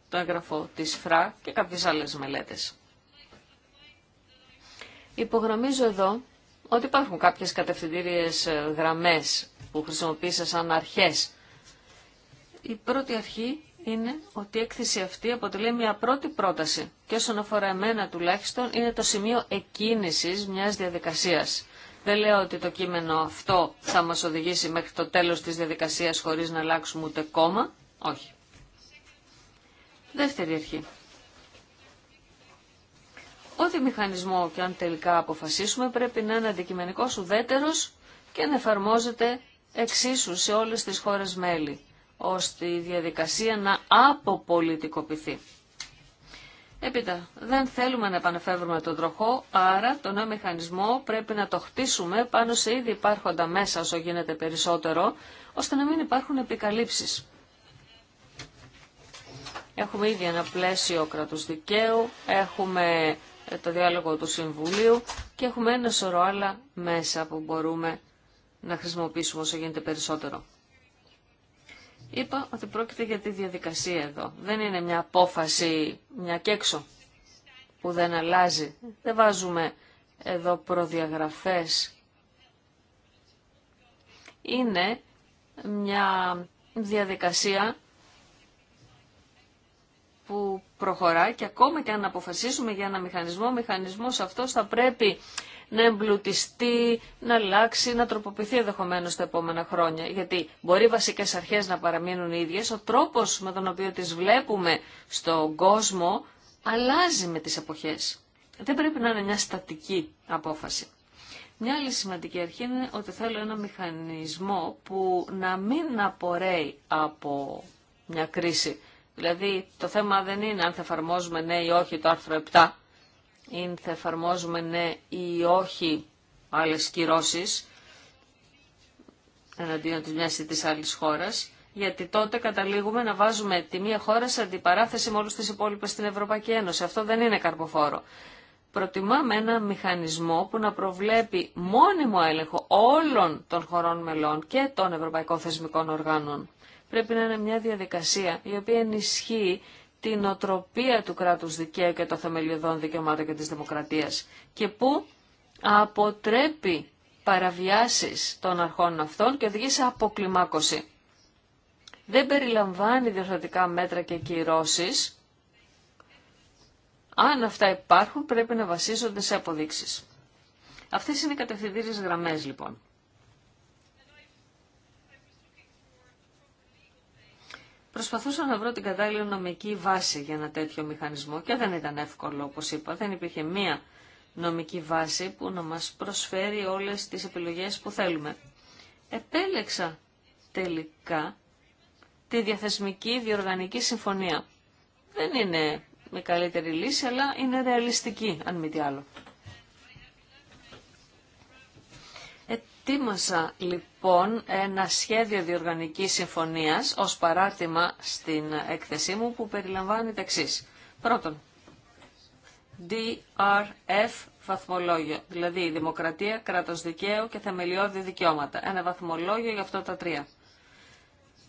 S3: το έγγραφο της ΦΡΑ και κάποιες άλλες μελέτες. Υπογραμμίζω εδώ ότι υπάρχουν κάποιες κατευθυντήριες ε, γραμμές που χρησιμοποίησα σαν αρχές. Η πρώτη αρχή είναι ότι η έκθεση αυτή αποτελεί μια πρώτη πρόταση και όσον αφορά εμένα τουλάχιστον είναι το σημείο εκκίνησης μιας διαδικασίας. Δεν λέω ότι το κείμενο αυτό θα μας οδηγήσει μέχρι το τέλος της διαδικασίας χωρίς να αλλάξουμε ούτε κόμμα. Όχι. Δεύτερη αρχή. Ό,τι μηχανισμό και αν τελικά αποφασίσουμε πρέπει να είναι αντικειμενικός ουδέτερος και να εφαρμόζεται εξίσου σε όλες τις χώρες μέλη ώστε η διαδικασία να αποπολιτικοποιηθεί. Έπειτα, δεν θέλουμε να επανεφεύρουμε τον τροχό, άρα τον νέο μηχανισμό πρέπει να το χτίσουμε πάνω σε ήδη υπάρχοντα μέσα όσο γίνεται περισσότερο, ώστε να μην υπάρχουν επικαλύψεις. Έχουμε ήδη ένα πλαίσιο κρατούς δικαίου, έχουμε ε, το διάλογο του Συμβουλίου και έχουμε ένα σωρό άλλα μέσα που μπορούμε να χρησιμοποιήσουμε όσο γίνεται περισσότερο. Είπα ότι πρόκειται για τη διαδικασία εδώ. Δεν είναι μια απόφαση, μια και έξω, που δεν αλλάζει. Δεν βάζουμε εδώ προδιαγραφές. Είναι μια διαδικασία που προχωρά και ακόμα και αν αποφασίσουμε για ένα μηχανισμό, ο μηχανισμός αυτός θα πρέπει να εμπλουτιστεί, να αλλάξει, να τροποποιηθεί ενδεχομένω τα επόμενα χρόνια. Γιατί μπορεί οι βασικέ αρχέ να παραμείνουν ίδιε, ο τρόπο με τον οποίο τι βλέπουμε στον κόσμο αλλάζει με τι εποχέ. Δεν πρέπει να είναι μια στατική απόφαση. Μια άλλη σημαντική αρχή είναι ότι θέλω ένα μηχανισμό που να μην απορρέει από μια κρίση. Δηλαδή το θέμα δεν είναι αν θα εφαρμόζουμε ναι ή όχι το άρθρο 7, είναι θα εφαρμόζουμε ναι ή όχι άλλες κυρώσεις εναντίον της μιας ή της άλλης χώρας, γιατί τότε καταλήγουμε να βάζουμε τη μία χώρα σε αντιπαράθεση με όλους τις υπόλοιπες στην Ευρωπαϊκή Ένωση. Αυτό δεν είναι καρποφόρο. Προτιμάμε ένα μηχανισμό που να προβλέπει μόνιμο έλεγχο όλων των χωρών μελών και των ευρωπαϊκών θεσμικών οργάνων. Πρέπει να είναι μια διαδικασία η οποία ενισχύει την οτροπία του κράτους δικαίου και των θεμελιωδών δικαιωμάτων και της δημοκρατίας και που αποτρέπει παραβιάσεις των αρχών αυτών και οδηγεί σε αποκλιμάκωση. Δεν περιλαμβάνει διορθωτικά μέτρα και κυρώσεις. Αν αυτά υπάρχουν πρέπει να βασίζονται σε αποδείξεις. Αυτές είναι οι κατευθυντήριες γραμμές λοιπόν. Προσπαθούσα να βρω την κατάλληλη νομική βάση για ένα τέτοιο μηχανισμό και δεν ήταν εύκολο, όπως είπα. Δεν υπήρχε μία νομική βάση που να μας προσφέρει όλες τις επιλογές που θέλουμε. Επέλεξα τελικά τη διαθεσμική διοργανική συμφωνία. Δεν είναι με καλύτερη λύση, αλλά είναι ρεαλιστική, αν μη τι άλλο. Τίμασα, λοιπόν ένα σχέδιο διοργανικής συμφωνίας ως παράτημα στην έκθεσή μου που περιλαμβάνει τα εξή. Πρώτον, DRF βαθμολόγιο, δηλαδή δημοκρατία, κράτος δικαίου και θεμελιώδη δικαιώματα. Ένα βαθμολόγιο για αυτά τα τρία.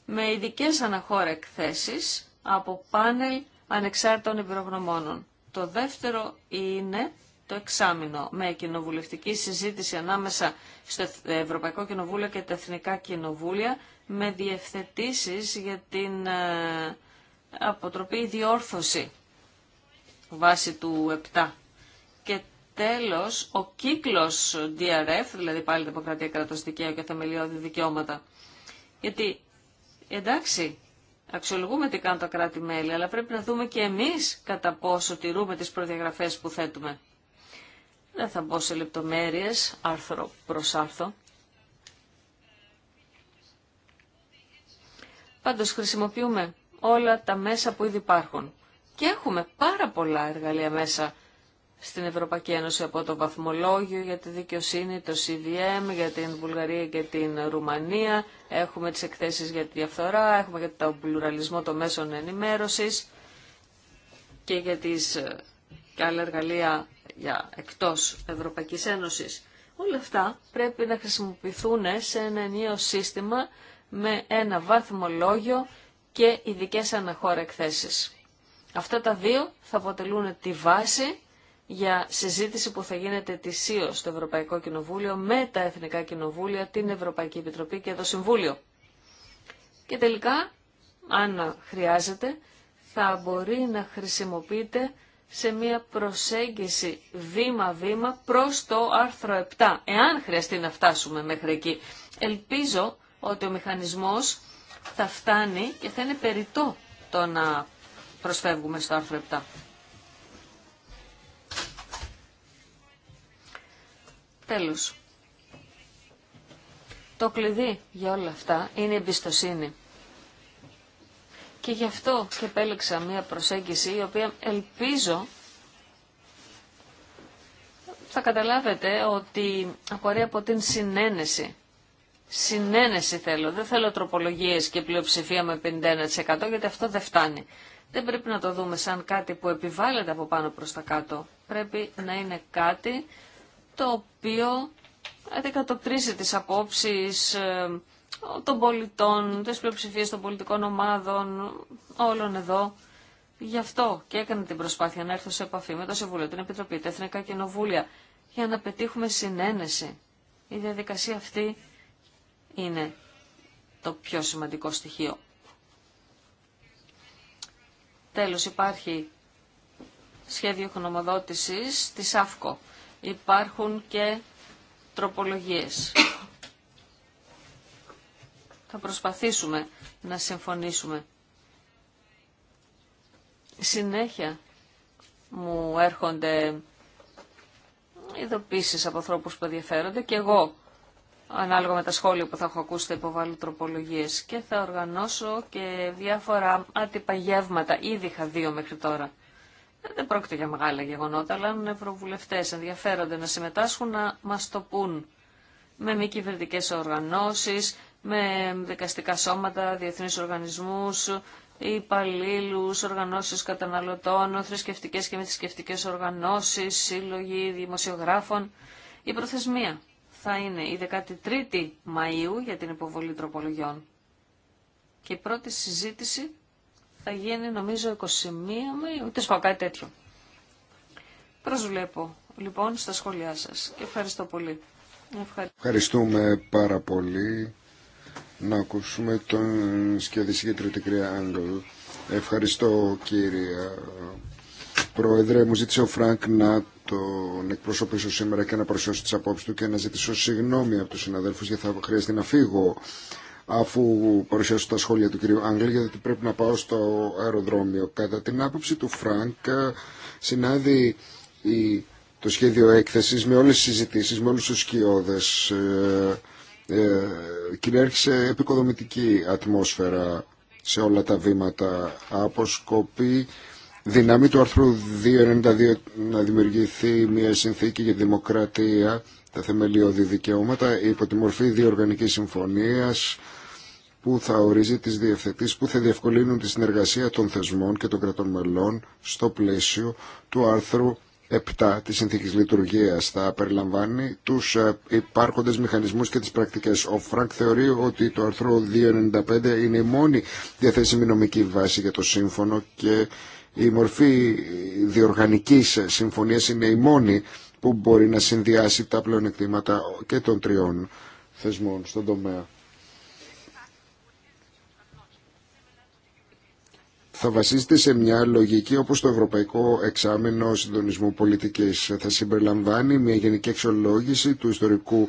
S3: Με ειδικέ αναχώρα εκθέσεις από πάνελ ανεξάρτητων εμπειρογνωμόνων. Το δεύτερο είναι το εξάμεινο με κοινοβουλευτική συζήτηση ανάμεσα στο Ευρωπαϊκό Κοινοβούλιο και τα Εθνικά Κοινοβούλια με διευθετήσεις για την ε, αποτροπή διόρθωση βάση του 7. Και τέλος, ο κύκλος DRF, δηλαδή πάλι Δημοκρατία Κρατος Δικαίου και Θεμελιώδη Δικαιώματα. Γιατί, εντάξει, αξιολογούμε τι κάνουν τα κράτη-μέλη, αλλά πρέπει να δούμε και εμείς κατά πόσο τηρούμε τις προδιαγραφές που θέτουμε. Δεν θα μπω σε λεπτομέρειες, άρθρο προς άρθρο. Πάντως χρησιμοποιούμε όλα τα μέσα που ήδη υπάρχουν. Και έχουμε πάρα πολλά εργαλεία μέσα στην Ευρωπαϊκή Ένωση από το βαθμολόγιο για τη δικαιοσύνη, το CVM, για την Βουλγαρία και την Ρουμανία. Έχουμε τις εκθέσεις για τη διαφθορά, έχουμε για τον πλουραλισμό των μέσων ενημέρωσης και για τις ε, και άλλα εργαλεία για εκτός Ευρωπαϊκής Ένωσης. Όλα αυτά πρέπει να χρησιμοποιηθούν σε ένα νέο σύστημα με ένα βαθμολόγιο και ειδικέ αναχώρα εκθέσεις. Αυτά τα δύο θα αποτελούν τη βάση για συζήτηση που θα γίνεται ετησίω στο Ευρωπαϊκό Κοινοβούλιο με τα Εθνικά Κοινοβούλια, την Ευρωπαϊκή Επιτροπή και το Συμβούλιο. Και τελικά, αν χρειάζεται, θα μπορεί να χρησιμοποιείται σε μια προσέγγιση βήμα-βήμα προς το άρθρο 7, εάν χρειαστεί να φτάσουμε μέχρι εκεί. Ελπίζω ότι ο μηχανισμός θα φτάνει και θα είναι περιττό το να προσφεύγουμε στο άρθρο 7. Τέλος. Το κλειδί για όλα αυτά είναι η εμπιστοσύνη. Και γι' αυτό και επέλεξα μια προσέγγιση η οποία ελπίζω θα καταλάβετε ότι απορρέει από την συνένεση. Συνένεση θέλω. Δεν θέλω τροπολογίες και πλειοψηφία με 51% γιατί αυτό δεν φτάνει. Δεν πρέπει να το δούμε σαν κάτι που επιβάλλεται από πάνω προς τα κάτω. Πρέπει να είναι κάτι το οποίο αντικατοπτρίζει τις απόψεις ε, των πολιτών, της πλειοψηφίας των πολιτικών ομάδων, όλων εδώ. Γι' αυτό και έκανε την προσπάθεια να έρθω σε επαφή με το Συμβούλιο, την Επιτροπή, τα Εθνικά Κοινοβούλια, για να πετύχουμε συνένεση. Η διαδικασία αυτή είναι το πιο σημαντικό στοιχείο. Τέλος, υπάρχει σχέδιο χρονομοδότησης της ΑΦΚΟ. Υπάρχουν και τροπολογίες θα προσπαθήσουμε να συμφωνήσουμε. Συνέχεια μου έρχονται ειδοποίησεις από ανθρώπου που ενδιαφέρονται και εγώ ανάλογα με τα σχόλια που θα έχω ακούσει θα υποβάλω τροπολογίες και θα οργανώσω και διάφορα γεύματα, Ήδη είχα δύο μέχρι τώρα. Δεν πρόκειται για μεγάλα γεγονότα, αλλά αν ευρωβουλευτέ ενδιαφέρονται να συμμετάσχουν, να μα το πούν με μη κυβερνητικέ οργανώσει, με δικαστικά σώματα, διεθνείς οργανισμούς, υπαλλήλου, οργανώσεις καταναλωτών, θρησκευτικέ και μη θρησκευτικέ οργανώσεις, σύλλογοι δημοσιογράφων. Η προθεσμία θα είναι η 13η Μαΐου για την υποβολή τροπολογιών. Και η πρώτη συζήτηση θα γίνει νομίζω 21 Μαΐου, ούτε σπάω κάτι τέτοιο. Προσβλέπω λοιπόν στα σχόλιά σας ευχαριστώ πολύ.
S2: Ευχαριστούμε πάρα πολύ να ακούσουμε τον για την κυρία Άγγελ. Ευχαριστώ κύριε Πρόεδρε. Μου ζήτησε ο Φρανκ να τον εκπροσωπήσω σήμερα και να παρουσιάσω τις απόψεις του και να ζητήσω συγγνώμη από τους συναδέλφους γιατί θα χρειαστεί να φύγω αφού παρουσιάσω τα σχόλια του κυρίου Άγγελ γιατί πρέπει να πάω στο αεροδρόμιο. Κατά την άποψη του Φρανκ συνάδει το σχέδιο έκθεσης με όλες τις συζητήσεις, με όλους τους σκιώδες. Ε, ε, κυριάρχησε επικοδομητική ατμόσφαιρα σε όλα τα βήματα. Αποσκοπεί δύναμη του άρθρου 292 να δημιουργηθεί μια συνθήκη για δημοκρατία, τα θεμελιώδη δικαιώματα, υπό τη μορφή διοργανικής συμφωνίας που θα ορίζει τις διευθετήσεις που θα διευκολύνουν τη συνεργασία των θεσμών και των κρατών μελών στο πλαίσιο του άρθρου 7 της Συνθήκης Λειτουργίας θα περιλαμβάνει τους ε, υπάρχοντες μηχανισμούς και τις πρακτικές. Ο Φρανκ θεωρεί ότι το άρθρο 295 είναι η μόνη διαθέσιμη νομική βάση για το σύμφωνο και η μορφή διοργανικής συμφωνίας είναι η μόνη που μπορεί να συνδυάσει τα πλεονεκτήματα και των τριών θεσμών στον τομέα. θα βασίζεται σε μια λογική όπως το Ευρωπαϊκό Εξάμεινο Συντονισμού Πολιτικής. Θα συμπεριλαμβάνει μια γενική αξιολόγηση του ιστορικού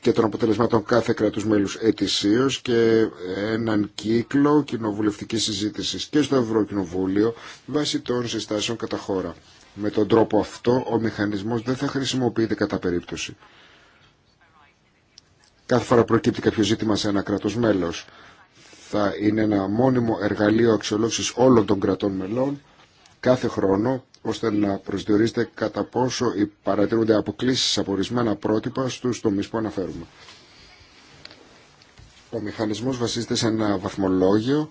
S2: και των αποτελεσμάτων κάθε κράτους μέλους ετησίως και έναν κύκλο κοινοβουλευτικής συζήτησης και στο Ευρωκοινοβούλιο βάσει των συστάσεων κατά χώρα. Με τον τρόπο αυτό ο μηχανισμός δεν θα χρησιμοποιείται κατά περίπτωση. Κάθε φορά προκύπτει κάποιο ζήτημα σε ένα κράτος μέλος θα είναι ένα μόνιμο εργαλείο αξιολόγησης όλων των κρατών μελών κάθε χρόνο, ώστε να προσδιορίζεται κατά πόσο παρατηρούνται αποκλήσει από ορισμένα πρότυπα στους τομείς που αναφέρουμε. Ο μηχανισμός βασίζεται σε ένα βαθμολόγιο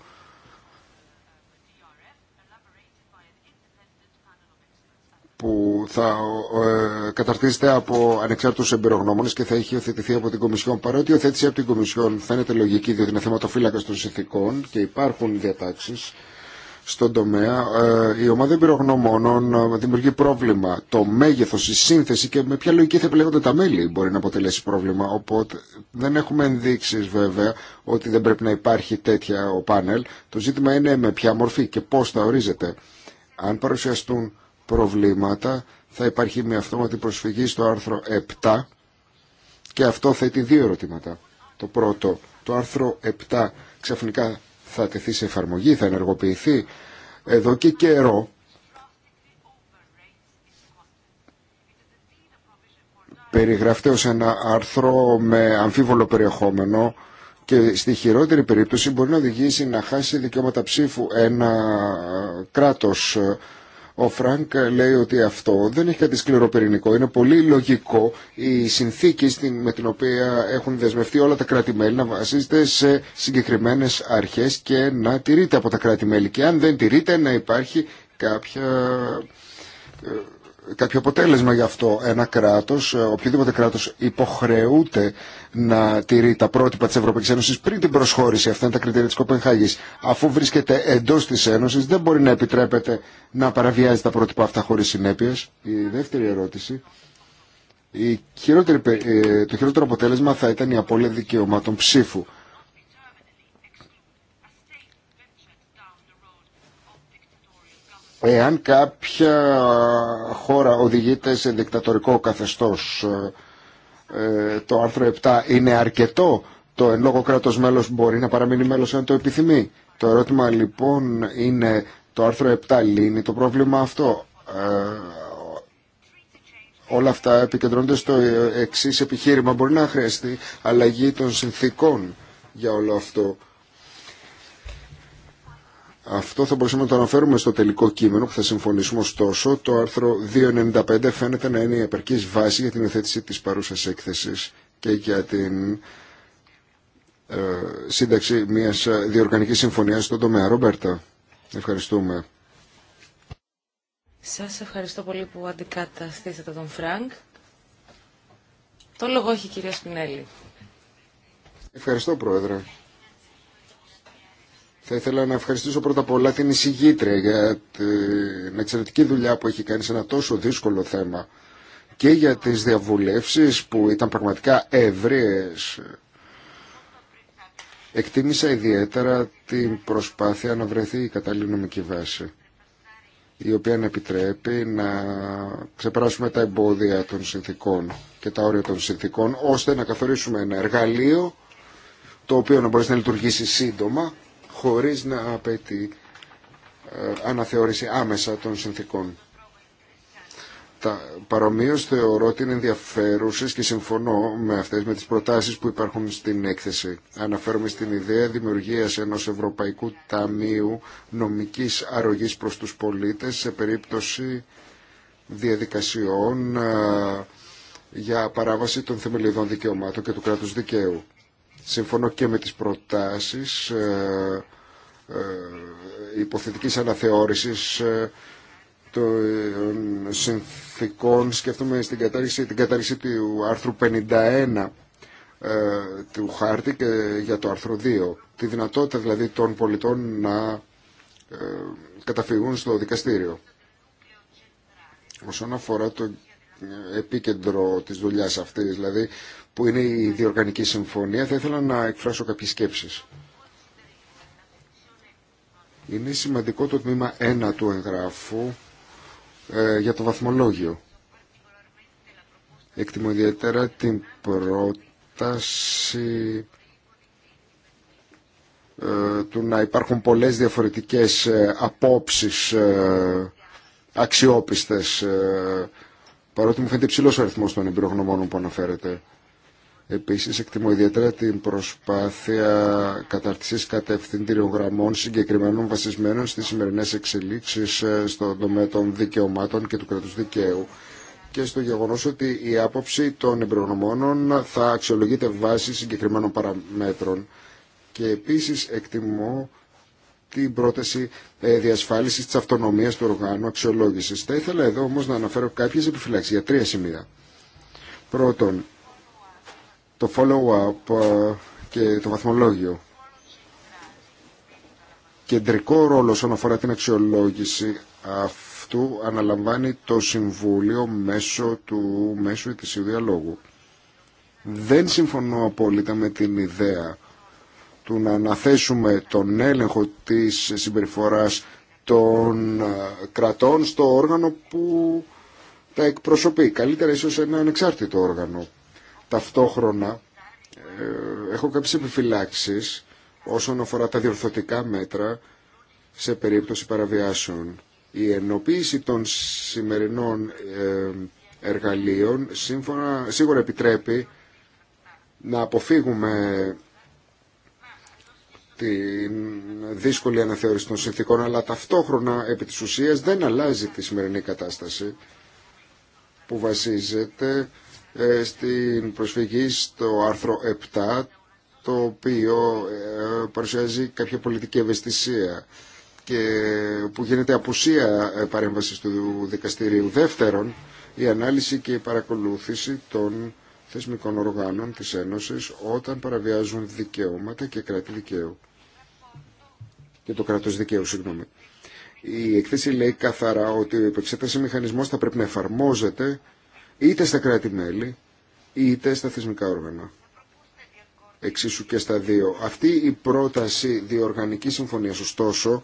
S2: που θα ε, καταρτίζεται από ανεξάρτητους εμπειρογνώμονες και θα έχει οθετηθεί από την Κομισιόν. Παρότι η οθέτηση από την Κομισιόν φαίνεται λογική διότι είναι θεματοφύλακα των συνθηκών και υπάρχουν διατάξεις στον τομέα, ε, η ομάδα εμπειρογνωμόνων ε, δημιουργεί πρόβλημα. Το μέγεθο, η σύνθεση και με ποια λογική θα επιλέγονται τα μέλη μπορεί να αποτελέσει πρόβλημα. Οπότε δεν έχουμε ενδείξει βέβαια ότι δεν πρέπει να υπάρχει τέτοια ο πάνελ. Το ζήτημα είναι με ποια μορφή και πώ θα ορίζεται. Αν παρουσιαστούν προβλήματα θα υπάρχει μια αυτόματη προσφυγή στο άρθρο 7 και αυτό θέτει δύο ερωτήματα. Το πρώτο, το άρθρο 7 ξαφνικά θα τεθεί σε εφαρμογή, θα ενεργοποιηθεί εδώ και καιρό. Περιγραφτεί ως ένα άρθρο με αμφίβολο περιεχόμενο και στη χειρότερη περίπτωση μπορεί να οδηγήσει να χάσει δικαιώματα ψήφου ένα κράτος ο Φρανκ λέει ότι αυτό δεν έχει κάτι σκληροπυρηνικό. Είναι πολύ λογικό η συνθήκη με την οποία έχουν δεσμευτεί όλα τα κράτη-μέλη να βασίζεται σε συγκεκριμένε αρχέ και να τηρείται από τα κράτη-μέλη. Και αν δεν τηρείται, να υπάρχει κάποια ε, κάποιο αποτέλεσμα γι' αυτό. Ένα κράτος, ε, οποιοδήποτε κράτος υποχρεούται να τηρεί τα πρότυπα της Ευρωπαϊκής Ένωσης πριν την προσχώρηση, αυτά είναι τα κριτήρια τη Κοπενχάγη. Αφού βρίσκεται εντό τη Ένωση, δεν μπορεί να επιτρέπεται να παραβιάζει τα πρότυπα αυτά χωρίς συνέπειε. Η δεύτερη ερώτηση. Η χειρότερη, ε, το χειρότερο αποτέλεσμα θα ήταν η απώλεια δικαιωμάτων ψήφου. εάν κάποια χώρα οδηγείται σε δικτατορικό καθεστώς ε, ε, το άρθρο 7 είναι αρκετό το εν λόγω κράτος μέλος μπορεί να παραμείνει μέλος αν το επιθυμεί το ερώτημα λοιπόν είναι το άρθρο 7 λύνει το πρόβλημα αυτό ε, όλα αυτά επικεντρώνονται στο εξή επιχείρημα μπορεί να χρειαστεί αλλαγή των συνθήκων για όλο αυτό αυτό θα μπορούσαμε να το αναφέρουμε στο τελικό κείμενο που θα συμφωνήσουμε ωστόσο. Το άρθρο 295 φαίνεται να είναι η επαρκή βάση για την υιοθέτηση της παρούσας έκθεσης και για την ε, σύνταξη μιας διοργανικής συμφωνίας στον τομέα. Ρόμπερτα, ευχαριστούμε.
S1: Σας ευχαριστώ πολύ που αντικαταστήσατε τον Φρανκ. Το λόγο έχει η κυρία Σπινέλη.
S2: Ευχαριστώ, Πρόεδρε. Θα ήθελα να ευχαριστήσω πρώτα απ' όλα την εισηγήτρια για την εξαιρετική δουλειά που έχει κάνει σε ένα τόσο δύσκολο θέμα και για τις διαβουλεύσεις που ήταν πραγματικά εύρυες. Εκτίμησα ιδιαίτερα την προσπάθεια να βρεθεί η κατάλληλη νομική βάση η οποία να επιτρέπει να ξεπεράσουμε τα εμπόδια των συνθήκων και τα όρια των συνθήκων ώστε να καθορίσουμε ένα εργαλείο το οποίο να μπορέσει να λειτουργήσει σύντομα χωρίς να απαιτεί ε, αναθεώρηση άμεσα των συνθήκων. Τα παρομοίως θεωρώ ότι είναι ενδιαφέρουσες και συμφωνώ με αυτές με τις προτάσεις που υπάρχουν στην έκθεση. Αναφέρομαι στην ιδέα δημιουργίας ενός Ευρωπαϊκού Ταμείου νομικής αρρωγής προς τους πολίτες σε περίπτωση διαδικασιών ε, για παράβαση των θεμελιωδών δικαιωμάτων και του κράτους δικαίου. Συμφωνώ και με τις προτάσεις ε, ε, υποθετικής αναθεώρησης ε, των συνθήκων. Σκεφτούμε στην την κατάργηση του άρθρου 51 ε, του χάρτη και για το άρθρο 2. Τη δυνατότητα δηλαδή των πολιτών να ε, καταφυγούν στο δικαστήριο. Όσον αφορά τον επίκεντρο της δουλειάς αυτής, δηλαδή που είναι η διοργανική συμφωνία, θα ήθελα να εκφράσω κάποιες σκέψεις. Είναι σημαντικό το τμήμα 1 του εγγράφου ε, για το βαθμολόγιο. Εκτιμώ ιδιαίτερα την πρόταση ε, του να υπάρχουν πολλές διαφορετικές ε, απόψεις αξιόπιστες παρότι μου φαίνεται υψηλό ο αριθμό των εμπειρογνωμών που αναφέρεται. Επίση, εκτιμώ ιδιαίτερα την προσπάθεια κατάρτιση κατευθυντήριων γραμμών συγκεκριμένων βασισμένων στι σημερινέ εξελίξει ε, στον τομέα των δικαιωμάτων και του κρατού δικαίου και στο γεγονό ότι η άποψη των εμπειρογνωμών θα αξιολογείται βάσει συγκεκριμένων παραμέτρων. Και επίση, εκτιμώ την πρόταση ε, διασφάλισης της αυτονομίας του οργάνου αξιολόγησης. Θα ήθελα εδώ όμω να αναφέρω κάποιες επιφυλάξει για τρία σημεία. Πρώτον, το follow-up ε, και το βαθμολόγιο. Κεντρικό ρόλο όσον αφορά την αξιολόγηση αυτού αναλαμβάνει το Συμβούλιο μέσω του μέσου ετησίου διαλόγου. Δεν συμφωνώ απόλυτα με την ιδέα του να αναθέσουμε τον έλεγχο της συμπεριφοράς των ε, κρατών στο όργανο που τα εκπροσωπεί. Καλύτερα ίσως ένα ανεξάρτητο όργανο. Ταυτόχρονα ε, έχω κάποιες επιφυλάξεις όσον αφορά τα διορθωτικά μέτρα σε περίπτωση παραβιάσεων. Η ενοποίηση των σημερινών ε, εργαλείων σύμφωνα, σίγουρα επιτρέπει να αποφύγουμε τη δύσκολη αναθεώρηση των συνθήκων, αλλά ταυτόχρονα επί της ουσίας δεν αλλάζει τη σημερινή κατάσταση που βασίζεται ε, στην προσφυγή στο άρθρο 7, το οποίο ε, παρουσιάζει κάποια πολιτική ευαισθησία και ε, που γίνεται απουσία παρέμβασης του δικαστηρίου. Δεύτερον, η ανάλυση και η παρακολούθηση των θεσμικών οργάνων της Ένωσης όταν παραβιάζουν δικαιώματα και κράτη δικαίου και το κράτος δικαίου, συγγνώμη. Η εκθέση λέει καθαρά ότι ο υπεξέταση μηχανισμό θα πρέπει να εφαρμόζεται είτε στα κράτη-μέλη είτε στα θεσμικά όργανα. Εξίσου και στα δύο. Αυτή η πρόταση διοργανική συμφωνία, ωστόσο,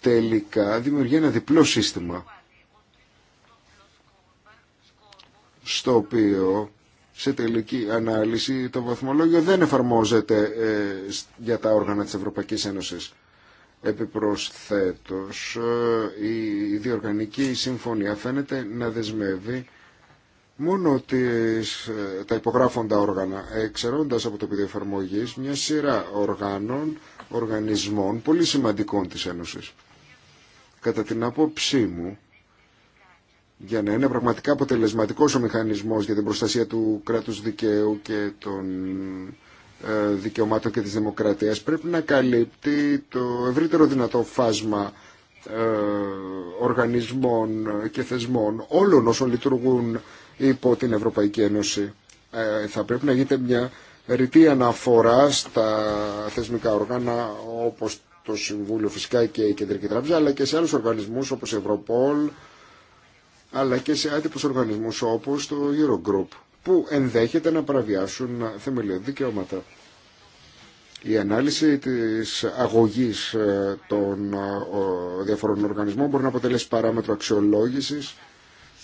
S2: τελικά δημιουργεί ένα διπλό σύστημα στο οποίο σε τελική ανάλυση το βαθμολόγιο δεν εφαρμόζεται ε, για τα όργανα της Ευρωπαϊκής Ένωσης. Επιπροσθέτως, ε, η διοργανική συμφωνία φαίνεται να δεσμεύει μόνο τις, ε, τα υπογράφοντα όργανα, εξαιρώντας από το πεδίο εφαρμογή μια σειρά οργάνων, οργανισμών πολύ σημαντικών της Ένωσης. Κατά την άποψή μου, για να είναι πραγματικά αποτελεσματικός ο μηχανισμός για την προστασία του κράτους δικαίου και των ε, δικαιωμάτων και της δημοκρατίας πρέπει να καλύπτει το ευρύτερο δυνατό φάσμα ε, οργανισμών και θεσμών όλων όσων λειτουργούν υπό την Ευρωπαϊκή Ένωση. Ε, θα πρέπει να γίνεται μια ρητή αναφορά στα θεσμικά οργάνα όπως το Συμβούλιο φυσικά και η Κεντρική Τράπεζα αλλά και σε άλλους οργανισμούς όπως η Ευρωπόλ αλλά και σε άτυπου οργανισμούς όπως το Eurogroup που ενδέχεται να παραβιάσουν θεμελιώδη δικαιώματα. Η ανάλυση της αγωγής ε, των ε, διαφορών οργανισμών μπορεί να αποτελέσει παράμετρο αξιολόγησης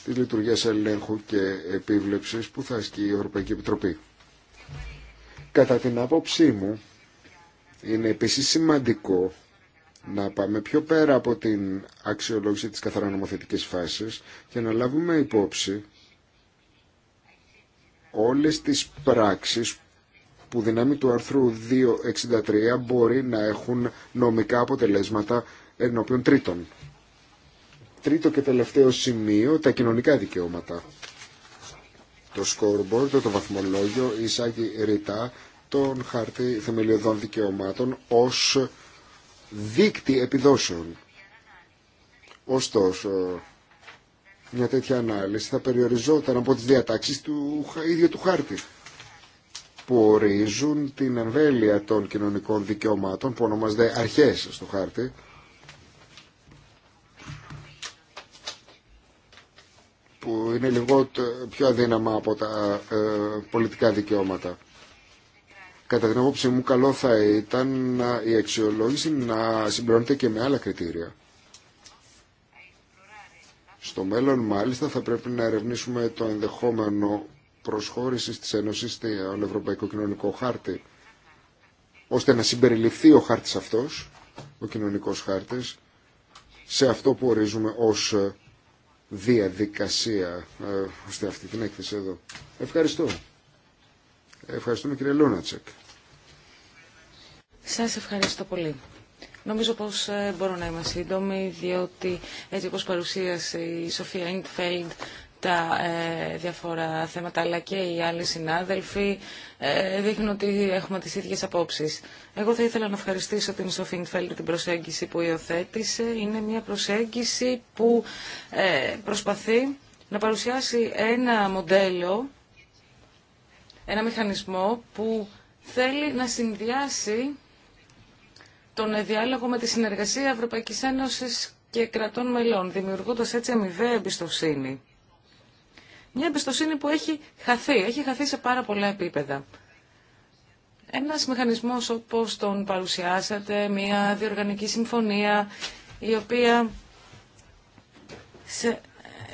S2: της λειτουργίας ελέγχου και επίβλεψης που θα ασκεί η Ευρωπαϊκή Επιτροπή. Κατά την άποψή μου, είναι επίσης σημαντικό να πάμε πιο πέρα από την αξιολόγηση της καθαρά νομοθετικής φάσης και να λάβουμε υπόψη όλες τις πράξεις που δυνάμει του άρθρου 263 μπορεί να έχουν νομικά αποτελέσματα ενώπιον τρίτων. Τρίτο και τελευταίο σημείο, τα κοινωνικά δικαιώματα. Το scoreboard, το βαθμολόγιο, εισάγει ρητά τον χάρτη θεμελιωδών δικαιωμάτων ως δίκτυ επιδόσεων. Ωστόσο, μια τέτοια ανάλυση θα περιοριζόταν από τις διατάξεις του ίδιου του χάρτη που ορίζουν την εμβέλεια των κοινωνικών δικαιωμάτων που ονομάζονται αρχές στο χάρτη που είναι λιγότερο πιο αδύναμα από τα ε, πολιτικά δικαιώματα. Κατά την άποψή μου καλό θα ήταν η αξιολόγηση να συμπληρώνεται και με άλλα κριτήρια. Στο μέλλον μάλιστα θα πρέπει να ερευνήσουμε το ενδεχόμενο προσχώρησης της Ένωσης στον Ευρωπαϊκό Κοινωνικό Χάρτη ώστε να συμπεριληφθεί ο χάρτης αυτός, ο κοινωνικός χάρτης, σε αυτό που ορίζουμε ως ε, διαδικασία, ε, ώστε αυτή την έκθεση εδώ. Ευχαριστώ. Ευχαριστούμε κύριε Λούνατσεκ.
S1: Σας ευχαριστώ πολύ. Νομίζω πως ε, μπορώ να είμαι σύντομη, διότι έτσι όπως παρουσίασε η Σοφία Ιντφέλντ τα ε, διάφορα θέματα, αλλά και οι άλλοι συνάδελφοι ε, δείχνουν ότι έχουμε τις ίδιες απόψεις. Εγώ θα ήθελα να ευχαριστήσω την Σοφία Ιντφέλντ την προσέγγιση που υιοθέτησε. Είναι μια προσέγγιση που ε, προσπαθεί να παρουσιάσει ένα μοντέλο ένα μηχανισμό που θέλει να συνδυάσει τον διάλογο με τη συνεργασία Ευρωπαϊκής Ένωσης και κρατών μελών, δημιουργώντας έτσι αμοιβαία εμπιστοσύνη. Μια εμπιστοσύνη που έχει χαθεί, έχει χαθεί σε πάρα πολλά επίπεδα. Ένας μηχανισμός όπως τον παρουσιάσατε, μια διοργανική συμφωνία, η οποία σε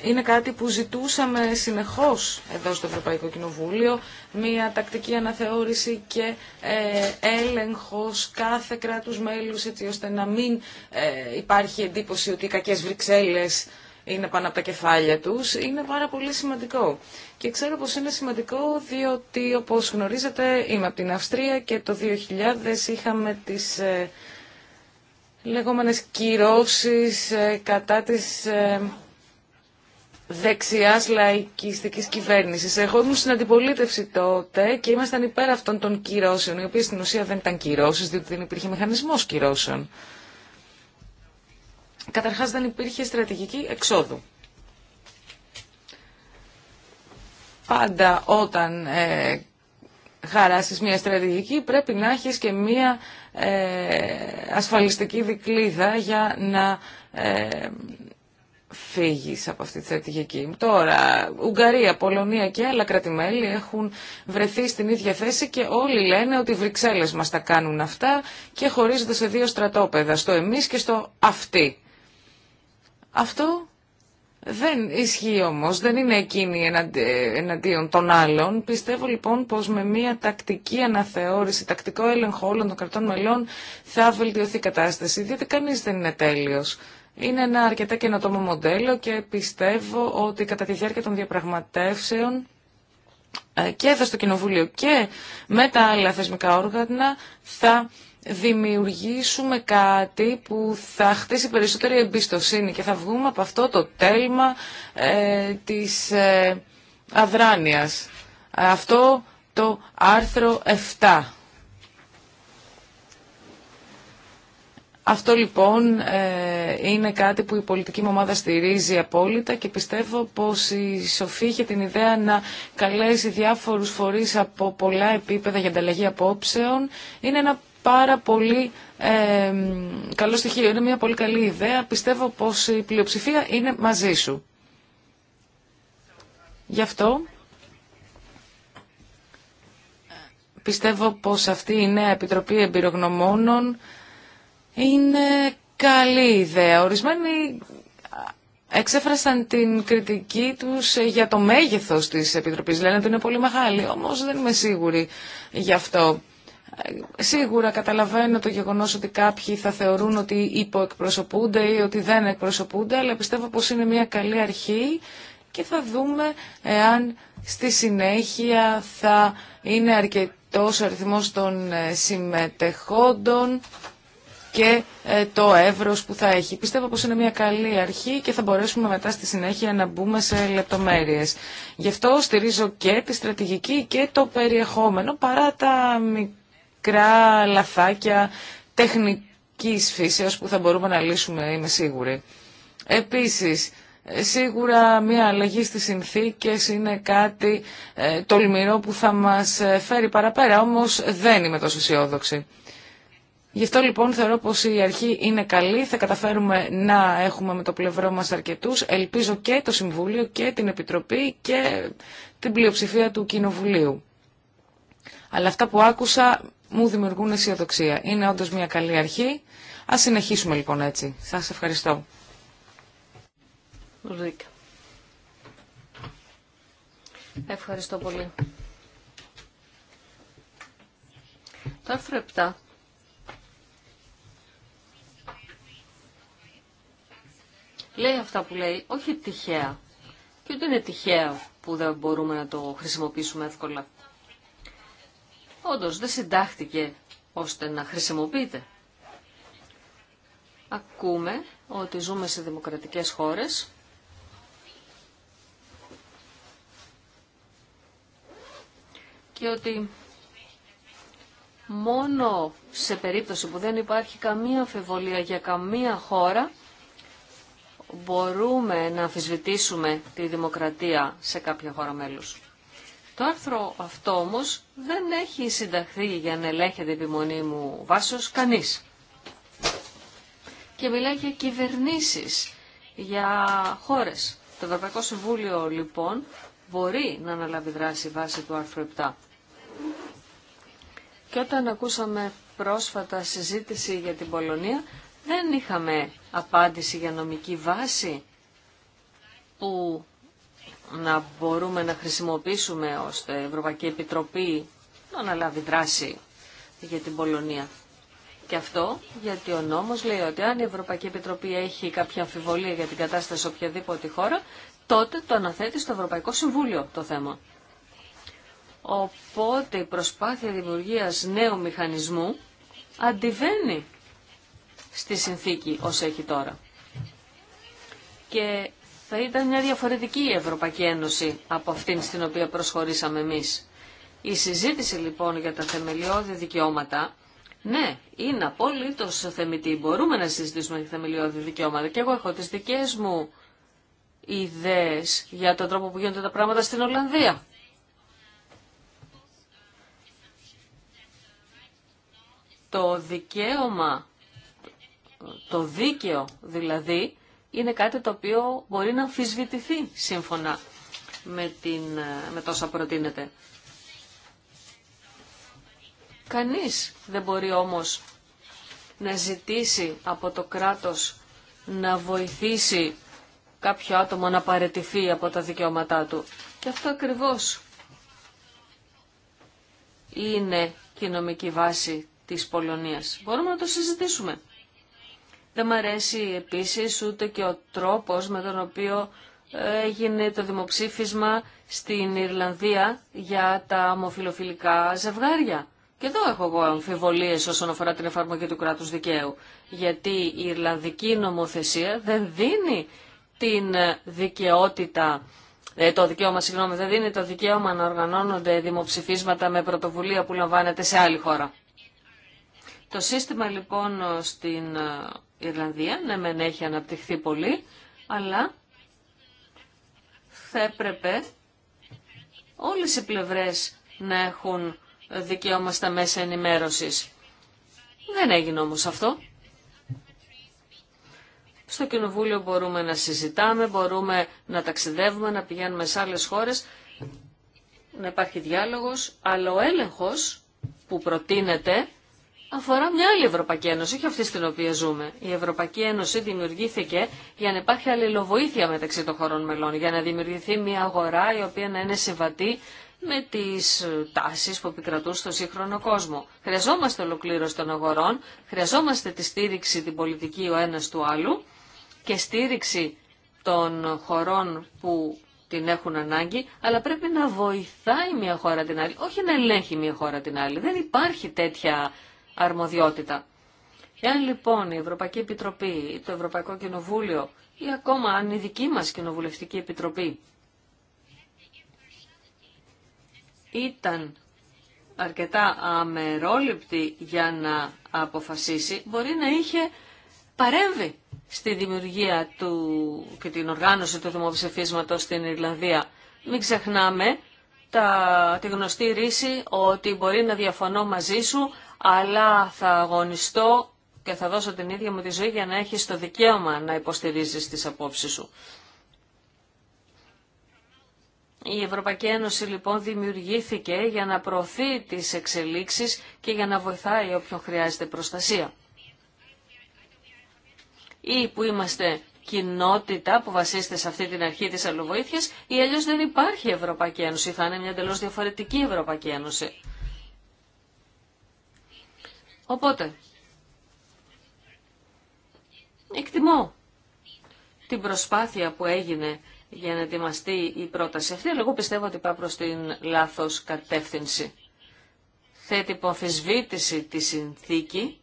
S1: είναι κάτι που ζητούσαμε συνεχώς εδώ στο Ευρωπαϊκό Κοινοβούλιο, μια τακτική αναθεώρηση και ε, έλεγχος κάθε κράτους μέλους έτσι ώστε να μην ε, υπάρχει εντύπωση ότι οι κακές Βρυξέλλες είναι πάνω από τα κεφάλια τους, είναι πάρα πολύ σημαντικό. Και ξέρω πως είναι σημαντικό διότι όπως γνωρίζετε είμαι από την Αυστρία και το 2000 είχαμε τις... Ε, λεγόμενες κυρώσεις ε, κατά της ε, δεξιάς λαϊκιστική κυβέρνηση. Εγώ ήμουν στην αντιπολίτευση τότε και ήμασταν υπέρ αυτών των κυρώσεων, οι οποίες στην ουσία δεν ήταν κυρώσει, διότι δεν υπήρχε μηχανισμός κυρώσεων. Καταρχάς δεν υπήρχε στρατηγική εξόδου. Πάντα όταν ε, χαράσεις μια στρατηγική πρέπει να έχεις και μια ε, ασφαλιστική δικλίδα για να ε, Φύγει από αυτή τη στρατηγική. Τώρα, Ουγγαρία, Πολωνία και άλλα κρατημέλη έχουν βρεθεί στην ίδια θέση και όλοι λένε ότι οι Βρυξέλλες μας τα κάνουν αυτά και χωρίζονται σε δύο στρατόπεδα, στο εμείς και στο αυτοί. Αυτό δεν ισχύει όμως, δεν είναι εκείνη εναντίον των άλλων. Πιστεύω λοιπόν πως με μια τακτική αναθεώρηση, τακτικό έλεγχο όλων των κρατών μελών θα βελτιωθεί η κατάσταση, διότι κανείς δεν είναι τέλειος. Είναι ένα αρκετά καινοτόμο μοντέλο και πιστεύω ότι κατά τη διάρκεια των διαπραγματεύσεων ε, και εδώ στο Κοινοβούλιο και με τα άλλα θεσμικά όργανα θα δημιουργήσουμε κάτι που θα χτίσει περισσότερη εμπιστοσύνη και θα βγούμε από αυτό το τέλμα ε, της ε, αδράνειας. Αυτό το άρθρο 7 Αυτό λοιπόν ε, είναι κάτι που η πολιτική μου ομάδα στηρίζει απόλυτα και πιστεύω πως η Σοφή είχε την ιδέα να καλέσει διάφορους φορείς από πολλά επίπεδα για ανταλλαγή απόψεων. Είναι ένα πάρα πολύ ε, καλό στοιχείο, είναι μια πολύ καλή ιδέα. Πιστεύω πως η πλειοψηφία είναι μαζί σου. Γι' αυτό πιστεύω πως αυτή η νέα Επιτροπή Εμπειρογνωμόνων είναι καλή ιδέα. Ορισμένοι εξέφρασαν την κριτική τους για το μέγεθος της Επιτροπής. Λένε ότι είναι πολύ μεγάλη, όμως δεν είμαι σίγουρη γι' αυτό. Σίγουρα καταλαβαίνω το γεγονός ότι κάποιοι θα θεωρούν ότι υποεκπροσωπούνται ή ότι δεν εκπροσωπούνται, αλλά πιστεύω πως είναι μια καλή αρχή και θα δούμε εάν στη συνέχεια θα είναι αρκετός αριθμός των συμμετεχόντων και ε, το εύρος που θα έχει. Πιστεύω πως είναι μια καλή αρχή και θα μπορέσουμε μετά στη συνέχεια να μπούμε σε λεπτομέρειες. Γι' αυτό στηρίζω και τη στρατηγική και το περιεχόμενο παρά τα μικρά λαθάκια τεχνικής φύσεως που θα μπορούμε να λύσουμε, είμαι σίγουρη. Επίσης, ε, Σίγουρα μια αλλαγή στις συνθήκες είναι κάτι ε, τολμηρό που θα μας φέρει παραπέρα, όμως δεν είμαι τόσο αισιόδοξη. Γι' αυτό λοιπόν θεωρώ πως η αρχή είναι καλή, θα καταφέρουμε να έχουμε με το πλευρό μας αρκετούς. Ελπίζω και το Συμβούλιο και την Επιτροπή και την πλειοψηφία του Κοινοβουλίου. Αλλά αυτά που άκουσα μου δημιουργούν αισιοδοξία. Είναι όντως μια καλή αρχή. Ας συνεχίσουμε λοιπόν έτσι. Σας ευχαριστώ.
S3: Ευχαριστώ πολύ. Το άρθρο 7 λέει αυτά που λέει όχι τυχαία. Και ούτε είναι τυχαία που δεν μπορούμε να το χρησιμοποιήσουμε εύκολα. Όντως δεν συντάχθηκε ώστε να χρησιμοποιείται. Ακούμε ότι ζούμε σε δημοκρατικές χώρες και ότι μόνο σε περίπτωση που δεν υπάρχει καμία αμφιβολία για καμία χώρα μπορούμε να αμφισβητήσουμε τη δημοκρατία σε κάποια χώρα μέλους. Το άρθρο αυτό όμως δεν έχει συνταχθεί για να ελέγχεται επιμονή μου βάσεως κανείς. Και μιλάει για κυβερνήσεις, για χώρες. Το Ευρωπαϊκό Συμβούλιο λοιπόν μπορεί να αναλάβει δράση βάσει του άρθρου 7. Και όταν ακούσαμε πρόσφατα συζήτηση για την Πολωνία, δεν είχαμε απάντηση για νομική βάση που να μπορούμε να χρησιμοποιήσουμε ώστε η Ευρωπαϊκή Επιτροπή να αναλάβει δράση για την Πολωνία. Και αυτό γιατί ο νόμος λέει ότι αν η Ευρωπαϊκή Επιτροπή έχει κάποια αμφιβολία για την κατάσταση σε οποιαδήποτε χώρα, τότε το αναθέτει στο Ευρωπαϊκό Συμβούλιο το θέμα. Οπότε η προσπάθεια δημιουργίας νέου μηχανισμού αντιβαίνει στη συνθήκη όσο έχει τώρα. Και θα ήταν μια διαφορετική η Ευρωπαϊκή Ένωση από αυτήν στην οποία προσχωρήσαμε εμείς. Η συζήτηση λοιπόν για τα θεμελιώδη δικαιώματα, ναι, είναι απόλυτο θεμητή. Μπορούμε να συζητήσουμε για θεμελιώδη δικαιώματα. Και εγώ έχω τις δικές μου ιδέες για τον τρόπο που γίνονται τα πράγματα στην Ολλανδία. Το δικαίωμα το δίκαιο δηλαδή είναι κάτι το οποίο μπορεί να αμφισβητηθεί σύμφωνα με, την, με τόσα προτείνεται. Κανείς δεν μπορεί όμως να ζητήσει από το κράτος να βοηθήσει κάποιο άτομο να παρετηθεί από τα δικαιώματά του. Και αυτό ακριβώς είναι η νομική βάση της Πολωνίας. Μπορούμε να το συζητήσουμε. Δεν μ' αρέσει επίσης ούτε και ο τρόπος με τον οποίο έγινε το δημοψήφισμα στην Ιρλανδία για τα ομοφιλοφιλικά ζευγάρια. Και εδώ έχω εγώ αμφιβολίες όσον αφορά την εφαρμογή του κράτους δικαίου. Γιατί η Ιρλανδική νομοθεσία δεν δίνει την δικαιότητα, ε, το δικαίωμα, συγγνώμη, δεν δίνει το δικαίωμα να οργανώνονται δημοψηφίσματα με πρωτοβουλία που λαμβάνεται σε άλλη χώρα. Το σύστημα λοιπόν στην η Ιρλανδία, ναι μεν έχει αναπτυχθεί πολύ, αλλά θα έπρεπε όλες οι πλευρές να έχουν δικαίωμα στα μέσα ενημέρωσης. Δεν έγινε όμως αυτό. Στο Κοινοβούλιο μπορούμε να συζητάμε, μπορούμε να ταξιδεύουμε, να πηγαίνουμε σε άλλες χώρες, να υπάρχει διάλογος, αλλά ο έλεγχος που προτείνεται αφορά μια άλλη Ευρωπαϊκή Ένωση, όχι αυτή στην οποία ζούμε. Η Ευρωπαϊκή Ένωση δημιουργήθηκε για να υπάρχει αλληλοβοήθεια μεταξύ των χωρών μελών, για να δημιουργηθεί μια αγορά η οποία να είναι συμβατή με τι τάσει που επικρατούν στο σύγχρονο κόσμο. Χρειαζόμαστε ολοκλήρωση των αγορών, χρειαζόμαστε τη στήριξη την πολιτική ο ένα του άλλου και στήριξη των χωρών που την έχουν ανάγκη, αλλά πρέπει να βοηθάει μια χώρα την άλλη, όχι να ελέγχει μια χώρα την άλλη. Δεν υπάρχει τέτοια αρμοδιότητα. Εάν λοιπόν η Ευρωπαϊκή Επιτροπή, το Ευρωπαϊκό Κοινοβούλιο ή ακόμα αν η δική μας Κοινοβουλευτική Επιτροπή ήταν αρκετά αμερόληπτη για να αποφασίσει, μπορεί να είχε παρέμβει στη δημιουργία του και την οργάνωση του δημοψηφίσματος στην Ιρλανδία. Μην ξεχνάμε τα, τη γνωστή ρίση ότι μπορεί να διαφωνώ μαζί σου, αλλά θα αγωνιστώ και θα δώσω την ίδια μου τη ζωή για να έχεις το δικαίωμα να υποστηρίζεις τις απόψεις σου. Η Ευρωπαϊκή Ένωση λοιπόν δημιουργήθηκε για να προωθεί τις εξελίξεις και για να βοηθάει όποιον χρειάζεται προστασία. Ή που είμαστε κοινότητα που βασίζεται σε αυτή την αρχή της αλλοβοήθειας ή αλλιώς δεν υπάρχει Ευρωπαϊκή Ένωση, θα είναι μια εντελώ διαφορετική Ευρωπαϊκή Ένωση. Οπότε, εκτιμώ την προσπάθεια που έγινε για να ετοιμαστεί η πρόταση αυτή, αλλά εγώ πιστεύω ότι πάει προς την λάθος κατεύθυνση. Θέτει υποφυσβήτηση τη συνθήκη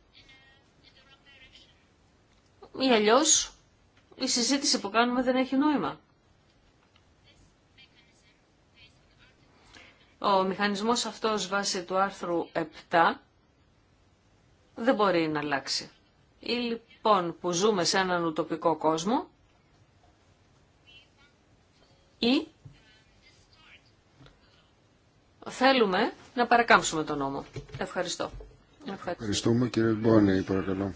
S3: ή αλλιώς η συζήτηση που κάνουμε δεν έχει νόημα. Ο μηχανισμός αυτός βάσει του άρθρου 7 δεν μπορεί να αλλάξει. Ή λοιπόν που ζούμε σε έναν ουτοπικό κόσμο ή θέλουμε να παρακάμψουμε τον νόμο. Ευχαριστώ. Ευχαριστούμε
S2: κύριε Μπόνη, παρακαλώ.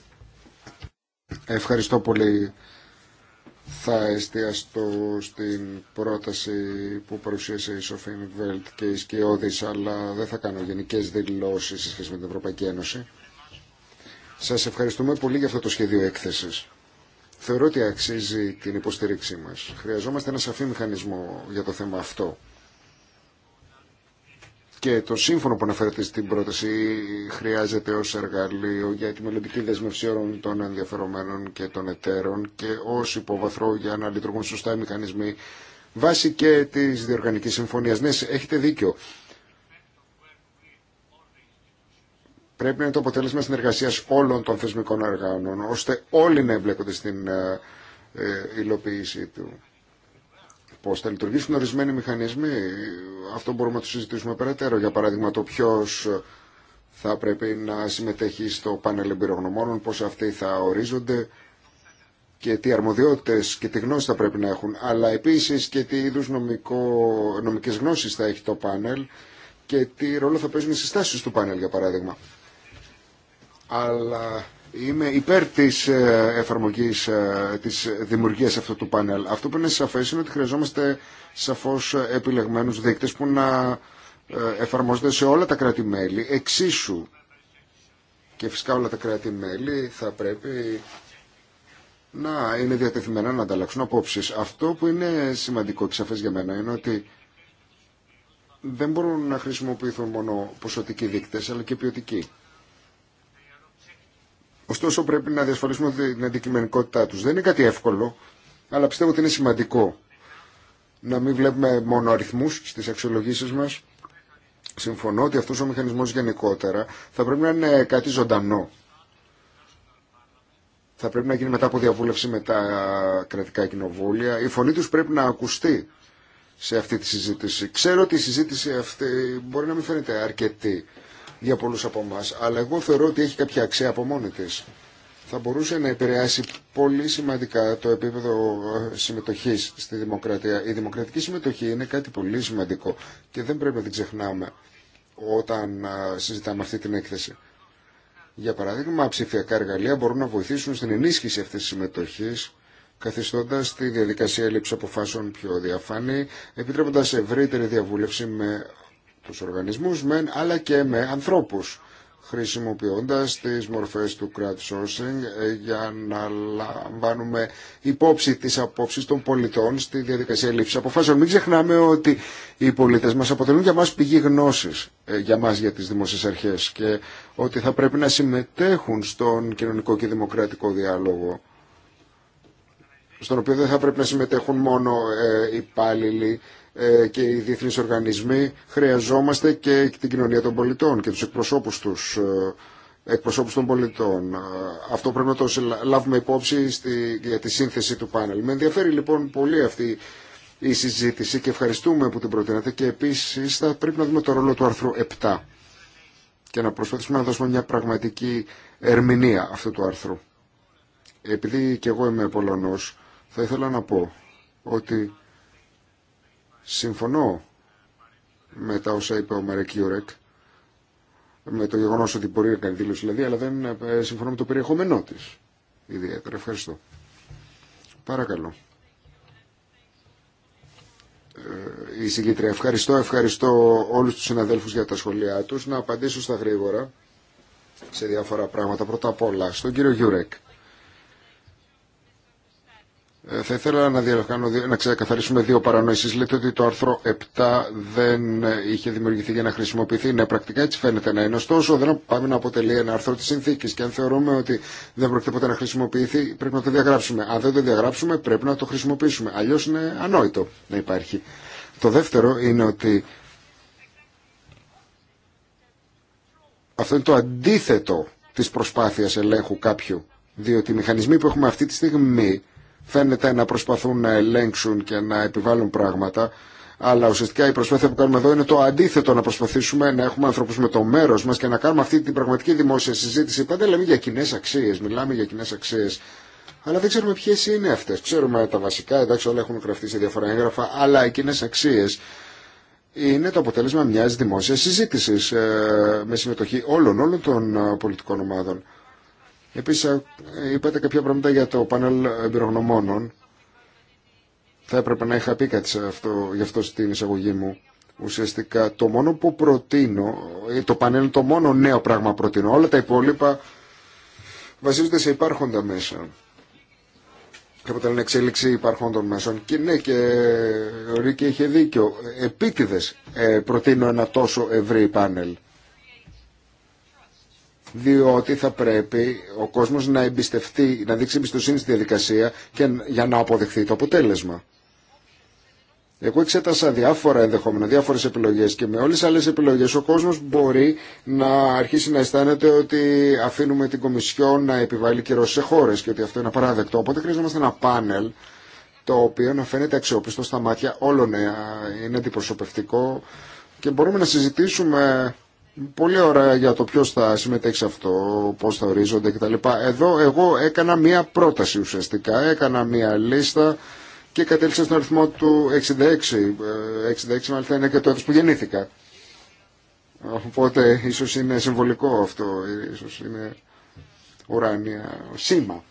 S2: Ευχαριστώ πολύ. Θα εστιαστώ στην πρόταση που παρουσίασε η Σοφίν Βέλτ και η Σκιώδης, αλλά δεν θα κάνω γενικές δηλώσεις σχετικά με την Ευρωπαϊκή Ένωση. Σας ευχαριστούμε πολύ για αυτό το σχέδιο έκθεσης. Θεωρώ ότι αξίζει την υποστήριξή μας. Χρειαζόμαστε ένα σαφή μηχανισμό για το θέμα αυτό. Και το σύμφωνο που αναφέρεται στην πρόταση χρειάζεται ως εργαλείο για τη μελλοντική δεσμευσή των ενδιαφερομένων και των εταίρων και ως υποβαθρό για να λειτουργούν σωστά οι μηχανισμοί βάσει και της διοργανικής συμφωνίας. Ναι, έχετε δίκιο. πρέπει να είναι το αποτέλεσμα συνεργασία όλων των θεσμικών οργάνων, ώστε όλοι να εμπλέκονται στην ε, ε, υλοποίησή του. Πώ θα λειτουργήσουν ορισμένοι μηχανισμοί, αυτό μπορούμε να το συζητήσουμε περαιτέρω. Για παράδειγμα, το ποιο θα πρέπει να συμμετέχει στο πάνελ εμπειρογνωμόνων, πώ αυτοί θα ορίζονται και τι αρμοδιότητε και τι γνώση θα πρέπει να έχουν. Αλλά επίση και τι είδου νομικέ γνώσει θα έχει το πάνελ και τι ρόλο θα παίζουν οι συστάσει του πάνελ, για παράδειγμα αλλά είμαι υπέρ της ε, εφαρμογής ε, της δημιουργίας αυτού του πάνελ. Αυτό που είναι σαφές είναι ότι χρειαζόμαστε σαφώς επιλεγμένους δείκτες που να ε, εφαρμόζονται σε όλα τα κράτη-μέλη εξίσου. Και φυσικά όλα τα κράτη-μέλη θα πρέπει να είναι διατεθειμένα να ανταλλάξουν απόψει. Αυτό που είναι σημαντικό και σαφές για μένα είναι ότι δεν μπορούν να χρησιμοποιηθούν μόνο ποσοτικοί δείκτες αλλά και ποιοτικοί. Ωστόσο πρέπει να διασφαλίσουμε την αντικειμενικότητά τους. Δεν είναι κάτι εύκολο, αλλά πιστεύω ότι είναι σημαντικό να μην βλέπουμε μόνο αριθμού στις αξιολογήσεις μας. Συμφωνώ ότι αυτό ο μηχανισμό γενικότερα θα πρέπει να είναι κάτι ζωντανό. Θα πρέπει να γίνει μετά από διαβούλευση με τα κρατικά κοινοβούλια. Η φωνή του πρέπει να ακουστεί σε αυτή τη συζήτηση. Ξέρω ότι η συζήτηση αυτή μπορεί να μην φαίνεται αρκετή για πολλούς από εμά. Αλλά εγώ θεωρώ ότι έχει κάποια αξία από μόνη τη Θα μπορούσε να επηρεάσει πολύ σημαντικά το επίπεδο ε, συμμετοχής στη δημοκρατία. Η δημοκρατική συμμετοχή είναι κάτι πολύ σημαντικό και δεν πρέπει να την ξεχνάμε όταν ε, συζητάμε αυτή την έκθεση. Για παράδειγμα, ψηφιακά εργαλεία μπορούν να βοηθήσουν στην ενίσχυση αυτής της συμμετοχής καθιστώντα τη διαδικασία λήψη αποφάσεων πιο διαφανή, επιτρέποντα ευρύτερη διαβούλευση με τους οργανισμούς μεν, αλλά και με ανθρώπους χρησιμοποιώντας τις μορφές του crowdsourcing ε, για να λαμβάνουμε υπόψη τις απόψεις των πολιτών στη διαδικασία λήψης αποφάσεων. Μην ξεχνάμε ότι οι πολίτες μας αποτελούν για μας πηγή γνώσης, ε, για μας για τις δημόσιες αρχές και ότι θα πρέπει να συμμετέχουν στον κοινωνικό και δημοκρατικό διάλογο στον οποίο δεν θα πρέπει να συμμετέχουν μόνο ε, υπάλληλοι ε, και οι διεθνείς οργανισμοί χρειαζόμαστε και την κοινωνία των πολιτών και τους εκπροσώπους τους ε, εκπροσώπους των πολιτών. Ε, αυτό πρέπει να το λάβουμε υπόψη στη, για τη σύνθεση του πάνελ. Με ενδιαφέρει λοιπόν πολύ αυτή η συζήτηση και ευχαριστούμε που την προτείνατε και επίσης θα πρέπει να δούμε το ρόλο του άρθρου 7 και να προσπαθήσουμε να δώσουμε μια πραγματική ερμηνεία αυτού του άρθρου. Επειδή και εγώ είμαι Πολωνός, θα ήθελα να πω ότι Συμφωνώ με τα όσα είπε ο Μαρέκ με το γεγονό ότι μπορεί να κάνει δήλωση δηλαδή, αλλά δεν ε, συμφωνώ με το περιεχόμενό τη. Ιδιαίτερα. Ευχαριστώ. Παρακαλώ. Ε, η συγκήτρια, ευχαριστώ, ευχαριστώ όλους τους συναδέλφους για τα σχολεία τους. Να απαντήσω στα γρήγορα σε διάφορα πράγματα. Πρώτα απ' όλα, στον κύριο Γιουρέκ. Ε, θα ήθελα να, να ξεκαθαρίσουμε δύο παρανοήσεις. Λέτε ότι το άρθρο 7 δεν είχε δημιουργηθεί για να χρησιμοποιηθεί. Ναι, πρακτικά έτσι φαίνεται να είναι. Ωστόσο, δεν πάμε να αποτελεί ένα άρθρο της συνθήκης. Και αν θεωρούμε ότι δεν πρόκειται ποτέ να χρησιμοποιηθεί, πρέπει να το διαγράψουμε. Αν δεν το διαγράψουμε, πρέπει να το χρησιμοποιήσουμε. Αλλιώς είναι ανόητο να υπάρχει. Το δεύτερο είναι ότι αυτό είναι το αντίθετο της προσπάθειας ελέγχου κάποιου. Διότι οι μηχανισμοί που έχουμε αυτή τη στιγμή φαίνεται να προσπαθούν να ελέγξουν και να επιβάλλουν πράγματα. Αλλά ουσιαστικά η προσπάθεια που κάνουμε εδώ είναι το αντίθετο, να προσπαθήσουμε να έχουμε ανθρώπου με το μέρο μα και να κάνουμε αυτή την πραγματική δημόσια συζήτηση. Πάντα λέμε για κοινέ αξίε, μιλάμε για κοινέ αξίε. Αλλά δεν ξέρουμε ποιε είναι αυτέ. Ξέρουμε τα βασικά, εντάξει, όλα έχουν γραφτεί σε διάφορα έγγραφα, αλλά οι κοινέ αξίε είναι το αποτέλεσμα μια δημόσια συζήτηση ε, με συμμετοχή όλων, όλων των ε, πολιτικών ομάδων. Επίσης ε, είπατε κάποια πράγματα για το πάνελ εμπειρογνωμόνων. Θα έπρεπε να είχα πει κάτι αυτό, γι' αυτό στην εισαγωγή μου. Ουσιαστικά το μόνο που προτείνω, ε, το πάνελ το μόνο νέο πράγμα προτείνω. Όλα τα υπόλοιπα βασίζονται σε υπάρχοντα μέσα και την εξέλιξη υπαρχόντων μέσων. Και ναι, και ο Ρίκη είχε δίκιο. Επίτηδες ε, προτείνω ένα τόσο ευρύ πάνελ διότι θα πρέπει ο κόσμος να εμπιστευτεί, να δείξει εμπιστοσύνη στη διαδικασία και για να αποδεχθεί το αποτέλεσμα. Εγώ εξέτασα διάφορα ενδεχόμενα, διάφορες επιλογές και με όλες τις άλλες επιλογές ο κόσμος μπορεί να αρχίσει να αισθάνεται ότι αφήνουμε την Κομισιό να επιβάλλει καιρό σε χώρες και ότι αυτό είναι απαράδεκτο. Οπότε χρειαζόμαστε ένα πάνελ το οποίο να φαίνεται αξιόπιστο στα μάτια όλων, ε, είναι αντιπροσωπευτικό και μπορούμε να συζητήσουμε Πολύ ωραία για το ποιο θα συμμετέχει σε αυτό, πώ θα ορίζονται κτλ. Εδώ εγώ έκανα μία πρόταση ουσιαστικά, έκανα μία λίστα και κατέληξα στον αριθμό του 66. 66 ε, μάλιστα είναι και το έτο που γεννήθηκα. Οπότε ίσως είναι συμβολικό αυτό, ίσως είναι ουράνια σήμα.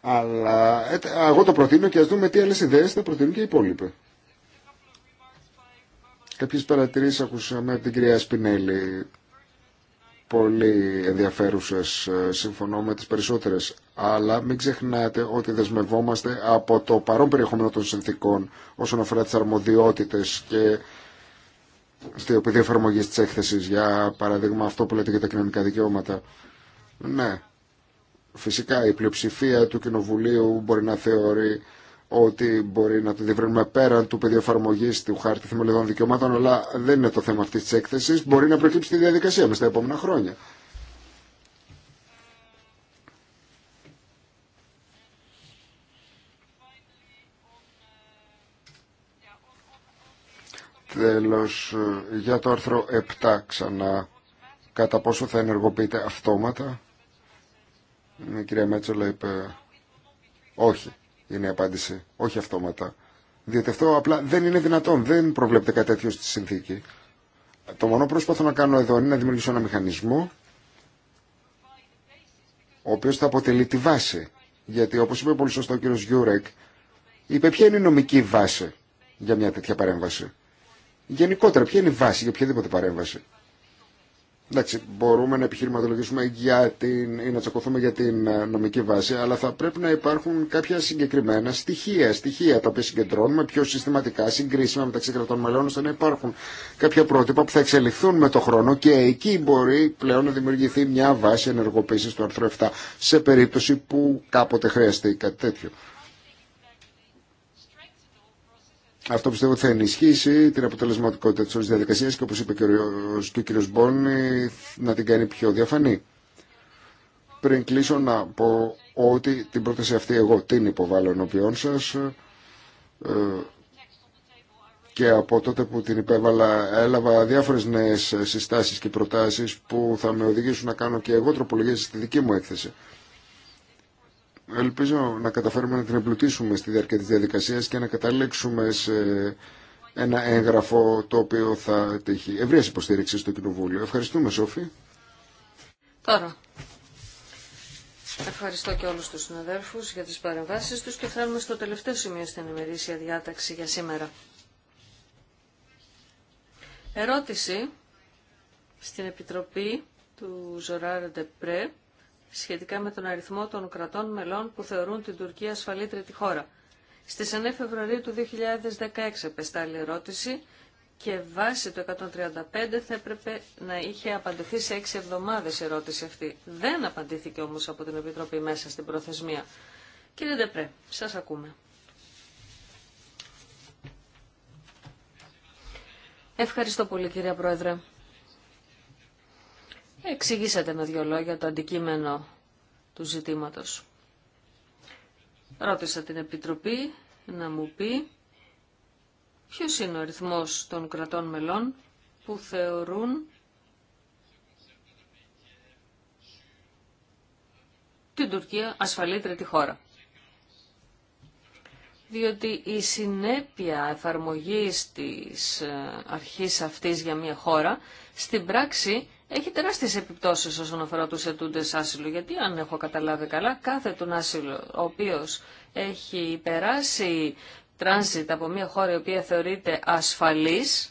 S2: Αλλά ε, εγώ το προτείνω και α δούμε τι άλλε ιδέε θα προτείνουν και οι υπόλοιποι. Κάποιες παρατηρήσεις ακούσαμε από την κυρία Σπινέλη πολύ ενδιαφέρουσες, ε, συμφωνώ με τις περισσότερες, αλλά μην ξεχνάτε ότι δεσμευόμαστε από το παρόν περιεχόμενο των συνθήκων όσον αφορά τις αρμοδιότητες και στη οποία εφαρμογή τη έκθεση, για παράδειγμα αυτό που λέτε για τα κοινωνικά δικαιώματα. Ναι, φυσικά η πλειοψηφία του Κοινοβουλίου μπορεί να θεωρεί ότι μπορεί να το διευρύνουμε πέραν του πεδίου του χάρτη θεμελιωδών δικαιωμάτων, αλλά δεν είναι το θέμα αυτή τη έκθεση. Μπορεί να προκύψει τη διαδικασία με στα επόμενα χρόνια. Τέλος, για το άρθρο 7 ξανά, κατά πόσο θα ενεργοποιείται αυτόματα. Η ναι, κυρία Μέτσολα είπε όχι είναι η απάντηση. Όχι αυτόματα. Διότι αυτό απλά δεν είναι δυνατόν. Δεν προβλέπεται κάτι τέτοιο στη συνθήκη. Το μόνο προσπαθώ να κάνω εδώ είναι να δημιουργήσω ένα μηχανισμό ο οποίο θα αποτελεί τη βάση. Γιατί όπω είπε πολύ σωστά ο κύριο Γιούρεκ, είπε ποια είναι η νομική βάση για μια τέτοια παρέμβαση. Γενικότερα, ποια είναι η βάση για οποιαδήποτε παρέμβαση. Εντάξει, μπορούμε να επιχειρηματολογήσουμε για ή να τσακωθούμε για την ε, νομική βάση, αλλά θα πρέπει να υπάρχουν κάποια συγκεκριμένα στοιχεία, στοιχεία τα οποία συγκεντρώνουμε πιο συστηματικά, συγκρίσιμα μεταξύ κρατών μελών, ώστε να υπάρχουν κάποια πρότυπα που θα εξελιχθούν με το χρόνο και εκεί μπορεί πλέον να δημιουργηθεί μια βάση ενεργοποίηση του άρθρου 7 σε περίπτωση που κάποτε χρειαστεί κάτι τέτοιο. Αυτό πιστεύω ότι θα ενισχύσει την αποτελεσματικότητα τη όλη διαδικασίας και όπως είπε και ο κύριος Μπόνι να την κάνει πιο διαφανή. Πριν κλείσω να πω ότι την πρόταση αυτή εγώ την υποβάλλω ενώπιόν σας ε, και από τότε που την υπέβαλα έλαβα διάφορες νέες συστάσεις και προτάσεις που θα με οδηγήσουν να κάνω και εγώ τροπολογίες στη δική μου έκθεση. Ελπίζω να καταφέρουμε να την εμπλουτίσουμε στη διάρκεια της διαδικασίας και να καταλήξουμε σε ένα έγγραφο το οποίο θα τύχει ευρεία υποστήριξη στο Κοινοβούλιο. Ευχαριστούμε, Σόφη.
S3: Τώρα, ευχαριστώ και όλους τους συναδέλφους για τις παρεμβάσεις τους και φτάνουμε στο τελευταίο σημείο στην ημερήσια διάταξη για σήμερα. Ερώτηση στην Επιτροπή του Ζωράρ Ντεπρέ σχετικά με τον αριθμό των κρατών μελών που θεωρούν την Τουρκία ασφαλή τρίτη χώρα. Στις 9 Φεβρουαρίου του 2016 επεστάλλει ερώτηση και βάσει το 135 θα έπρεπε να είχε απαντηθεί σε 6 εβδομάδες η ερώτηση αυτή. Δεν απαντήθηκε όμως από την Επιτροπή μέσα στην προθεσμία. Κύριε Ντεπρέ, σας ακούμε. Ευχαριστώ πολύ κυρία Πρόεδρε. Εξηγήσατε με δύο λόγια το αντικείμενο του ζητήματος. Ρώτησα την Επιτροπή να μου πει ποιος είναι ο αριθμός των κρατών μελών που θεωρούν την Τουρκία ασφαλή τρίτη χώρα. Διότι η συνέπεια εφαρμογής της ε, αρχής αυτής για μια χώρα στην πράξη έχει τεράστιε επιπτώσεις όσον αφορά του ετούντε άσυλο, γιατί αν έχω καταλάβει καλά, κάθε τον άσυλο, ο οποίος έχει περάσει τράνζιτ από μια χώρα η οποία θεωρείται ασφαλής,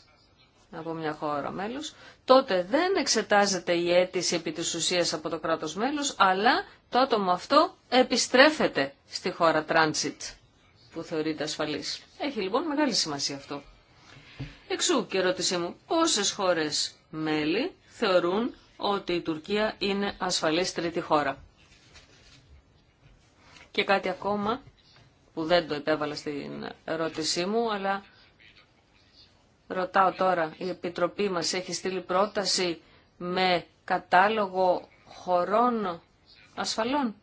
S3: από μια χώρα μέλο, τότε δεν εξετάζεται η αίτηση επί τη ουσία από το κράτος μέλο, αλλά το άτομο αυτό επιστρέφεται στη χώρα τράνσιτ που θεωρείται ασφαλή. Έχει λοιπόν μεγάλη σημασία αυτό. Εξού και ερώτησή μου, πόσε χώρε μέλη θεωρούν ότι η Τουρκία είναι ασφαλής τρίτη χώρα. Και κάτι ακόμα που δεν το επέβαλα στην ερώτησή μου, αλλά ρωτάω τώρα, η Επιτροπή μας έχει στείλει πρόταση με κατάλογο χωρών ασφαλών.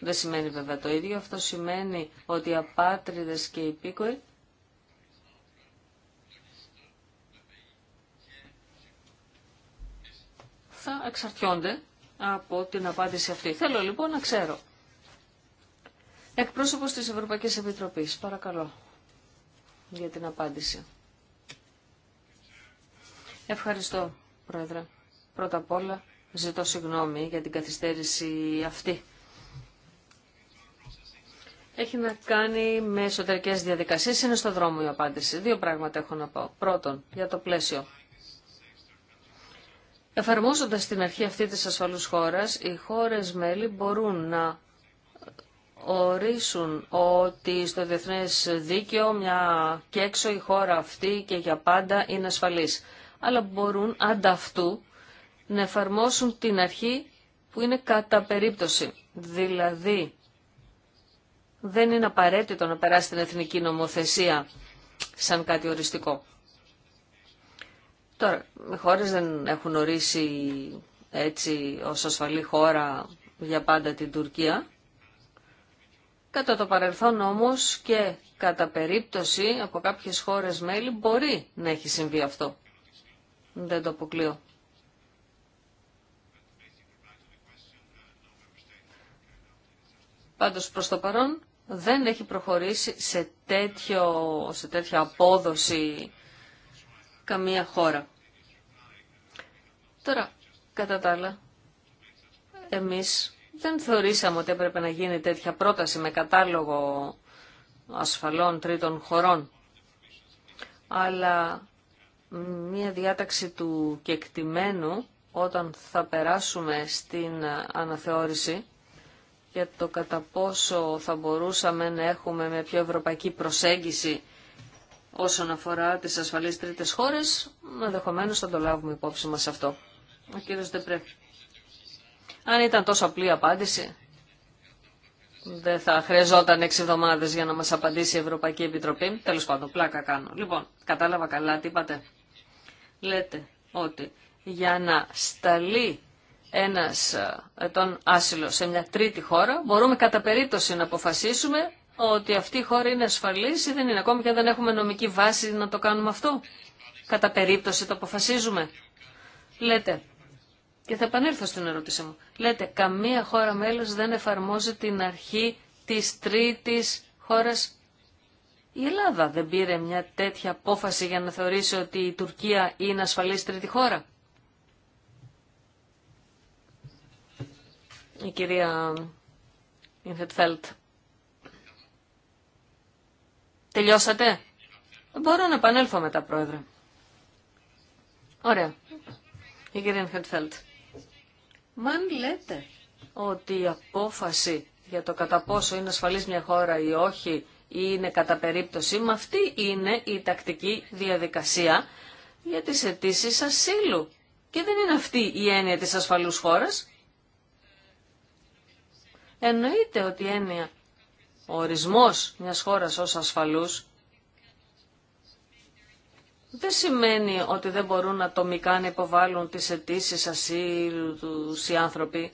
S3: Δεν σημαίνει βέβαια το ίδιο, αυτό σημαίνει ότι οι απάτριδες και οι υπήκοοι θα εξαρτιόνται από την απάντηση αυτή. Θέλω λοιπόν να ξέρω. Εκπρόσωπος της Ευρωπαϊκής Επιτροπής, παρακαλώ για την απάντηση. Ευχαριστώ, Πρόεδρε. Πρώτα απ' όλα ζητώ συγγνώμη για την καθυστέρηση αυτή. Έχει να κάνει με εσωτερικές διαδικασίες. Είναι στο δρόμο η απάντηση. Δύο πράγματα έχω να πω. Πρώτον, για το πλαίσιο. Εφαρμόζοντας την αρχή αυτή της ασφαλούς χώρας, οι χώρες μέλη μπορούν να ορίσουν ότι στο διεθνές δίκαιο μια και έξω η χώρα αυτή και για πάντα είναι ασφαλής. Αλλά μπορούν ανταυτού να εφαρμόσουν την αρχή που είναι κατά περίπτωση. Δηλαδή, δεν είναι απαραίτητο να περάσει την εθνική νομοθεσία σαν κάτι οριστικό. Τώρα, οι χώρες δεν έχουν ορίσει έτσι ως ασφαλή χώρα για πάντα την Τουρκία. Κατά το παρελθόν όμως και κατά περίπτωση από κάποιες χώρες μέλη μπορεί να έχει συμβεί αυτό. Δεν το αποκλείω. Πάντως προς το παρόν δεν έχει προχωρήσει σε, τέτοιο, σε τέτοια απόδοση καμία χώρα. Τώρα, κατά τα άλλα, εμείς δεν θεωρήσαμε ότι έπρεπε να γίνει τέτοια πρόταση με κατάλογο ασφαλών τρίτων χωρών. Αλλά μία διάταξη του κεκτημένου όταν θα περάσουμε στην αναθεώρηση για το κατά πόσο θα μπορούσαμε να έχουμε με πιο ευρωπαϊκή προσέγγιση όσον αφορά τις ασφαλείς τρίτες χώρε. ενδεχομένω θα το λάβουμε υπόψη μα αυτό. Ο κύριο Δεπρέ. Αν ήταν τόσο απλή απάντηση, δεν θα χρειαζόταν έξι εβδομάδε για να μας απαντήσει η Ευρωπαϊκή Επιτροπή. τέλο πάντων, πλάκα κάνω. Λοιπόν, κατάλαβα καλά τι είπατε. Λέτε ότι για να σταλεί ένας ε, ετών άσυλο σε μια τρίτη χώρα, μπορούμε κατά περίπτωση να αποφασίσουμε ότι αυτή η χώρα είναι ασφαλής ή δεν είναι ακόμη και αν δεν έχουμε νομική βάση να το κάνουμε αυτό. Κατά περίπτωση το αποφασίζουμε. Λέτε, και θα επανέλθω στην ερώτησή μου, λέτε καμία χώρα μέλος δεν εφαρμόζει την αρχή της τρίτης χώρας. Η Ελλάδα δεν πήρε μια τέτοια απόφαση για να θεωρήσει ότι η Τουρκία είναι ασφαλής τρίτη χώρα. Η κυρία Ινθετφέλτ. Τελειώσατε. Μπορώ να επανέλθω μετά, Πρόεδρε. Ωραία. Η κυρία Χετφέλτ. Μα αν λέτε ότι η απόφαση για το κατά πόσο είναι ασφαλής μια χώρα ή όχι ή είναι κατά περίπτωση, μα αυτή είναι η τακτική διαδικασία για τις αιτήσει ασύλου. Και δεν είναι αυτή η έννοια της ασφαλούς χώρας. Εννοείται ότι η έννοια ο ορισμός μιας χώρας ως ασφαλούς δεν σημαίνει ότι δεν μπορούν ατομικά να υποβάλουν τις αιτήσει ασύλου τους οι άνθρωποι.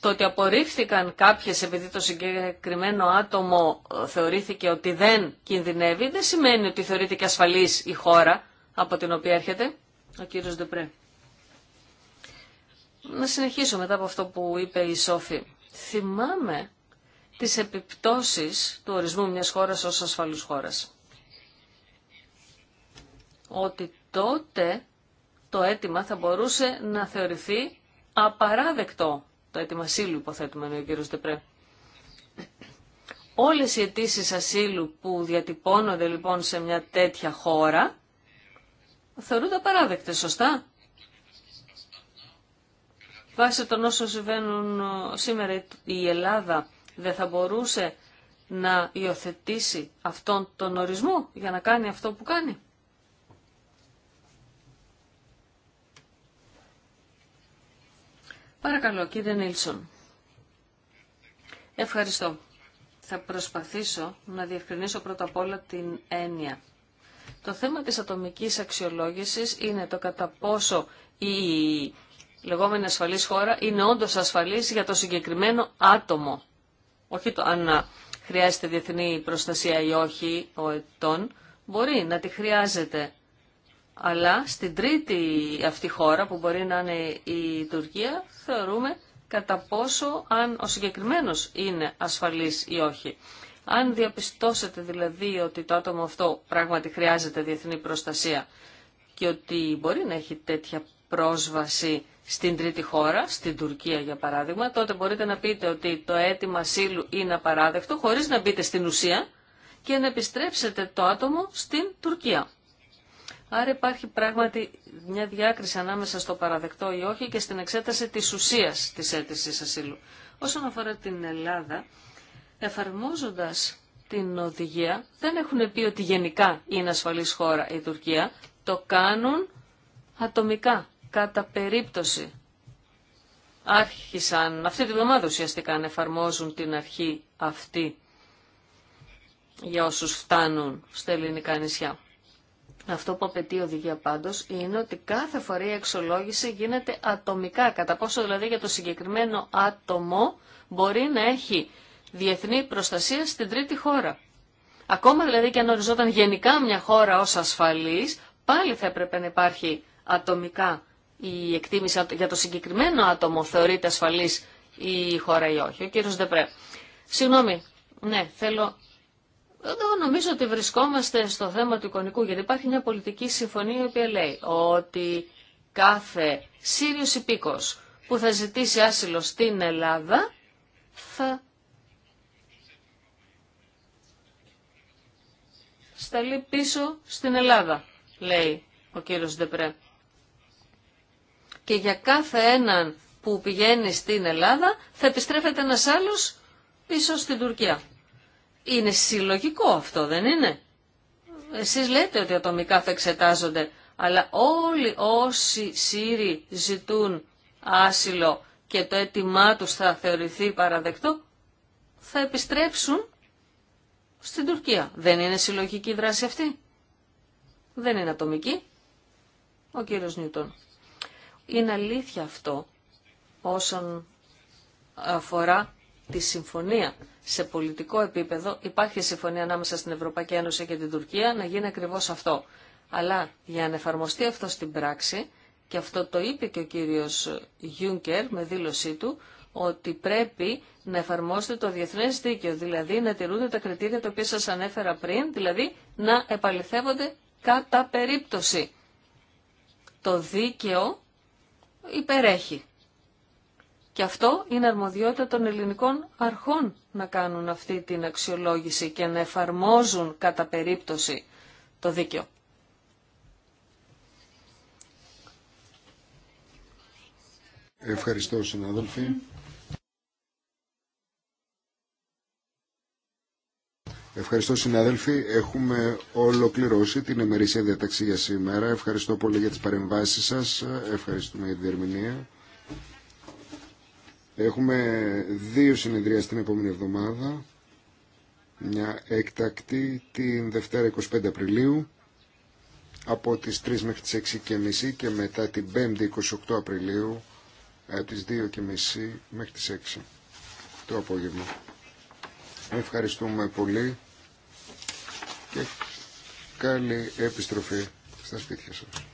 S3: Το ότι απορρίφθηκαν κάποιες επειδή το συγκεκριμένο άτομο ε, θεωρήθηκε ότι δεν κινδυνεύει, δεν σημαίνει ότι θεωρείται και ασφαλής η χώρα από την οποία έρχεται. Ο κύριος Ντεπρέ να συνεχίσω μετά από αυτό που είπε η Σόφη. Θυμάμαι τις επιπτώσεις του ορισμού μιας χώρας ως ασφαλούς χώρας. Ότι τότε το αίτημα θα μπορούσε να θεωρηθεί απαράδεκτο το αίτημα ασύλου, υποθέτουμε, ο κύριος Δεπρέ. Όλες οι αιτήσει ασύλου που διατυπώνονται λοιπόν σε μια τέτοια χώρα θεωρούνται απαράδεκτες, σωστά. Βάσει των όσων συμβαίνουν ε, σήμερα η Ελλάδα δεν θα μπορούσε να υιοθετήσει αυτόν τον ορισμό για να κάνει αυτό που κάνει. Παρακαλώ, κύριε Νίλσον. Ευχαριστώ. Θα προσπαθήσω να διευκρινίσω πρώτα απ' όλα την έννοια. Το θέμα της ατομικής αξιολόγησης είναι το κατά πόσο η λεγόμενη ασφαλή χώρα είναι όντω ασφαλή για το συγκεκριμένο άτομο. Όχι το αν χρειάζεται διεθνή προστασία ή όχι ο ετών, μπορεί να τη χρειάζεται. Αλλά στην τρίτη αυτή χώρα που μπορεί να είναι η Τουρκία θεωρούμε κατά πόσο αν ο συγκεκριμένος είναι ασφαλής ή όχι. Αν διαπιστώσετε δηλαδή ότι το άτομο αυτό πράγματι χρειάζεται διεθνή προστασία και ότι μπορεί να έχει τέτοια πρόσβαση στην τρίτη χώρα, στην Τουρκία για παράδειγμα, τότε μπορείτε να πείτε ότι το αίτημα ασύλου είναι απαράδεκτο χωρίς να μπείτε στην ουσία και να επιστρέψετε το άτομο στην Τουρκία. Άρα υπάρχει πράγματι μια διάκριση ανάμεσα στο παραδεκτό ή όχι και στην εξέταση της ουσίας της αίτησης ασύλου. Όσον αφορά την Ελλάδα, εφαρμόζοντας την οδηγία, δεν έχουν πει ότι γενικά είναι ασφαλής χώρα η Τουρκία, το κάνουν ατομικά κατά περίπτωση άρχισαν, αυτή τη βδομάδα ουσιαστικά να εφαρμόζουν την αρχή αυτή για όσους φτάνουν στα ελληνικά νησιά. Αυτό που απαιτεί οδηγία πάντως είναι ότι κάθε φορά η εξολόγηση γίνεται ατομικά, κατά πόσο δηλαδή για το συγκεκριμένο άτομο μπορεί να έχει διεθνή προστασία στην τρίτη χώρα. Ακόμα δηλαδή και αν οριζόταν γενικά μια χώρα ως ασφαλής, πάλι θα έπρεπε να υπάρχει ατομικά η εκτίμηση για το συγκεκριμένο άτομο θεωρείται ασφαλής η χώρα ή όχι. Ο κύριος Δεπρέ. Συγγνώμη, ναι, θέλω... Εδώ νομίζω ότι βρισκόμαστε στο θέμα του εικονικού, γιατί υπάρχει μια πολιτική συμφωνία η οποία λέει ότι κάθε Σύριος υπήκος που θα ζητήσει άσυλο στην Ελλάδα θα σταλεί πίσω στην Ελλάδα, λέει ο κύριος Δεπρέ και για κάθε έναν που πηγαίνει στην Ελλάδα θα επιστρέφεται ένας άλλος πίσω στην Τουρκία. Είναι συλλογικό αυτό, δεν είναι. Εσείς λέτε ότι ατομικά θα εξετάζονται, αλλά όλοι όσοι Σύριοι ζητούν άσυλο και το αίτημά τους θα θεωρηθεί παραδεκτό, θα επιστρέψουν στην Τουρκία. Δεν είναι συλλογική δράση αυτή. Δεν είναι ατομική. Ο κύριος Νιούτον είναι αλήθεια αυτό όσον αφορά τη συμφωνία. Σε πολιτικό επίπεδο υπάρχει συμφωνία ανάμεσα στην Ευρωπαϊκή Ένωση και την Τουρκία να γίνει ακριβώς αυτό. Αλλά για να εφαρμοστεί αυτό στην πράξη, και αυτό το είπε και ο κύριος Γιούνκερ με δήλωσή του, ότι πρέπει να εφαρμόσετε το διεθνές δίκαιο, δηλαδή να τηρούνται τα κριτήρια τα οποία σας ανέφερα πριν, δηλαδή να επαληθεύονται κατά περίπτωση. Το δίκαιο υπερέχει. Και αυτό είναι αρμοδιότητα των ελληνικών αρχών να κάνουν αυτή την αξιολόγηση και να εφαρμόζουν κατά περίπτωση το δίκαιο.
S2: Ευχαριστώ συνάδελφοι. Ευχαριστώ συνάδελφοι. Έχουμε ολοκληρώσει την εμερήσια διαταξή για σήμερα. Ευχαριστώ πολύ για τις παρεμβάσεις σας. Ευχαριστούμε για τη διερμηνία. Έχουμε δύο συνεδρία στην επόμενη εβδομάδα. Μια έκτακτη την Δευτέρα 25 Απριλίου από τις 3 μέχρι τις 6.30 και μετά την 5η 28 Απριλίου από τις 2.30 μέχρι τις 6 το απόγευμα. Ευχαριστούμε πολύ και καλή επιστροφή στα σπίτια σας.